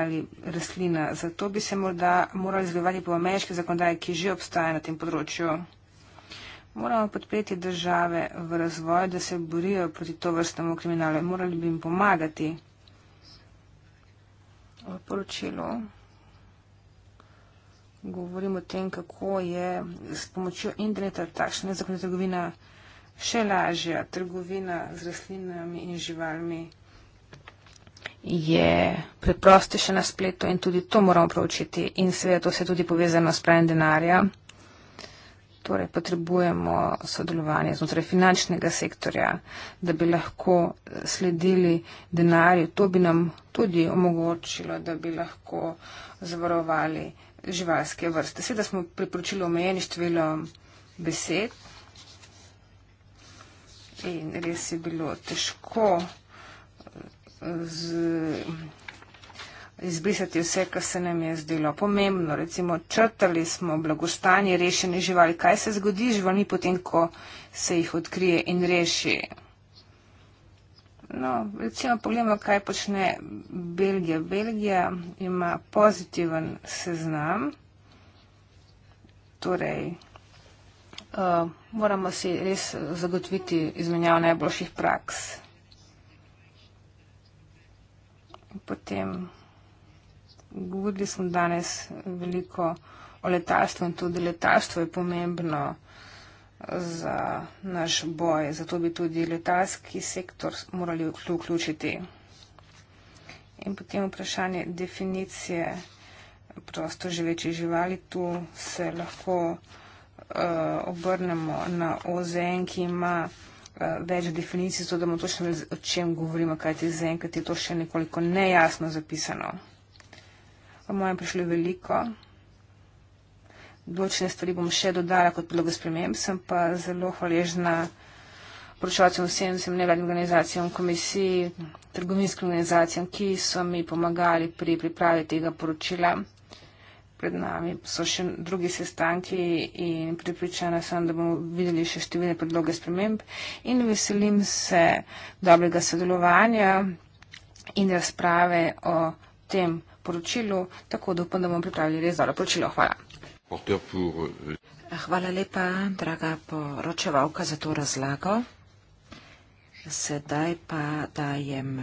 ali rastlina. Zato bi se morda morali zgledovati po ameriški zakonodaji, ki že obstaja na tem področju. Moramo podpreti države v razvoju, da se borijo proti to vrstnemu kriminalu. Morali bi jim pomagati. V poročilu govorimo o tem, kako je s pomočjo interneta takšna nezakonita trgovina še lažja. Trgovina z rastlinami in živalmi je preprostejša na spletu in tudi to moramo proučiti. In seveda to se je tudi povezano s pranjem denarja. Torej, potrebujemo sodelovanje znotraj finančnega sektorja, da bi lahko sledili denarju. To bi nam tudi omogočilo, da bi lahko zavarovali živalske vrste. Seveda smo priporočili omejeni število besed in res je bilo težko z izbrisati vse, kar se nam je zdelo pomembno. Recimo, črtali smo blagostanje rešene živali. Kaj se zgodi živali potem, ko se jih odkrije in reši? No, recimo, pogledamo, kaj počne Belgija. Belgija ima pozitiven seznam. Torej, uh, moramo si res zagotoviti izmenjav najboljših praks. Potem govorili smo danes veliko o letalstvu in tudi letalstvo je pomembno za naš boj. Zato bi tudi letalski sektor morali vključiti. In potem vprašanje definicije prosto živeči živali. Tu se lahko uh, obrnemo na OZN, ki ima uh, več definicij, zato da bomo točno vedeli, o čem govorimo, kajti zaenkrat je to še nekoliko nejasno zapisano. Moje je prišlo veliko. Določene stvari bom še dodala kot predlog sprememb. Sem pa zelo hvaležna poročevalcem vsem, vsem nevladnim organizacijam, komisiji, trgovinskim organizacijam, ki so mi pomagali pri pripravi tega poročila. Pred nami so še drugi sestanki in pripričana sem, da bomo videli še številne predloge sprememb in veselim se dobrega sodelovanja in razprave o tem, poročilu, tako da upam, da bomo pripravili res dobro poročilo. Hvala. Euh, Hvala lepa, draga poročevalka, za to razlago. Sedaj pa dajem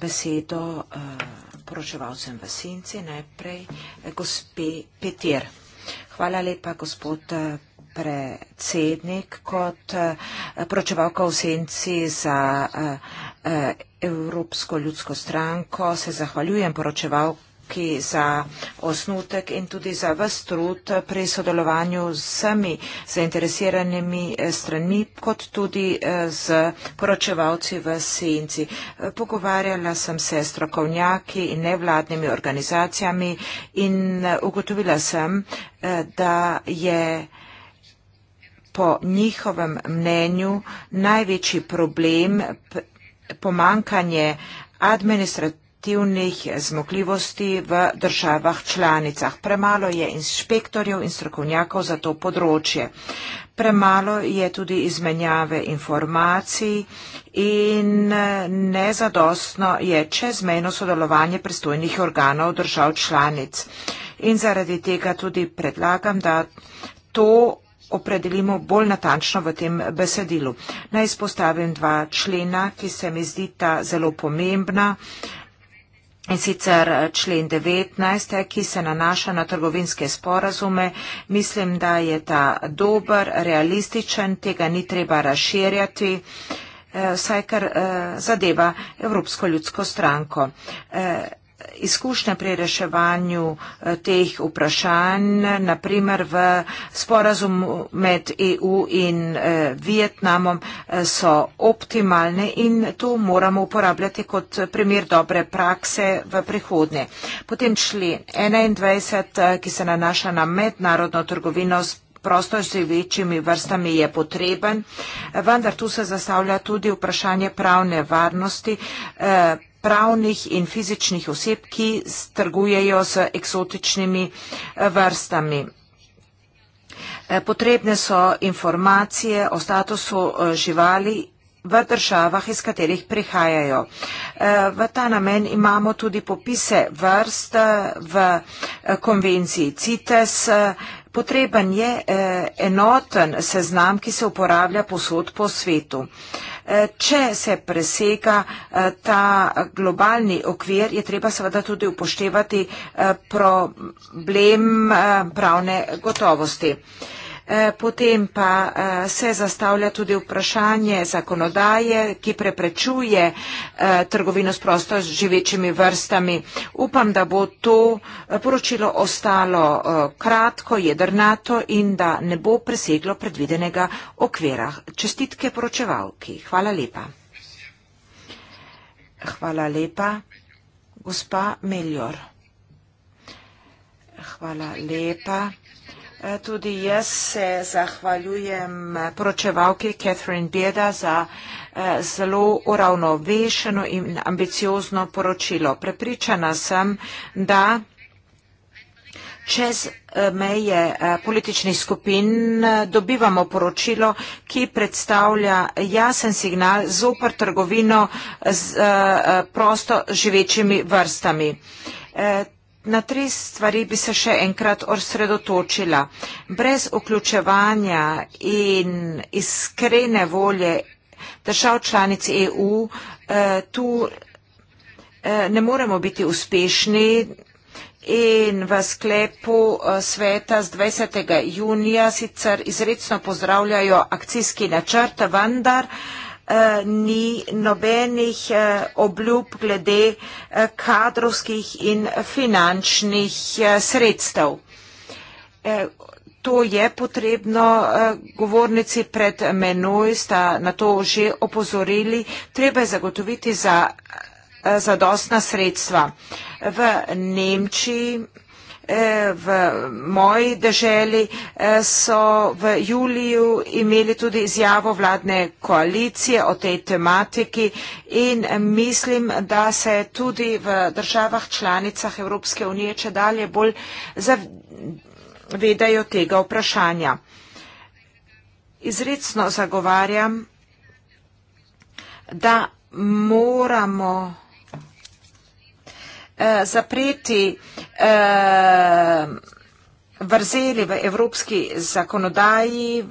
besedo eh, poročevalcem v senci, najprej eh, gospe Petir. Hvala lepa, gospod eh, predsednik, kot poročevalka v senci za. A, Eh, Evropsko ljudsko stranko. Se zahvaljujem poročevalki za osnutek in tudi za vse trud pri sodelovanju z vsemi zainteresiranimi eh, strani, kot tudi eh, z poročevalci v Senci. Pogovarjala sem se s trokovnjaki in nevladnimi organizacijami in ugotovila sem, da je po njihovem mnenju največji problem pomankanje administrativnih zmogljivosti v državah članicah. Premalo je inšpektorjev in strokovnjakov za to področje. Premalo je tudi izmenjave informacij in nezadostno je čezmejno sodelovanje pristojnih organov držav članic. In zaradi tega tudi predlagam, da to opredelimo bolj natančno v tem besedilu. Naj izpostavim dva člena, ki se mi zdita zelo pomembna. In sicer eh, člen 19, eh, ki se nanaša na trgovinske sporazume, mislim, da je ta dober, realističen, tega ni treba razširjati, eh, saj kar zadeva Evropsko ljudsko stranko izkušnje pri reševanju eh, teh vprašanj, naprimer v sporazum med EU in eh, Vietnamom, eh, so optimalne in to moramo uporabljati kot primer dobre prakse v prihodnje. Potem člen 21, ki se nanaša na mednarodno trgovino prostor z večjimi vrstami je potreben, vendar tu se zastavlja tudi vprašanje pravne varnosti, pravnih in fizičnih oseb, ki trgujejo z eksotičnimi eh, vrstami. Eh, potrebne so informacije o statusu eh, živali v državah, iz katerih prihajajo. V ta namen imamo tudi popise vrst v konvenciji CITES. Potreben je enoten seznam, ki se uporablja posod po svetu če se preseka eh, ta globalni okvir, je treba seveda tudi upoštevati eh, problem eh, pravne gotovosti. Eh, potem pa eh, se zastavlja tudi vprašanje zakonodaje, ki preprečuje eh, trgovino s prosto živečimi vrstami. Upam, da bo to poročilo ostalo kratko, jedrnato in da ne bo preseglo predvidenega okvira. Čestitke poročevalki. Hvala lepa. Hvala lepa. Gospa Meljor. Hvala lepa. E, tudi jaz se zahvaljujem poročevalki Catherine Bieda za e, zelo uravnovešeno in ambiciozno poročilo. Prepričana sem, da čez e, meje političnih skupin dobivamo poročilo, ki predstavlja jasen signal zopr trgovino z prosto živečimi vrstami. Na tri stvari bi se še enkrat osredotočila. Brez vključevanja in iskrene volje držav članic EU eh, tu eh, ne moremo biti uspešni in v sklepu eh, sveta z 20. junija sicer izredno pozdravljajo akcijski načrt, vendar eh, Eh, ni nobenih eh, obljub glede eh, kadrovskih in finančnih sredstev. To je potrebno, govornici pred menoj sta na to že opozorili, treba je zagotoviti za zadostna sredstva. V Nemčiji Eh, v moji deželi eh, so v juliju imeli tudi izjavo vladne koalicije o tej tematiki in mislim, da se tudi v državah članicah Evropske unije če dalje bolj zavedajo tega vprašanja. Izredno zagovarjam, da moramo Eh, zapreti eh, vrzeli v evropski zakonodaji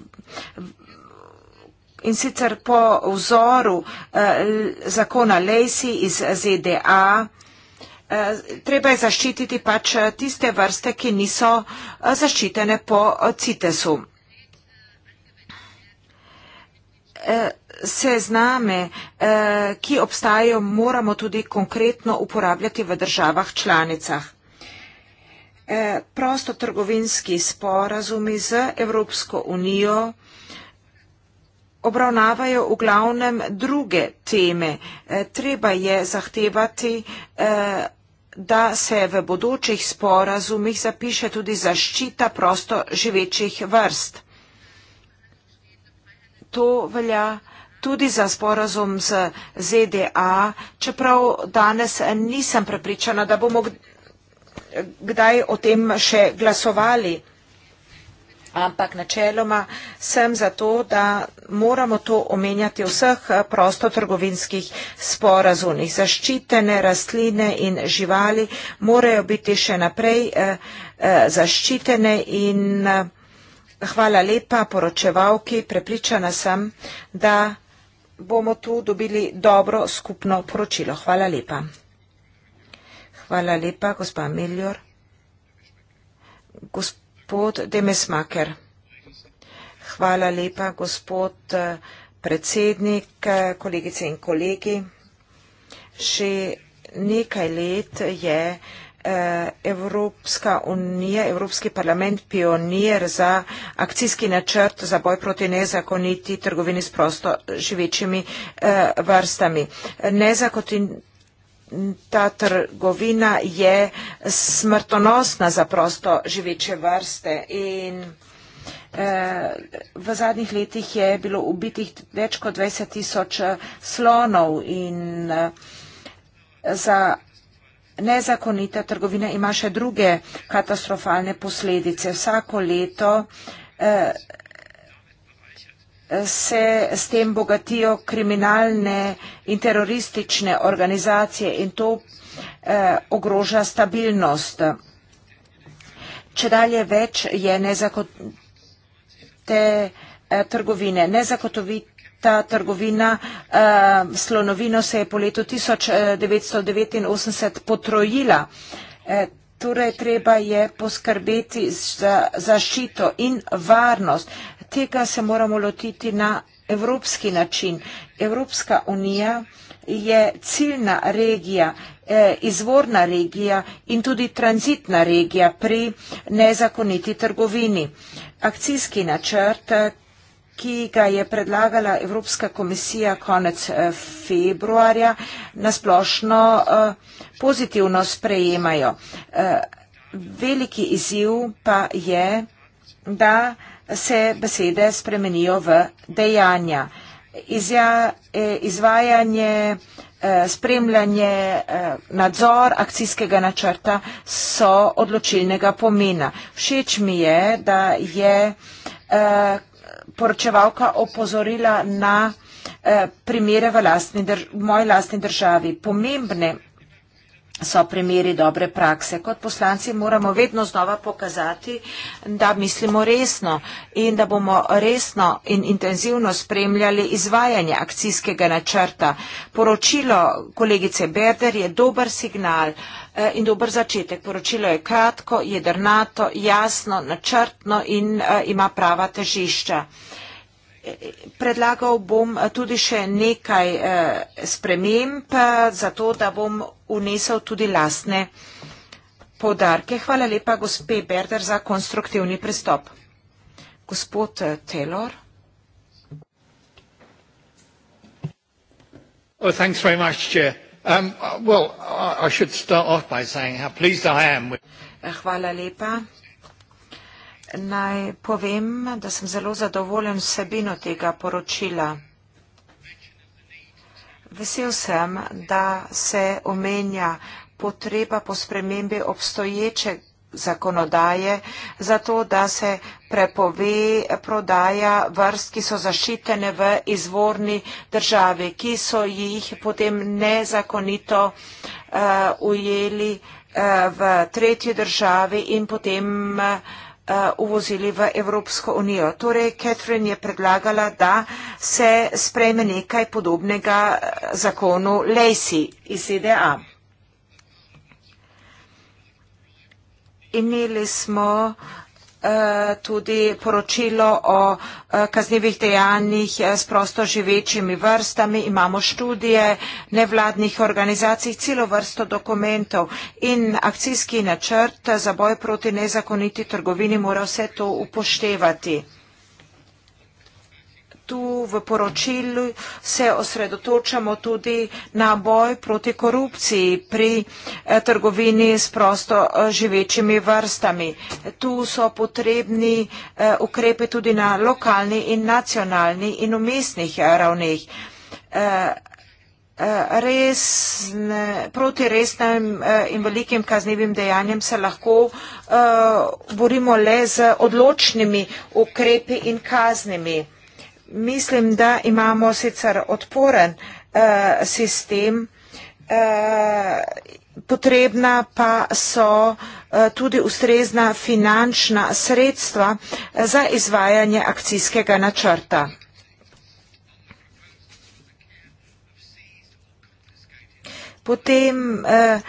in sicer po vzoru eh, zakona Lejsi iz ZDA. Treba je zaščititi pač tiste vrste, ki niso zaščitene po CITES-u. Eh, sezname, eh, ki obstajajo, moramo tudi konkretno uporabljati v državah članicah. Eh, prostotrgovinski sporazumi z Evropsko unijo obravnavajo v glavnem druge teme. Treba je zahtevati, da se v bodočih sporazumih zapiše tudi zaščita prosto živečih vrst. To velja tudi za sporazum z ZDA, čeprav danes nisem prepričana, da bomo kdaj o tem še glasovali. Ampak načeloma sem za to, da moramo to omenjati v vseh eh, prostotrgovinskih sporazumih. Zaščitene rastline in živali morajo biti še naprej eh, eh, zaščitene in Hvala lepa poročevalki. Prepričana sem, da bomo tu dobili dobro skupno poročilo. Hvala lepa. Hvala lepa, gospa Miljor. Gospod Demesmaker. Hvala lepa, gospod eh, predsednik, eh, kolegice in kolegi. Še nekaj let je. Eh, Evropska unija, Evropski parlament pionir za akcijski načrt za boj proti nezakoniti trgovini s prosto živečimi eh, vrstami. Ta trgovina je smrtonosna za prosto živeče vrste in eh, V zadnjih letih je bilo ubitih več kot 20 tisoč slonov in za Nezakonita trgovina ima še druge katastrofalne posledice. Vsako leto eh, se s tem bogatijo kriminalne in teroristične organizacije in to eh, ogroža stabilnost. Če dalje več je nezakonite eh, trgovine. Nezakonite Ta trgovina uh, slonovino se je po letu 1989 eh, potrojila. Eh, torej, treba je poskrbeti za zaščito in varnost. Tega se moramo lotiti na evropski način. Evropska unija je ciljna regija, izvorna regija in tudi tranzitna regija pri nezakoniti trgovini. Akcijski načrt, ki ga je predlagala Evropska komisija konec eh, februarja, nasplošno eh, pozitivno sprejemajo. Eh, veliki izziv pa je, da se besede spremenijo v dejanja. Izja, izvajanje, spremljanje, nadzor akcijskega načrta so odločilnega pomena. Všeč mi je, da je poročevalka opozorila na eh, primere v, lastni, v moji lastni državi. Pomembne so primeri dobre prakse. Kot poslanci moramo vedno znova pokazati, da mislimo resno in da bomo resno in intenzivno spremljali izvajanje akcijskega načrta. Poročilo kolegice Berder je dober signal, Eh, in dober začetek. Poročilo je kratko, jedrnato, jasno, načrtno in eh, ima prava težišča. Predlagal bom eh, tudi še nekaj sprememb, zato da bom unesel tudi lastne podarke. Hvala lepa, gospe Berder, za konstruktivni pristop. Gospod Taylor. Oh, thanks very much, Chair. Um, Hvala lepa. Naj povem, da sem zelo zadovoljen vsebino tega poročila. Vesel sem, da se omenja potreba po spremembi obstoječeg zakonodaje, zato da se prepove prodaja vrst, ki so zaščitene v izvorni državi, ki so jih potem nezakonito uh, ujeli uh, v tretji državi in potem uh, uvozili v Evropsko unijo. Torej, Catherine je predlagala, da se sprejme nekaj podobnega zakonu Lacey iz ZDA. imeli smo eh, tudi poročilo o eh, kaznjivih dejanjih eh, s prosto živečimi vrstami, imamo študije nevladnih organizacij, celo vrsto dokumentov in akcijski načrt za boj proti nezakoniti trgovini mora vse to upoštevati tu v poročilu se osredotočamo tudi na boj proti korupciji pri eh, trgovini s prosto eh, živečimi vrstami. Tu so potrebni eh, ukrepi tudi na lokalni in nacionalni in umestnih ravneh. Resne, proti resnim in velikim kaznivim dejanjem se lahko uh, borimo le z odločnimi ukrepi in kaznimi mislim, da imamo sicer odporen eh, sistem, eh, potrebna pa so eh, tudi ustrezna finančna sredstva eh, za izvajanje akcijskega načrta. Potem eh,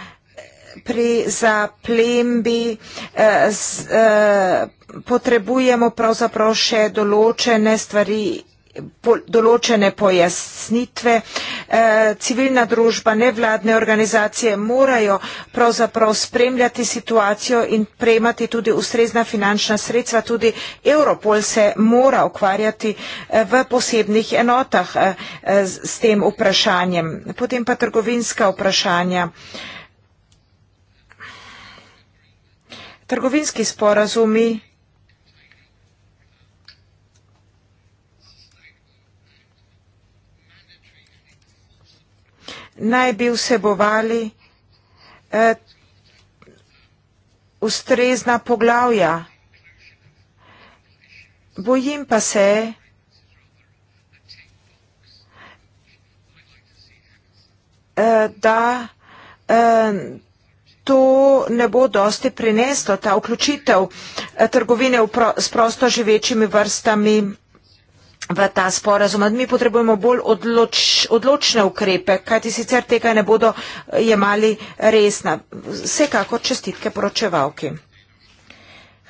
pri zaplembi eh, z, eh, potrebujemo pravzaprav še določene stvari določene pojasnitve. Eh, civilna družba, nevladne organizacije morajo pravzaprav spremljati situacijo in prejmati tudi ustrezna finančna sredstva. Tudi Europol se mora ukvarjati v posebnih enotah s tem vprašanjem. Potem pa trgovinska vprašanja. trgovinski sporazumi naj bi vsebovali eh, ustrezna poglavja. Bojim pa se, eh, da eh, to ne bo dosti prineslo, ta vključitev eh, trgovine pro, s prosto živečimi vrstami v ta sporazum. Mi potrebujemo bolj odloč, odločne ukrepe, kajti sicer tega ne bodo eh, jemali resna. Vsekakor čestitke poročevalki.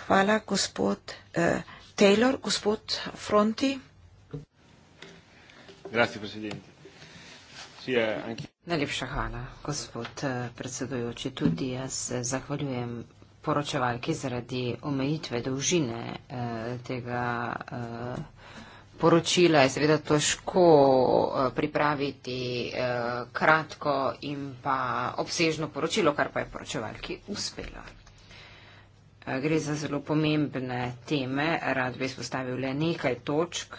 Hvala, gospod eh, Taylor. Gospod Fronti. Grazie, Najlepša hvala, gospod eh, predsedujoči. Tudi jaz se zahvaljujem poročevalki zaradi omejitve dolžine eh, tega eh, poročila. Je seveda težko pripraviti kratko in pa obsežno poročilo, kar pa je poročevalki uspelo. Gre za zelo pomembne teme. Rad bi izpostavil le nekaj točk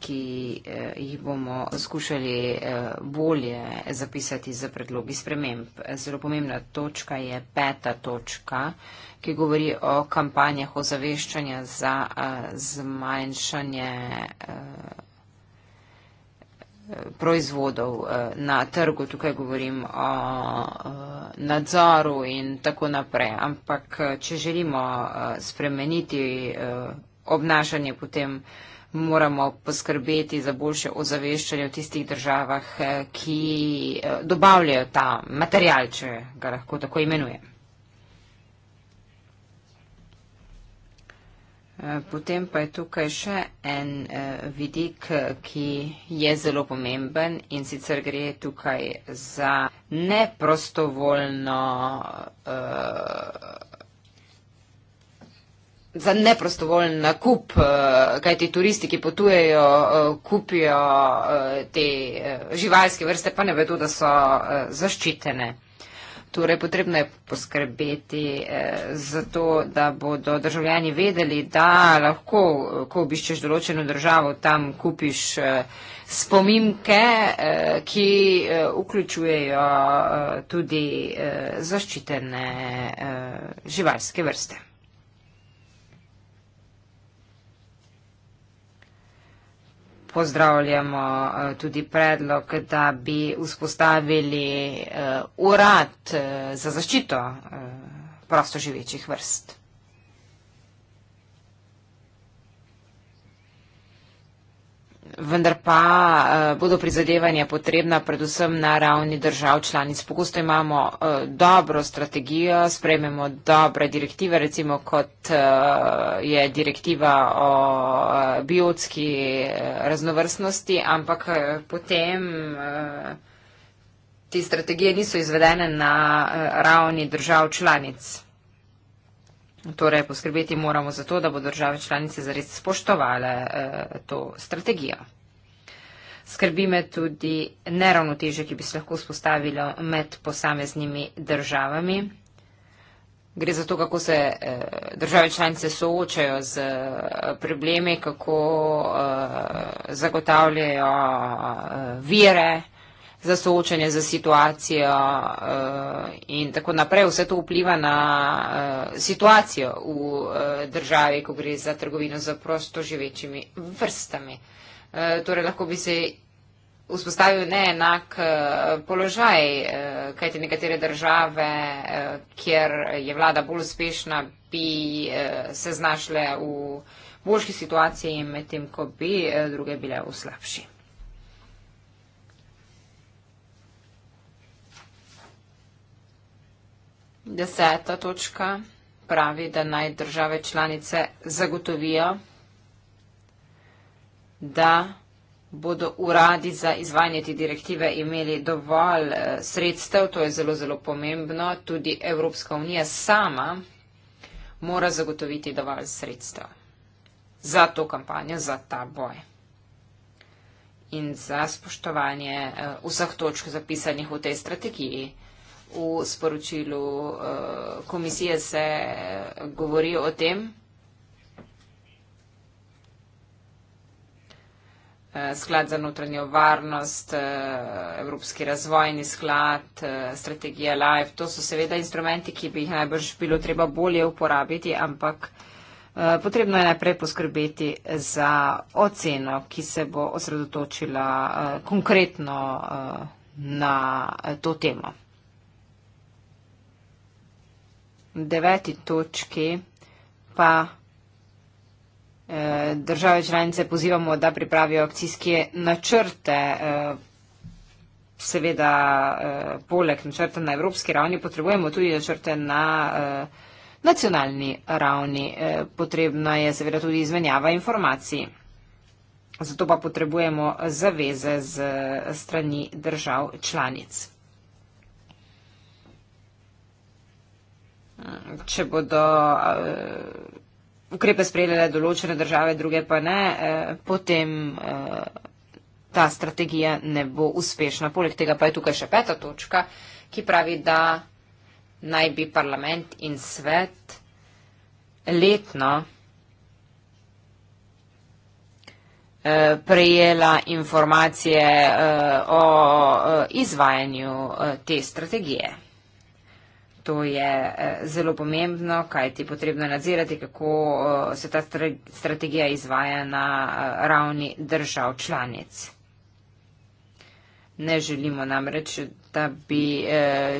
ki eh, jih bomo skušali eh, bolje zapisati za predlogi sprememb. Zelo pomembna točka je peta točka, ki govori o kampanjah ozaveščanja za eh, zmanjšanje proizvodov na trgu. Tukaj govorim o nadzoru in tako naprej. Ampak, če želimo spremeniti obnašanje, potem moramo poskrbeti za boljše ozaveščanje v tistih državah, eh, ki eh, dobavljajo ta material, če ga lahko tako imenujem. Eh, potem pa je tukaj še en vidik, ki je zelo pomemben in sicer gre tukaj za neprostovoljno uh, za neprostovoljen nakup, eh, kajti turisti, ki potujejo, eh, kupijo eh, te živalske vrste, pa ne vedo, da so zaščitene. Torej, potrebno je poskrbeti za to, da bodo državljani vedeli, da lahko, ko obiščeš določeno državo, tam kupiš spominke, ki vključujejo tudi zaščitene živalske vrste. pozdravljamo eh, tudi predlog, da bi vzpostavili eh, urad eh, za zaščito prostoživečih vrst. vendar pa uh, bodo prizadevanja potrebna predvsem na ravni držav članic. Pogosto imamo uh, dobro strategijo, sprejmemo dobre direktive, recimo kot uh, je direktiva o uh, biotski uh, raznovrstnosti, ampak uh, potem. Uh, Te strategije niso izvedene na ravni držav članic. Torej, poskrbeti moramo za to, da bodo države članice zares spoštovale eh, to strategijo. Skrbi me tudi neravnoteže, ki bi se lahko vzpostavilo med posameznimi državami. Gre za to, kako se eh, države članice soočajo z eh, problemi, kako eh, zagotavljajo eh, vire. Eh, za soočanje za situacijo uh, in tako naprej. Vse to vpliva na uh, situacijo v uh, državi, ko gre za trgovino za prosto živečimi vrstami. Uh, torej lahko bi se vzpostavil neenak uh, položaj, uh, kajte nekatere države, uh, kjer je vlada bolj uspešna, bi uh, se znašle v boljši situaciji, medtem ko bi uh, druge bile v slabši. Deseta točka pravi, da naj države članice zagotovijo, da bodo uradi za izvajanje te direktive imeli dovolj eh, sredstev, to je zelo, zelo pomembno, tudi Evropska unija sama mora zagotoviti dovolj sredstev za to kampanjo, za ta boj in za spoštovanje eh, vseh točk zapisanih v tej strategiji v sporočilu eh, komisije se govori o tem. Eh, sklad za notranjo varnost, eh, Evropski razvojni sklad, strategija LIFE, to so seveda instrumenti, ki bi jih najbrž bilo treba bolje uporabiti, ampak potrebno je najprej poskrbeti za oceno, ki se bo osredotočila konkretno na to temo. deveti točki pa eh, države članice pozivamo, da pripravijo akcijske načrte. Eh, seveda, eh, poleg načrta na evropski ravni potrebujemo tudi načrte na nacionalni ravni. Potrebna je seveda tudi izmenjava informacij. Zato pa potrebujemo zaveze z strani držav članic. če bodo eh, ukrepe sprejele določene države, druge pa ne, eh, potem eh, ta strategija ne bo uspešna. Poleg tega pa je tukaj še peta točka, ki pravi, da naj bi parlament in svet letno prejela informacije o izvajanju te strategije to je eh, zelo pomembno, kaj ti potrebno nadzirati, kako eh, se ta strategija izvaja na eh, ravni držav članic. Ne želimo namreč, da bi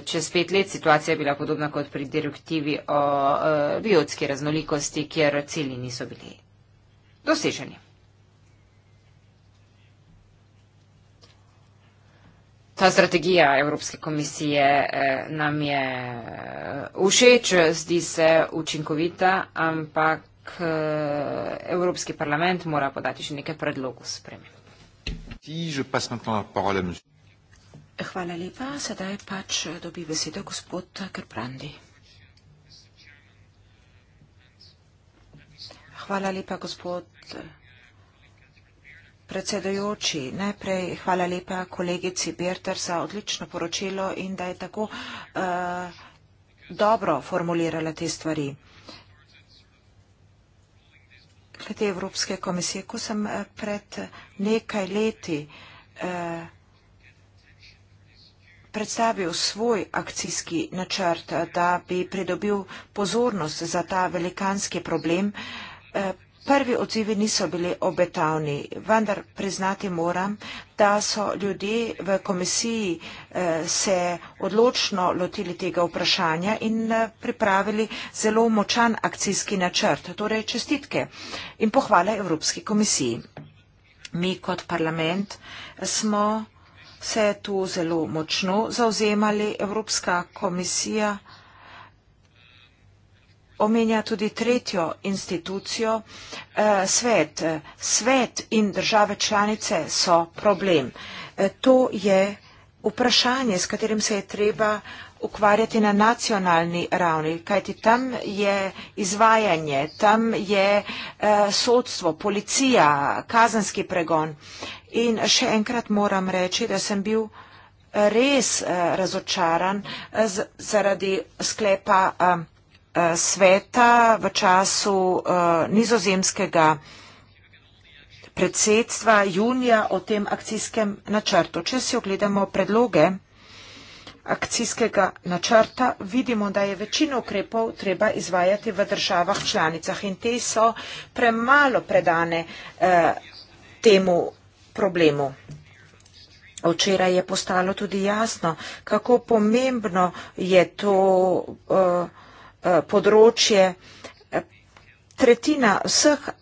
čez pet let situacija bila podobna kot pri direktivi o biotski raznolikosti, kjer cilji niso bili doseženi. Ta strategija Evropske komisije eh, nam je eh, všeč, zdi se učinkovita, ampak eh, Evropski parlament mora podati še nekaj predlogov spremem. Hvala lepa. Sedaj pač eh, dobi besedo gospod Krprandi. Hvala lepa gospod. Eh, Predsedujoči, najprej hvala lepa kolegici Berter za odlično poročilo in da je tako uh, dobro formulirala te stvari. Glede Evropske komisije, ko sem eh, pred nekaj leti eh, predstavil svoj akcijski načrt, da bi pridobil pozornost za ta velikanski problem, Prvi odzivi niso bili obetavni, vendar priznati moram, da so ljudje v komisiji eh, se odločno lotili tega vprašanja in eh, pripravili zelo močan akcijski načrt, torej čestitke in pohvale Evropski komisiji. Mi kot parlament eh, smo se tu zelo močno zauzemali, Evropska komisija omenja tudi tretjo institucijo, eh, svet. Svet in države članice so problem. Eh, to je vprašanje, s katerim se je treba ukvarjati na nacionalni ravni, kajti tam je izvajanje, tam je eh, sodstvo, policija, kazanski pregon. In še enkrat moram reči, da sem bil res razočaran zaradi sklepa Eh, sveta v času eh, nizozemskega predsedstva junija o tem akcijskem načrtu. Če si ogledamo predloge akcijskega načrta, vidimo, da je večino ukrepov treba izvajati v državah članicah in te so premalo predane eh, temu problemu. Včeraj je postalo tudi jasno, kako pomembno je to. Eh, Eh, področje. Eh, tretjina vseh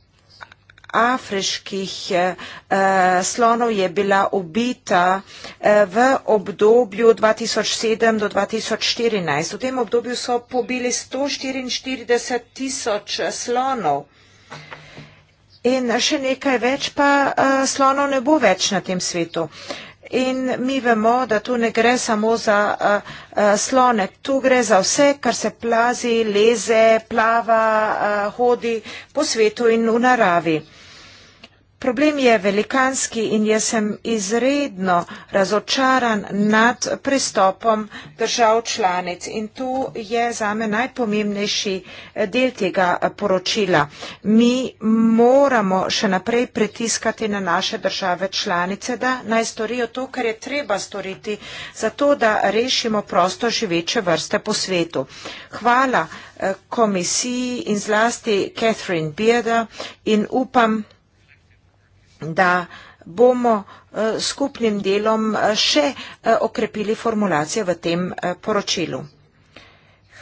afriških eh, slonov je bila ubita eh, v obdobju 2007 do 2014. V tem obdobju so pobili 144 tisoč slonov. In še nekaj več pa eh, slonov ne bo več na tem svetu. Eh, In mi vemo, da tu ne gre samo za uh, uh, slone, tu gre za vse, kar se plazi, leze, plava, uh, hodi po svetu in v naravi. Problem je velikanski in jaz sem izredno razočaran nad pristopom držav članic in to je zame najpomembnejši eh, del tega eh, poročila. Mi moramo še naprej pritiskati na naše države članice, da naj storijo to, kar je treba storiti, zato da rešimo prosto živeče vrste po svetu. Hvala eh, komisiji in zlasti Catherine Bieda in upam, da bomo s eh, skupnim delom eh, še eh, okrepili formulacije v tem poročilu.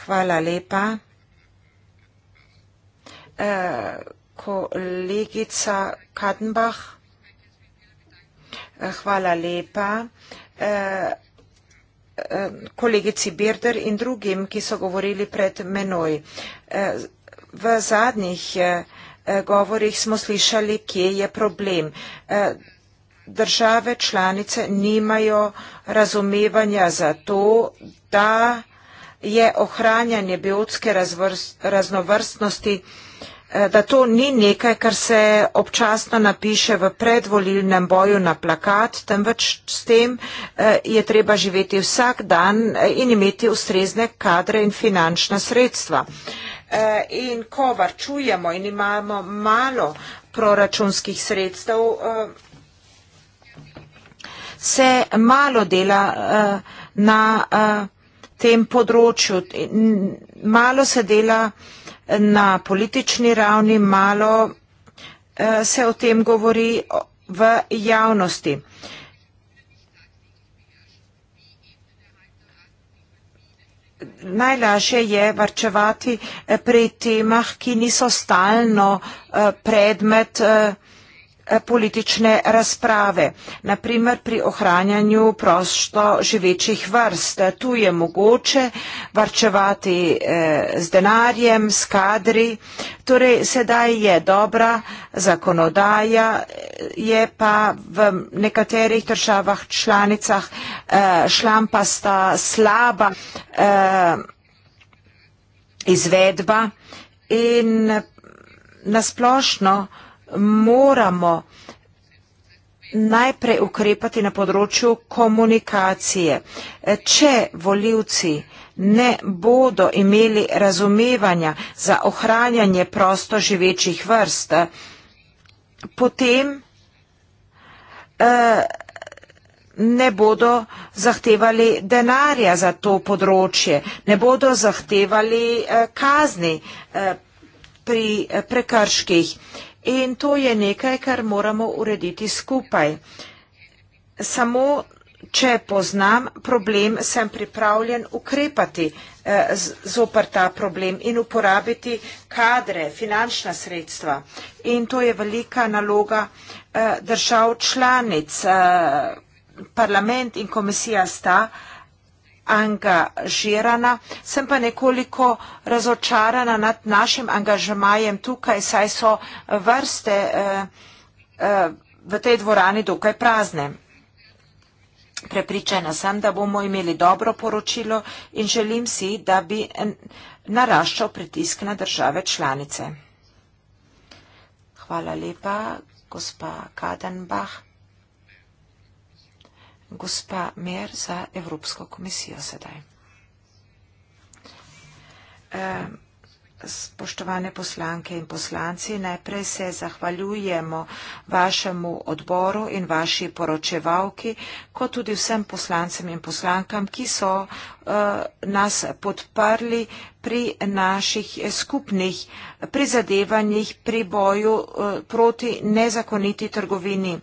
Hvala lepa. Kolegica Kadenbach, hvala lepa. Kolegici Birder in drugim, ki so govorili pred menoj. V zadnjih Eh, govorih smo slišali, kje je problem. Eh, države članice nimajo razumevanja za to, da je ohranjanje biotske raznovrstnosti, eh, da to ni nekaj, kar se občasno napiše v predvolilnem boju na plakat, temveč s tem je treba živeti vsak dan in imeti ustrezne kadre in finančna sredstva. Eh, in ko varčujemo in imamo malo proračunskih sredstev, eh, se malo dela eh, na tem področju. Malo se dela na politični ravni, malo se o tem govori v javnosti. najlažje je varčevati eh, pri temah, ki niso stalno eh, predmet eh, Eh, politične razprave, naprimer pri ohranjanju prosto živečih vrst. Tu je mogoče varčevati eh, z denarjem, s kadri, torej sedaj je dobra zakonodaja, eh, je pa v nekaterih državah članicah šlampasta slaba izvedba in nasplošno moramo najprej ukrepati na področju komunikacije. Če voljivci ne bodo imeli razumevanja za ohranjanje prosto živečih vrst, potem eh, ne bodo zahtevali denarja za to področje, ne bodo zahtevali eh, kazni eh, pri prekrških. In to je nekaj, kar moramo urediti skupaj. Samo, če poznam problem, sem pripravljen ukrepati eh, zopr ta problem in uporabiti kadre, finančna sredstva. In to je velika naloga eh, držav članic. Eh, parlament in komisija sta eh, angažirana, sem pa nekoliko razočarana nad našim angažmajem tukaj, saj so vrste eh, eh, v tej dvorani dokaj prazne. Prepričana sem, da bomo imeli dobro poročilo in želim si, da bi naraščal pritisk na države članice. Hvala lepa, gospa Kadenbach gospa Mer za Evropsko komisijo sedaj. Spoštovane poslanke in poslanci, najprej se zahvaljujemo vašemu odboru in vaši poročevalki, kot tudi vsem poslancem in poslankam, ki so eh, nas podprli pri naših eh, skupnih eh, prizadevanjih pri boju proti nezakoniti trgovini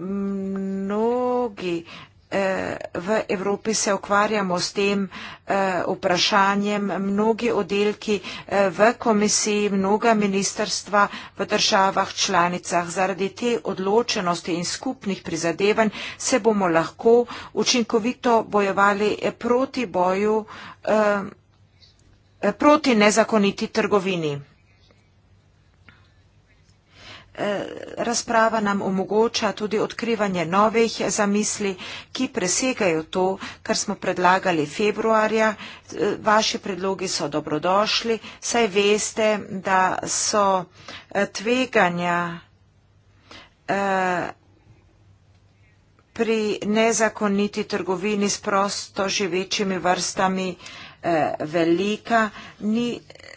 mnogi eh, v Evropi se ukvarjamo s tem eh, vprašanjem, mnogi oddelki eh, v komisiji, mnoga ministerstva v državah članicah. Zaradi te odločenosti in skupnih prizadevanj se bomo lahko učinkovito bojevali proti boju, proti nezakoniti trgovini. Eh, razprava nam omogoča tudi odkrivanje novih zamisli, ki presegajo to, kar smo predlagali februarja. Eh, vaši predlogi so dobrodošli, saj veste, da so eh, tveganja pri nezakoniti trgovini s prosto živečimi vrstami velika. Ni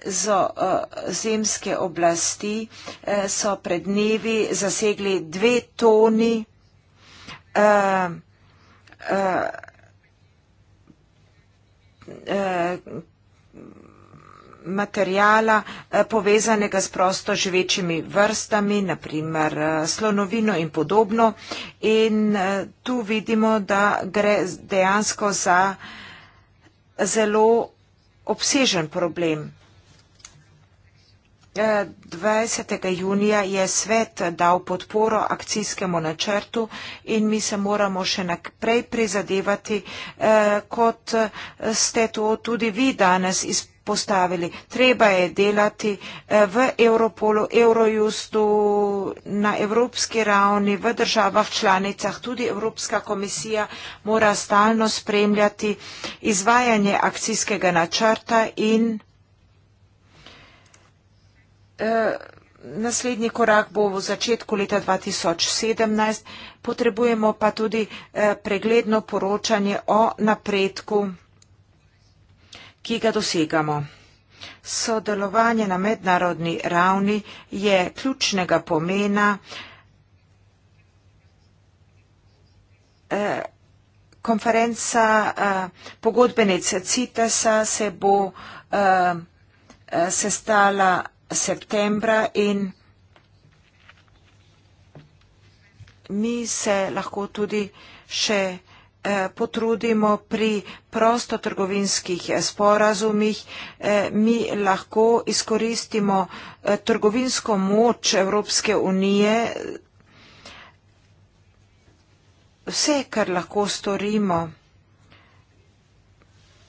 so eh, zemske oblasti eh, so pred dnevi zasegli dve toni eh, materijala povezanega s prosto živečimi vrstami, naprimer slonovino in podobno. In tu vidimo, da gre dejansko za zelo obsežen problem. 20. Eh, junija je svet dal podporo akcijskemu načrtu in mi se moramo še naprej prizadevati, eh, kot eh, ste to tudi vi danes izpostavili. Treba je delati v Europolu, Eurojustu, na evropski ravni, v državah članicah. Tudi Evropska komisija mora stalno spremljati izvajanje akcijskega načrta in Naslednji korak bo v začetku leta 2017. Potrebujemo pa tudi eh, pregledno poročanje o napredku, ki ga dosegamo. Sodelovanje na mednarodni ravni je ključnega pomena eh, konferenca eh, pogodbenice CITESA se bo sestala septembra in mi se lahko tudi še eh, potrudimo pri prostotrgovinskih eh, sporazumih. Eh, mi lahko izkoristimo trgovinsko moč Evropske unije. Vse, kar lahko storimo,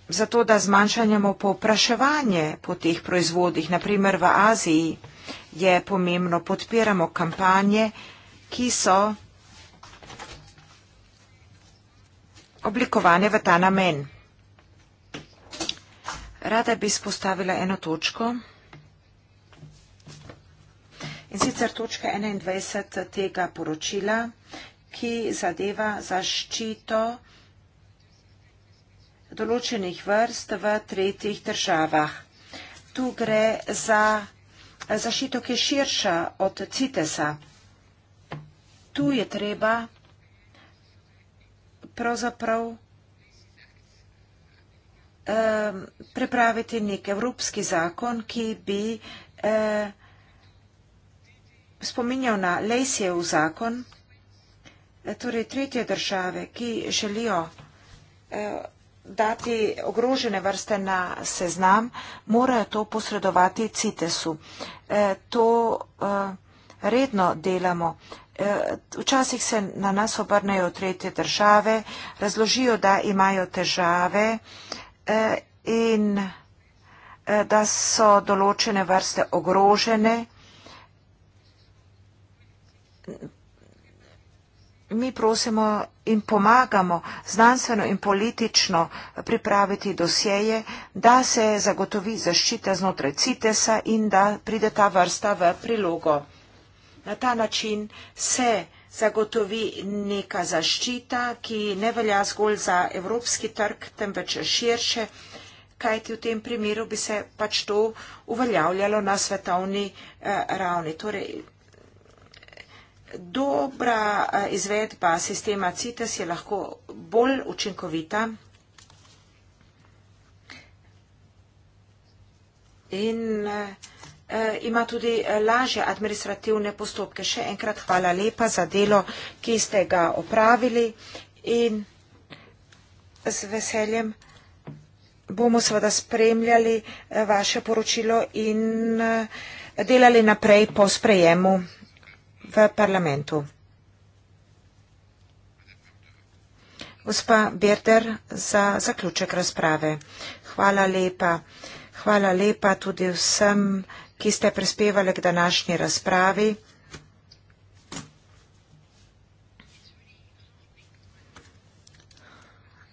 zato, da zmanjšanjamo popraševanje po teh proizvodih, naprimer v Aziji, je pomembno, podpiramo kampanje, ki so oblikovane v ta namen. Rada bi spostavila eno točko in sicer točka 21 tega poročila, ki zadeva zaščito vsega, določenih vrst v tretjih državah. Tu gre za eh, zašito, ki je širša od CITES-a. Tu je treba pravzaprav ehm, pripraviti nek evropski zakon, ki bi eh, spominjal na Lejsjev zakon, eh, torej tretje države, ki želijo vsega, dati ogrožene vrste na seznam, morajo to posredovati CITES-u. E, to e, redno delamo. E, včasih se na nas obrnejo tretje države, razložijo, da imajo težave e, in e, da so določene vrste ogrožene. Mi prosimo in pomagamo znanstveno in politično pripraviti dosjeje, da se zagotovi zaščita znotraj CITES-a in da pride ta vrsta v prilogo. Na ta način se zagotovi neka zaščita, ki ne velja zgolj za evropski trg, temveč širše, kajti v tem primeru bi se pač to uveljavljalo na svetovni eh, ravni. Torej, dobra eh, izvedba sistema CITES je lahko bolj učinkovita in eh, eh, ima tudi lažje administrativne postopke. Še enkrat hvala lepa za delo, ki ste ga opravili in z veseljem bomo seveda spremljali vaše poročilo in delali naprej po sprejemu v parlamentu. Gospa Birder, za zaključek razprave. Hvala lepa. Hvala lepa tudi vsem, ki ste prispevali k današnji razpravi.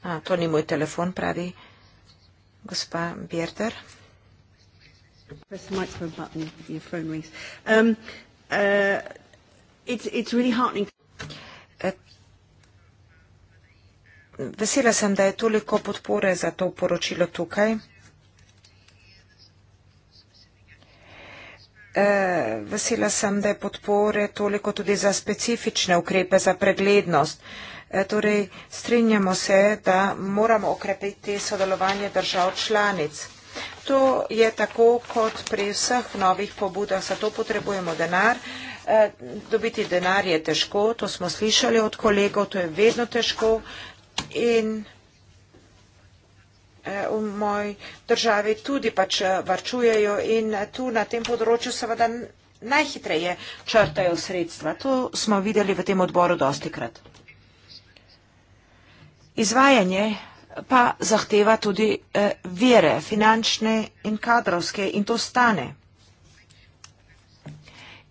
A, to ni moj telefon, pravi gospa Birder. Press the microphone button if your phone rings. Um, uh, it's it's really heartening. Eh, vesela sem, da je toliko podpore za to poročilo tukaj. Eh, vesela sem, da je podpore toliko tudi za specifične ukrepe za preglednost. Eh, torej, strinjamo se, da moramo okrepiti sodelovanje držav članic. To je tako kot pri vseh novih pobudah, zato potrebujemo denar. Eh, dobiti denar je težko, to smo slišali od kolegov, to je vedno težko in eh, v moji državi tudi pač eh, varčujejo in tu na tem področju seveda najhitreje črtajo sredstva. To smo videli v tem odboru dosti krat. Izvajanje pa zahteva tudi vire, finančne in kadrovske in to stane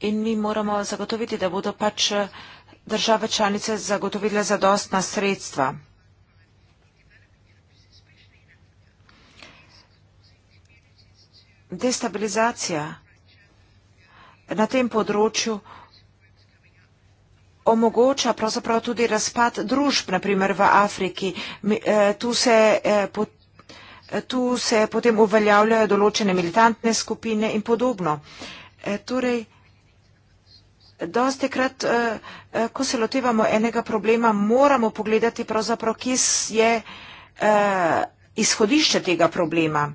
in mi moramo zagotoviti, da bodo pač eh, države članice zagotovile zadostna sredstva. Destabilizacija na tem področju omogoča pravzaprav tudi razpad družb, naprimer v Afriki. Eh, tu se, eh, tu se potem uveljavljajo določene militantne skupine in podobno. Torej, dosti krat, eh, eh, ko se lotevamo enega problema, moramo pogledati pravzaprav, ki je eh, izhodišče tega problema.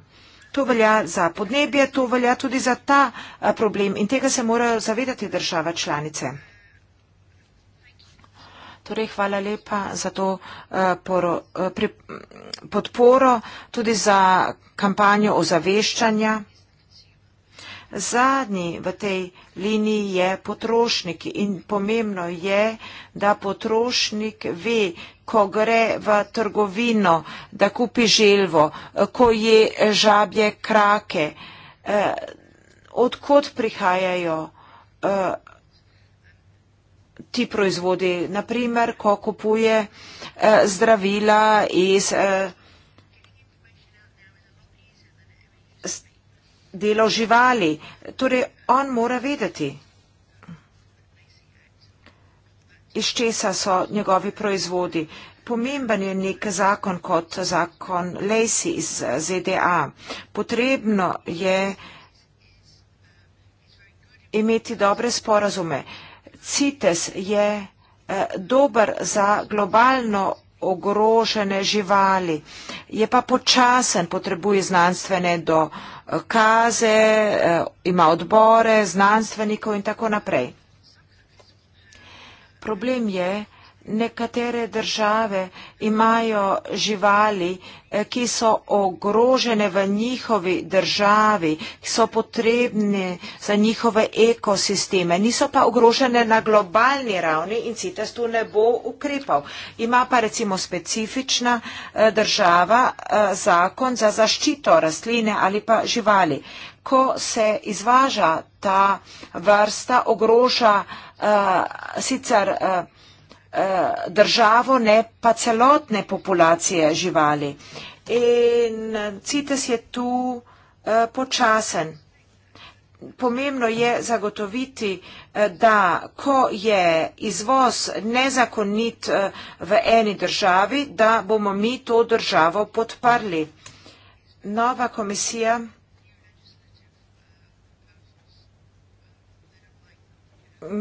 To velja za podnebje, to velja tudi za ta problem in tega se morajo zavedati država članice. Torej, hvala lepa za to poro, pri, podporo, tudi za kampanjo ozaveščanja. Zadnji v tej liniji je potrošnik in pomembno je, da potrošnik ve, ko gre v trgovino, da kupi želvo, ko je žablje krake, eh, odkot prihajajo eh, ti proizvodi. Naprimer, ko kupuje eh, zdravila iz delal živali. Torej, on mora vedeti, iz česa so njegovi proizvodi. Pomemben je nek zakon kot zakon Lacey iz eh, ZDA. Potrebno je imeti dobre sporazume. CITES je eh, dober za globalno ogrožene živali. Je pa počasen, potrebuje znanstvene dokaze, eh, ima odbore, znanstvenikov in tako naprej. Problem je, Nekatere države imajo živali, eh, ki so ogrožene v njihovi državi, ki so potrebne za njihove ekosisteme, niso pa ogrožene na globalni ravni in CITES tu ne bo ukrepal. Ima pa recimo specifična eh, država eh, zakon za zaščito rastline ali pa živali. Ko se izvaža ta vrsta, ogroža uh, sicer. Uh, Eh, državo, ne pa celotne populacije živali. In eh, CITES je tu eh, počasen. Pomembno je zagotoviti, da ko je izvoz nezakonit v eni državi, da bomo mi to državo podparli. Nova komisija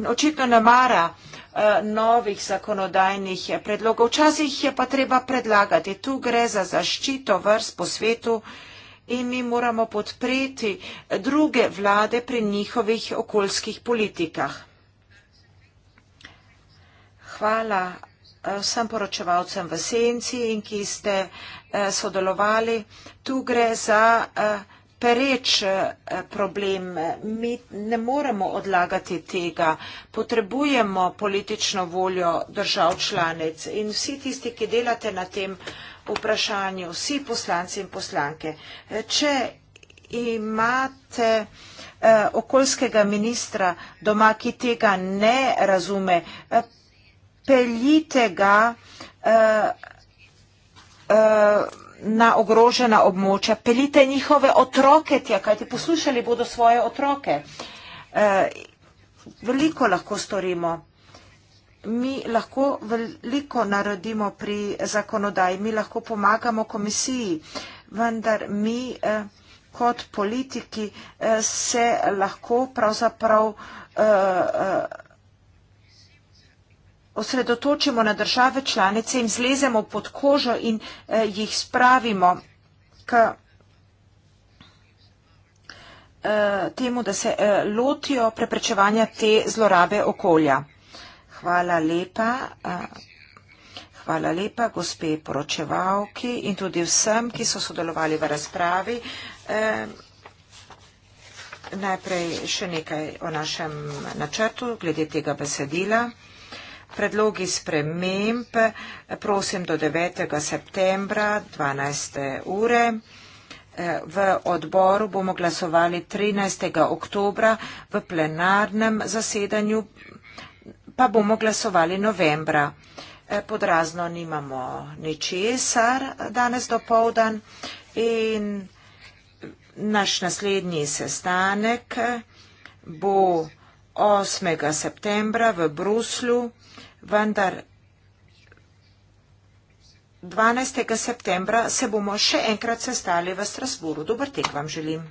očitno namara uh, Eh, novih zakonodajnih predlogov. Včasih je pa treba predlagati. Tu gre za zaščito vrst po svetu in mi moramo podpreti druge vlade pri njihovih okoljskih politikah. Hvala eh, vsem poročevalcem v Senci in ki ste eh, sodelovali. Tu gre za. Uh, pereč eh, problem. Mi ne moremo odlagati tega. Potrebujemo politično voljo držav članic in vsi tisti, ki delate na tem vprašanju, vsi poslanci in poslanke. Eh, če imate eh, okoljskega ministra doma, ki tega ne razume, peljite ga. Uh, uh, na ogrožena območja, pelite njihove otroke tja, kajti poslušali bodo svoje otroke. Eh, veliko lahko storimo. Mi lahko veliko naredimo pri zakonodaji, mi lahko pomagamo komisiji, vendar mi eh, kot politiki eh, se lahko pravzaprav osredotočimo na države članice, jim zlezemo pod kožo in eh, jih spravimo k eh, temu, da se eh, lotijo preprečevanja te zlorabe okolja. Hvala lepa. Eh, hvala lepa gospe poročevalki in tudi vsem, ki so sodelovali v razpravi. Eh, Najprej še nekaj o našem načrtu glede tega besedila predlogi sprememb, prosim do 9. septembra 12. ure. Eh, v odboru bomo glasovali 13. oktobra, v plenarnem zasedanju pa bomo glasovali novembra. Eh, Podrazno nimamo ničesar danes do povdan in naš naslednji sestanek bo 8. septembra v Bruslu vendar 12. septembra se bomo še enkrat sestali v Strasburu. Dober tek vam želim.